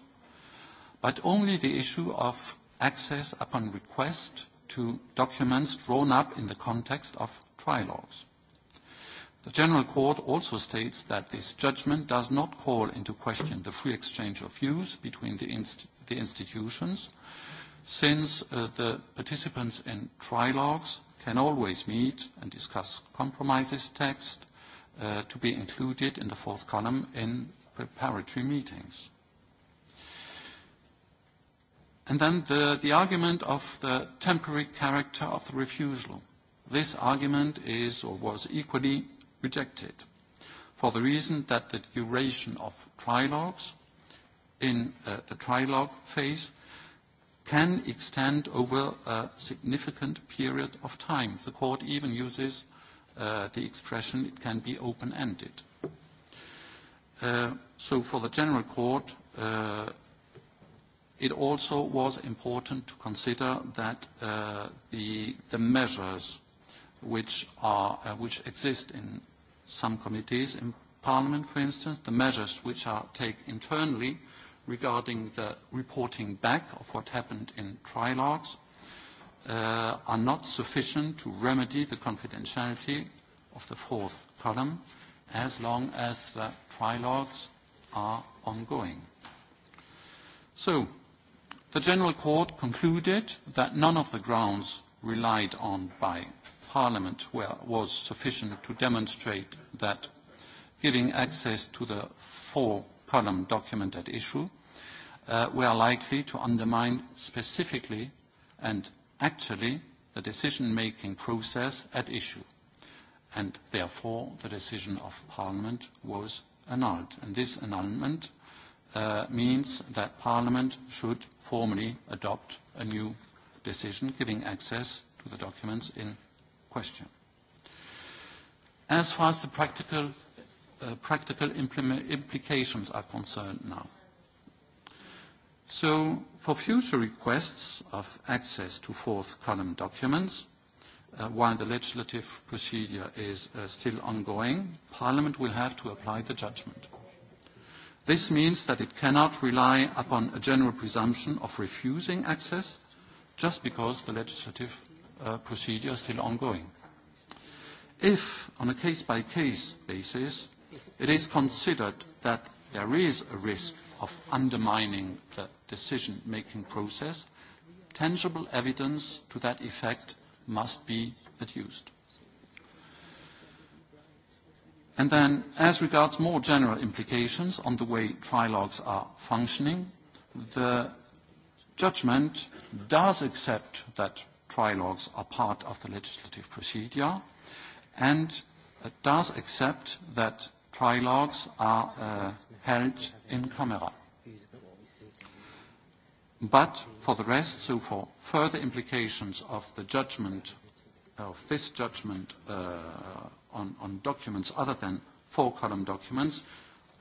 but only the issue of access upon request to documents drawn up in the context of trilogues. The General Court also states that this judgment does not call into question the free exchange of views between the, inst the institutions, since uh, the participants in trilogues can always meet and discuss compromises text uh, to be included in the fourth column in preparatory meetings. And then the, the argument of the temporary character of the refusal. This argument is or was equally rejected for the reason that the duration of trilogues in uh, the trilogue phase can extend over a significant period of time. The court even uses uh, the expression it can be open-ended. Uh, so for the general court, uh, it also was important to consider that the, the measures which, are, which exist in some committees in Parliament, for instance, the measures which are taken internally regarding the reporting back of what happened in trilogues uh, are not sufficient to remedy the confidentiality of the fourth column as long as the trilogues are ongoing. So, the General Court concluded that none of the grounds relied on by Parliament was sufficient to demonstrate that giving access to the four-column document at issue Uh, we are likely to undermine specifically and actually the decision-making process at issue. And therefore, the decision of Parliament was annulled. And this annulment uh, means that Parliament should formally adopt a new decision giving access to the documents in question. As far as the practical, uh, practical implications are concerned now, So for future requests of access to fourth column documents, uh, while the legislative procedure is uh, still ongoing, Parliament will have to apply the judgment. This means that it cannot rely upon a general presumption of refusing access just because the legislative uh, procedure is still ongoing. If, on a case by -case basis, it is considered that there is a risk of undermining the decision-making process, tangible evidence to that effect must be adduced. And then, as regards more general implications on the way trilogues are functioning, the judgment does accept that trilogues are part of the legislative procedure and does accept that trilogues are uh, held in camera. But for the rest, so for further implications of the judgment, of this judgment uh, on, on documents other than four-column documents,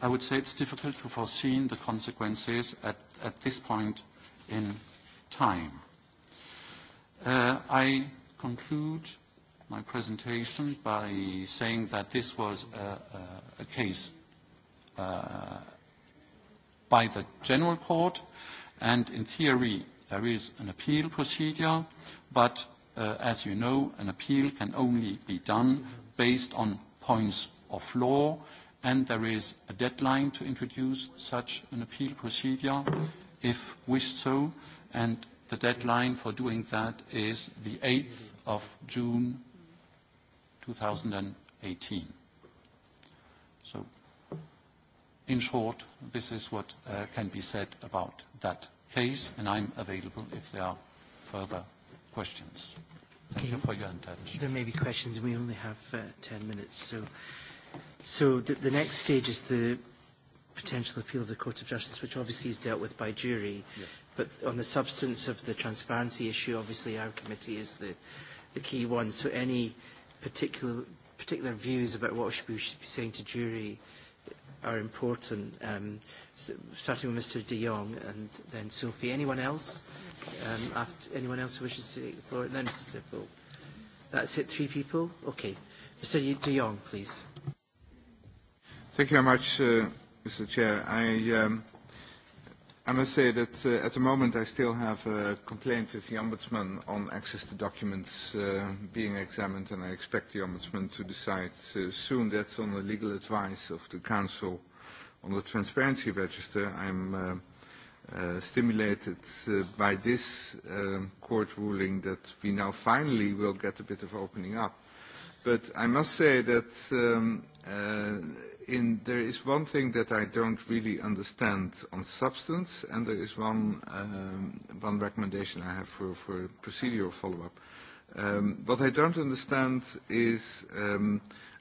I would say it's difficult to foresee the consequences at, at this point in time. Uh, I conclude my presentation by saying that this was a a case uh, by the general court, and in theory there is an appeal procedure, but uh, as you know, an appeal can only be done based on points of law, and there is a deadline to introduce such an appeal procedure, if wished so, and the deadline for doing that is the 8th of June 2018. in short, this is what uh, can be said about that case, and I'm available if there are further questions. Thank you for your attention. There may be questions, and we only have 10 uh, minutes. So, the, next stage is the potential appeal of the Court of Justice, which obviously is dealt with by jury. But on the substance of the transparency issue, obviously our committee is the, key one. So any particular, particular views about what we should be saying to jury are important, um, starting with Mr. De Jong and then Sophie. Anyone else? Um, after, anyone else who wishes to take the floor? Then Mr. Sippel. That's it, three people? Okay. Mr. De Jong, please. Thank you very much, uh, Mr. Chair. I um, i must say that uh, at the moment I still have a complaint with the Ombudsman on access to documents uh, being examined and I expect the Ombudsman to decide uh, soon. That's on the legal advice of the Council on the Transparency Register. I'm uh, uh, stimulated uh, by this uh court ruling that we now finally will get a bit of opening up But I must say that um, uh, in, there is one thing that I don't really understand on substance, and there is one, um, one recommendation I have for, for procedural follow-up. Um, what I don't understand is um,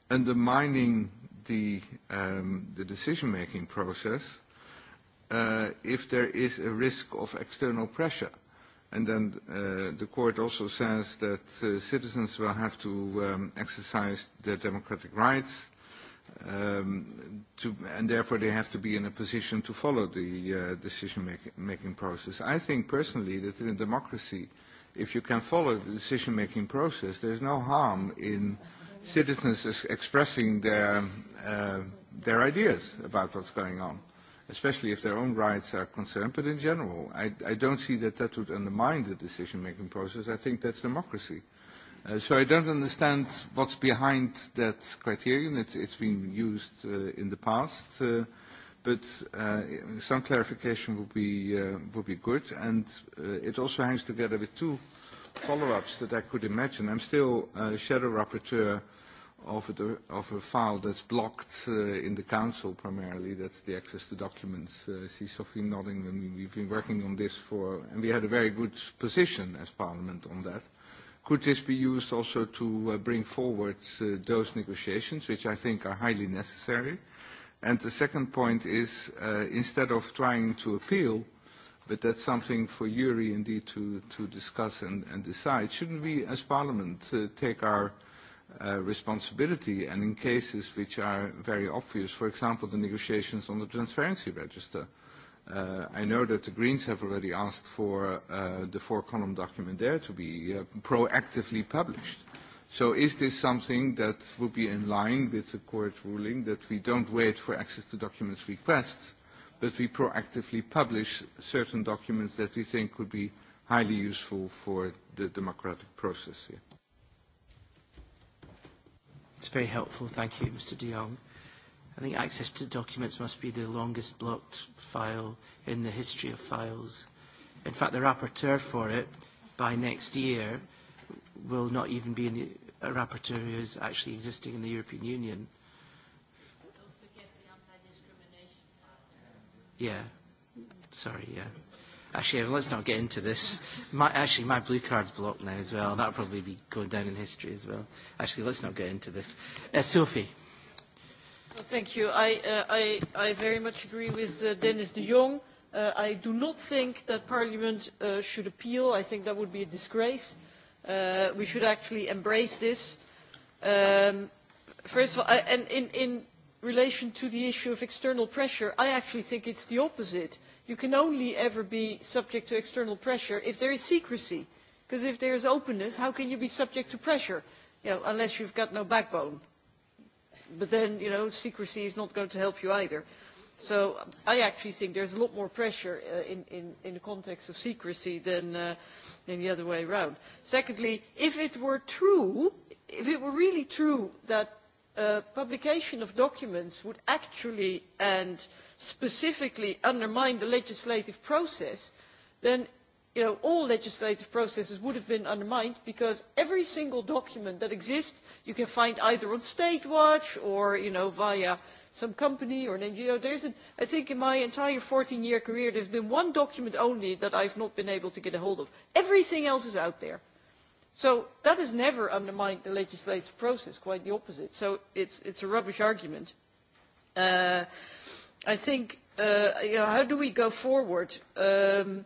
undermining the, um, the decision-making process uh, if there is a risk of external pressure. And then uh, the court also says that uh, citizens will have to um, exercise their democratic rights, um, to, and therefore they have to be in a position to follow the uh, decision-making process. I think personally that in a democracy, if you can follow the decision-making process, there's no harm in citizens expressing their, their ideas about what's going on especially if their own rights are concerned. But in general, I, I don't see that that would undermine the decision-making process. I think that's democracy. Uh, so I don't understand what's behind that criterion. It's, it's been used uh, in the past, uh, but uh, some clarification would be, uh, would be good. And uh, it also hangs together with two follow-ups that I could imagine. I'm still a uh, shadow rapporteur of a, of a file that's blocked uh, in the council primarily. That's the access to documents. Uh, see Sophie nodding, and we've been working on this for, and we had a very good position as Parliament on that. Could this be used also to uh, bring forward uh, those negotiations, which I think are highly necessary? And the second point is, uh, instead of trying to appeal, but that's something for Yuri indeed to, to discuss and, and decide, shouldn't we as Parliament uh, take our – Uh, responsibility and in cases which are very obvious, for example, the negotiations on the transparency register. Uh, I know that the Greens have already asked for uh, the four-column document there to be uh, proactively published. So is this something that would be in line with the court ruling that we don't wait for access to documents requests, but we proactively publish certain documents that we think could be highly useful for the democratic process here? Yeah. It's very helpful. Thank you, Mr. De Jong. I think access to documents must be the longest blocked file in the history of files. In fact, the rapporteur for it by next year will not even be in the, a rapporteur who is actually existing in the European Union. Yeah. Sorry, yeah. Actually, let's not get into this. My, actually, my blue card's blocked now as well. That'll probably be going down in history as well. Actually, let's not get into this. Uh, Sophie. Well, thank you. I, uh, I, I very much agree with uh, Dennis de Jong. Uh, I do not think that Parliament uh, should appeal. I think that would be a disgrace. Uh, we should actually embrace this. Um, first of all, I, and in, in relation to the issue of external pressure, I actually think it's the opposite you can only ever be subject to external pressure if there is secrecy because if there is openness how can you be subject to pressure you know, unless you've got no backbone but then you know secrecy is not going to help you either so um, i actually think there's a lot more pressure uh, in, in, in the context of secrecy than, uh, than the other way around. secondly if it were true if it were really true that uh, publication of documents would actually and specifically undermined the legislative process then all legislative processes would have been undermined because every single document that exists you can find either on state watch or you know, via some company or an ngo. There isn't, i think in my entire fourteen year career there has been one document only that i have not been able to get a hold of. everything else is out there. so that has never undermined the legislative process quite the opposite. so it's it's a rubbish argument. Uh, i think uh, you know, how do we go forward? Um,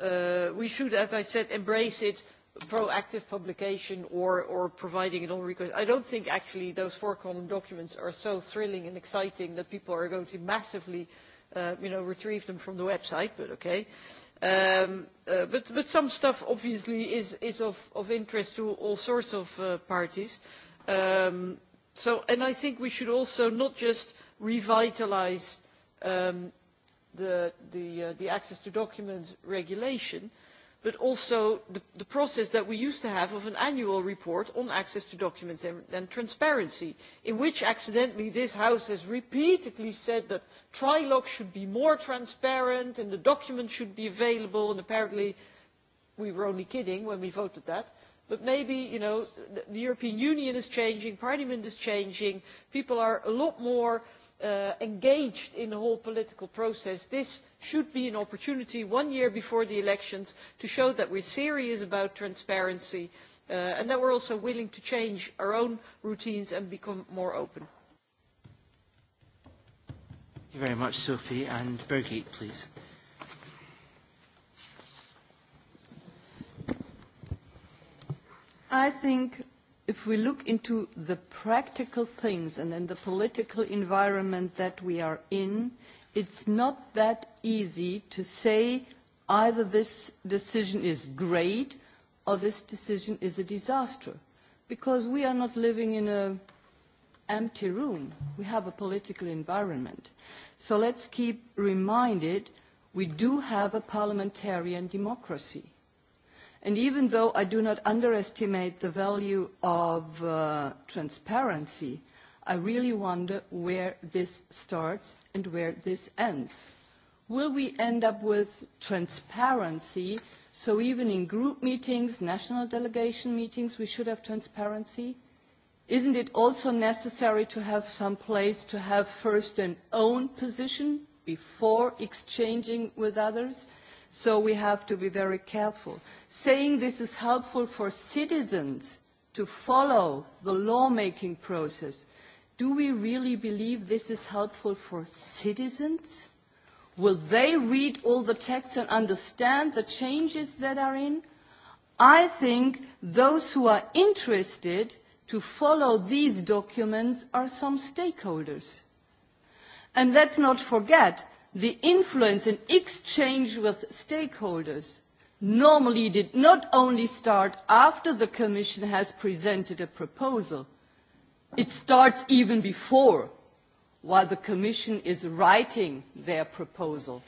uh, we should, as I said, embrace it, proactive publication or, or providing it on request. I don't think actually those four-column documents are so thrilling and exciting that people are going to massively uh, you know, retrieve them from the website, but okay. Um, uh, but, but some stuff obviously is, is of, of interest to all sorts of uh, parties. Um, so, and I think we should also not just revitalise um, uh, the, access to documents regulation but also the, process that we used to have of an annual report on access to documents and, transparency in which accidentally this house has repeatedly said that trilogue should be more transparent and the documents should be available and apparently we were only kidding when we voted that but maybe you know the european union is changing parliament is changing people are a lot more Uh, engaged in the whole political process this should be an opportunity one year before the elections to show that we are serious about transparency uh, and that we are also willing to change our own routines and become more open. Thank very much, Sophie. And Birgit, please. I think if we look into the practical things and in the political environment that we are in, it's not that easy to say either this decision is great or this decision is a disaster, because we are not living in an empty room. We have a political environment. So let's keep reminded we do have a parliamentarian democracy And even though I do not underestimate the value of uh, transparency, I really wonder where this starts and where this ends. Will we end up with transparency? So even in group meetings, national delegation meetings, we should have transparency? Isn't it also necessary to have some place to have first an own position before exchanging with others? So we have to be very careful. Saying this is helpful for citizens to follow the lawmaking process, do we really believe this is helpful for citizens? Will they read all the texts and understand the changes that are in? I think those who are interested to follow these documents are some stakeholders. And let's not forget the influence and exchange with stakeholders normally did not only start after the Commission has presented a proposal, it starts even before, while the Commission is writing their proposal.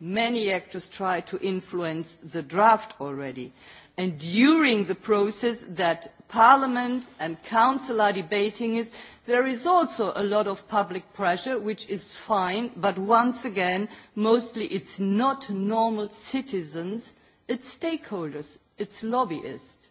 Many actors try to influence the draft already. And during the process that Parliament and Council are debating it. There is also a lot of public pressure, which is fine, but once again, mostly it's not normal citizens, it's stakeholders, it's lobbyists.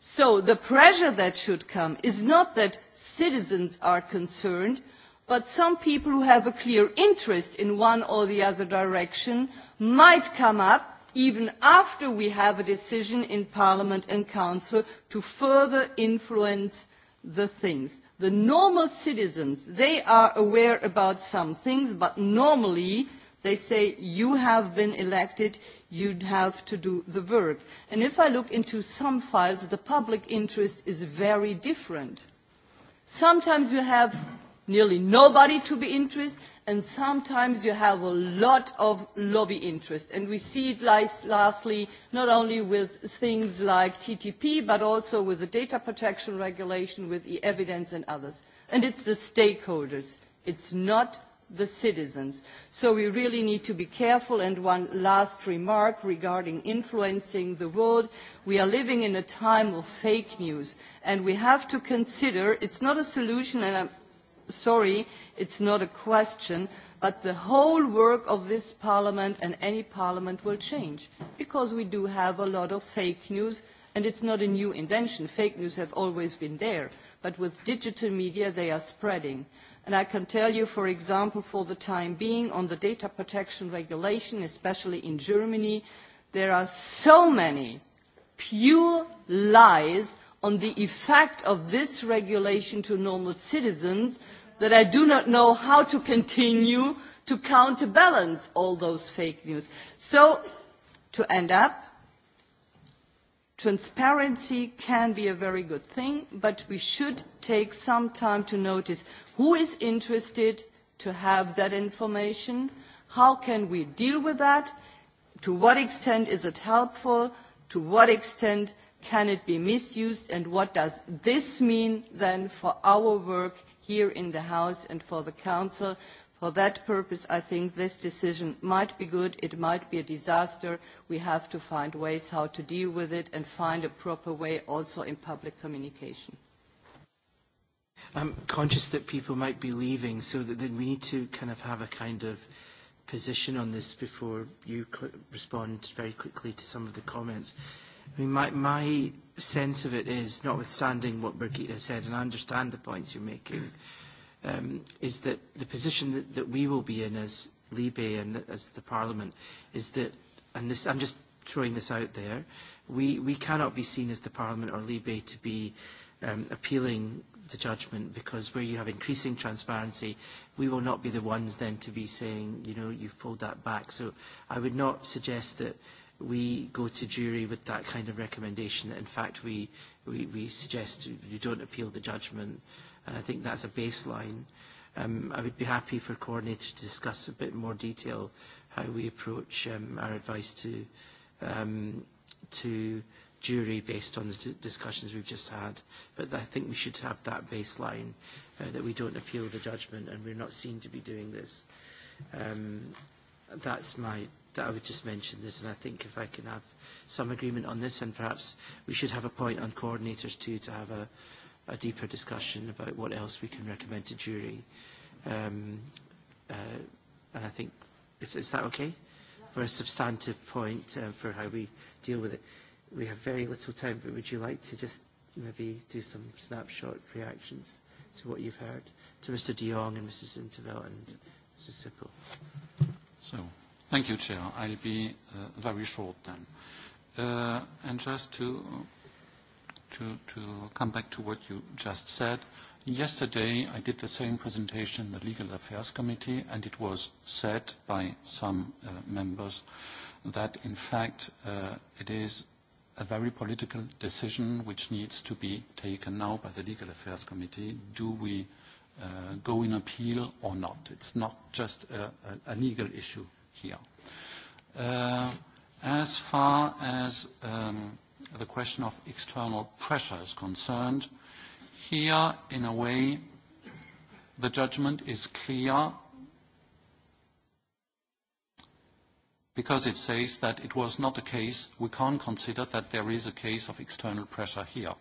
So the pressure that should come is not that citizens are concerned, but some people who have a clear interest in one or the other direction might come up even after we have a decision in Parliament and Council to further influence the things. The normal citizens, they are aware about some things, but normally they say you have been elected, you have to do the work. And if I look into some files, the public interest is very different. Sometimes you have nearly nobody to be interested and sometimes you have a lot of lobby interest. And we see it lastly not only with things like TTP, but also with the data protection regulation, with the evidence and others. And it's the stakeholders. It's not the citizens. So we really need to be careful. And one last remark regarding influencing the world. We are living in a time of fake news, and we have to consider it's not a solution, and sorry, it's not a question, but the whole work of this parliament and any parliament will change because we do have a lot of fake news and it's not a new invention. Fake news have always been there, but with digital media they are spreading. And I can tell you, for example, for the time being on the data protection regulation, especially in Germany, there are so many pure lies on the effect of this regulation to normal citizens that I do not know how to continue to counterbalance all those fake news. So, to end up, transparency can be a very good thing, but we should take some time to notice who is interested to have that information, how can we deal with that, to what extent is it helpful, to what extent can it be misused, and what does this mean then for our work here in the House and for the Council. For that purpose, I think this decision might be good. It might be a disaster. We have to find ways how to deal with it and find a proper way also in public communication. I'm conscious that people might be leaving, so that then we need to kind of have a kind of position on this before you respond very quickly to some of the comments. I mean, my, my sense of it is, notwithstanding what Birgitte has said, and I understand the points you're making, um, is that the position that, that we will be in as Libe and as the Parliament is that, and this, I'm just throwing this out there, we, we cannot be seen as the Parliament or Libe to be um, appealing the judgment because where you have increasing transparency, we will not be the ones then to be saying, you know, you've pulled that back. So I would not suggest that we go to jury with that kind of recommendation in fact we, we, we suggest you don't appeal the judgment. And I think that's a baseline. Um, I would be happy for coordinator to discuss a bit more detail how we approach um, our advice to, um, to jury based on the discussions we've just had. But I think we should have that baseline uh, that we don't appeal the judgment and we're not seen to be doing this. Um, that's my that I would just mention this, and I think if I can have some agreement on this, and perhaps we should have a point on coordinators too to have a, a deeper discussion about what else we can recommend to jury. Um, uh, and I think, if is that okay? For a substantive point uh, for how we deal with it. We have very little time, but would you like to just maybe do some snapshot reactions to what you've heard, to Mr. De Jong and Mrs. Interville and Mrs. Sippel? So, Thank you, Chair. I'll be uh, very short then. Uh, and just to, to, to come back to what you just said, yesterday I did the same presentation in the Legal Affairs Committee, and it was said by some uh, members that, in fact, it is a very political decision which needs to be taken now by the Legal Affairs Committee. Do we go in appeal or not? It's not just a, a, a legal issue here. Uh, as far as um, the question of external pressure is concerned, here, in a way, the judgment is clear because it says that it was not a case, we can't consider that there is a case of external pressure here.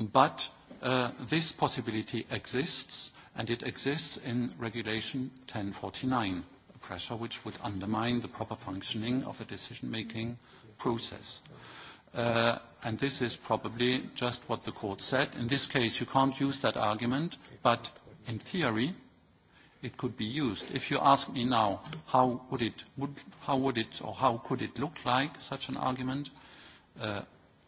But uh, this possibility exists, and it exists in Regulation 1049 pressure which would undermine the proper functioning of a decision-making process. Uh, and this is probably just what the court said. In this case, you can't use that argument, but in theory, it could be used. If you ask me now, how would it, would, how would it or how could it look like, such an argument, uh,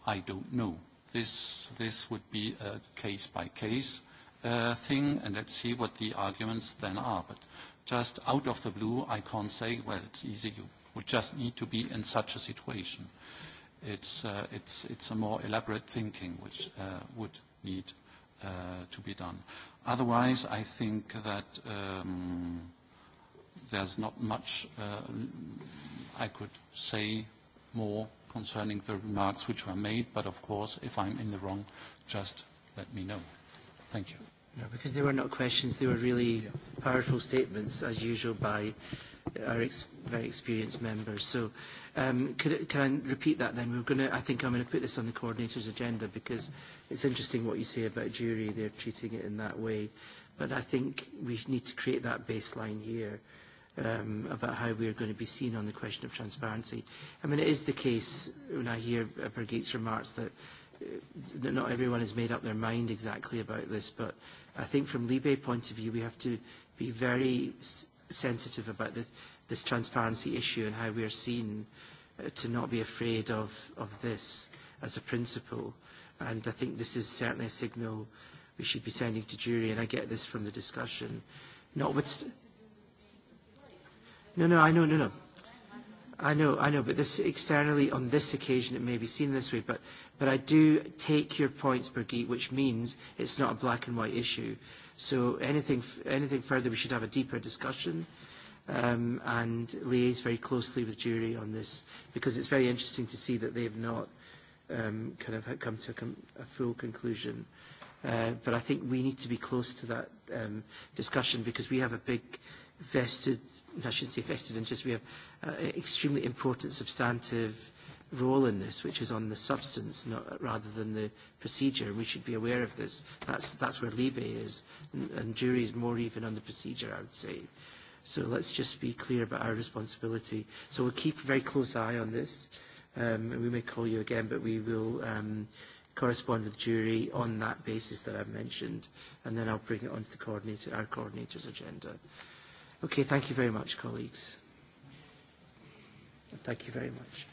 I don't know. This, this would be a case-by-case -case, uh, thing, and let's see what the arguments then are. But just out of the blue, I can't say, well, it's easy. You would just need to be in such a situation. It's, uh, it's, it's a more elaborate thinking which uh, would need uh, to be done. Otherwise, I think that um, there's not much I could say more concerning the remarks which were made, but of course, if I'm in the wrong, just let me know. Thank you. No, because they were not questions, they were really yeah. powerful statements, as usual, by our ex very experienced members. So um, could, can I repeat that then? We're gonna, I think I'm going to put this on the coordinator's agenda because it's interesting what you say about jury, they're treating it in that way. But I think we need to create that baseline here um, about how we are going to be seen on the question of transparency. I mean, it is the case when I hear Birgit's remarks that, uh, that not everyone has made up their mind exactly about this, but i think from Libe point of view, we have to be very s sensitive about the, this transparency issue and how we are seen uh, to not be afraid of, of this as a principle. And I think this is certainly a signal we should be sending to jury, and I get this from the discussion. Not with... No, no, I know, no, no. I know, I know, but this externally on this occasion it may be seen this way, but, but I do take your points, Birgit, which means it's not a black and white issue. So anything, anything further, we should have a deeper discussion um, and liaise very closely with jury on this, because it's very interesting to see that they have not um, kind of come to a, com a full conclusion. Uh, but I think we need to be close to that um, discussion because we have a big vested i should say vested interest, we have uh, an extremely important substantive role in this, which is on the substance not, rather than the procedure. We should be aware of this. That's, that's where Libe is, and, and jury is more even on the procedure, I would say. So let's just be clear about our responsibility. So we'll keep a very close eye on this. Um, and we may call you again, but we will um, correspond with jury on that basis that I've mentioned. And then I'll bring it onto the coordinator, our coordinator's agenda. Okay, thank you very much, colleagues. Thank you very much.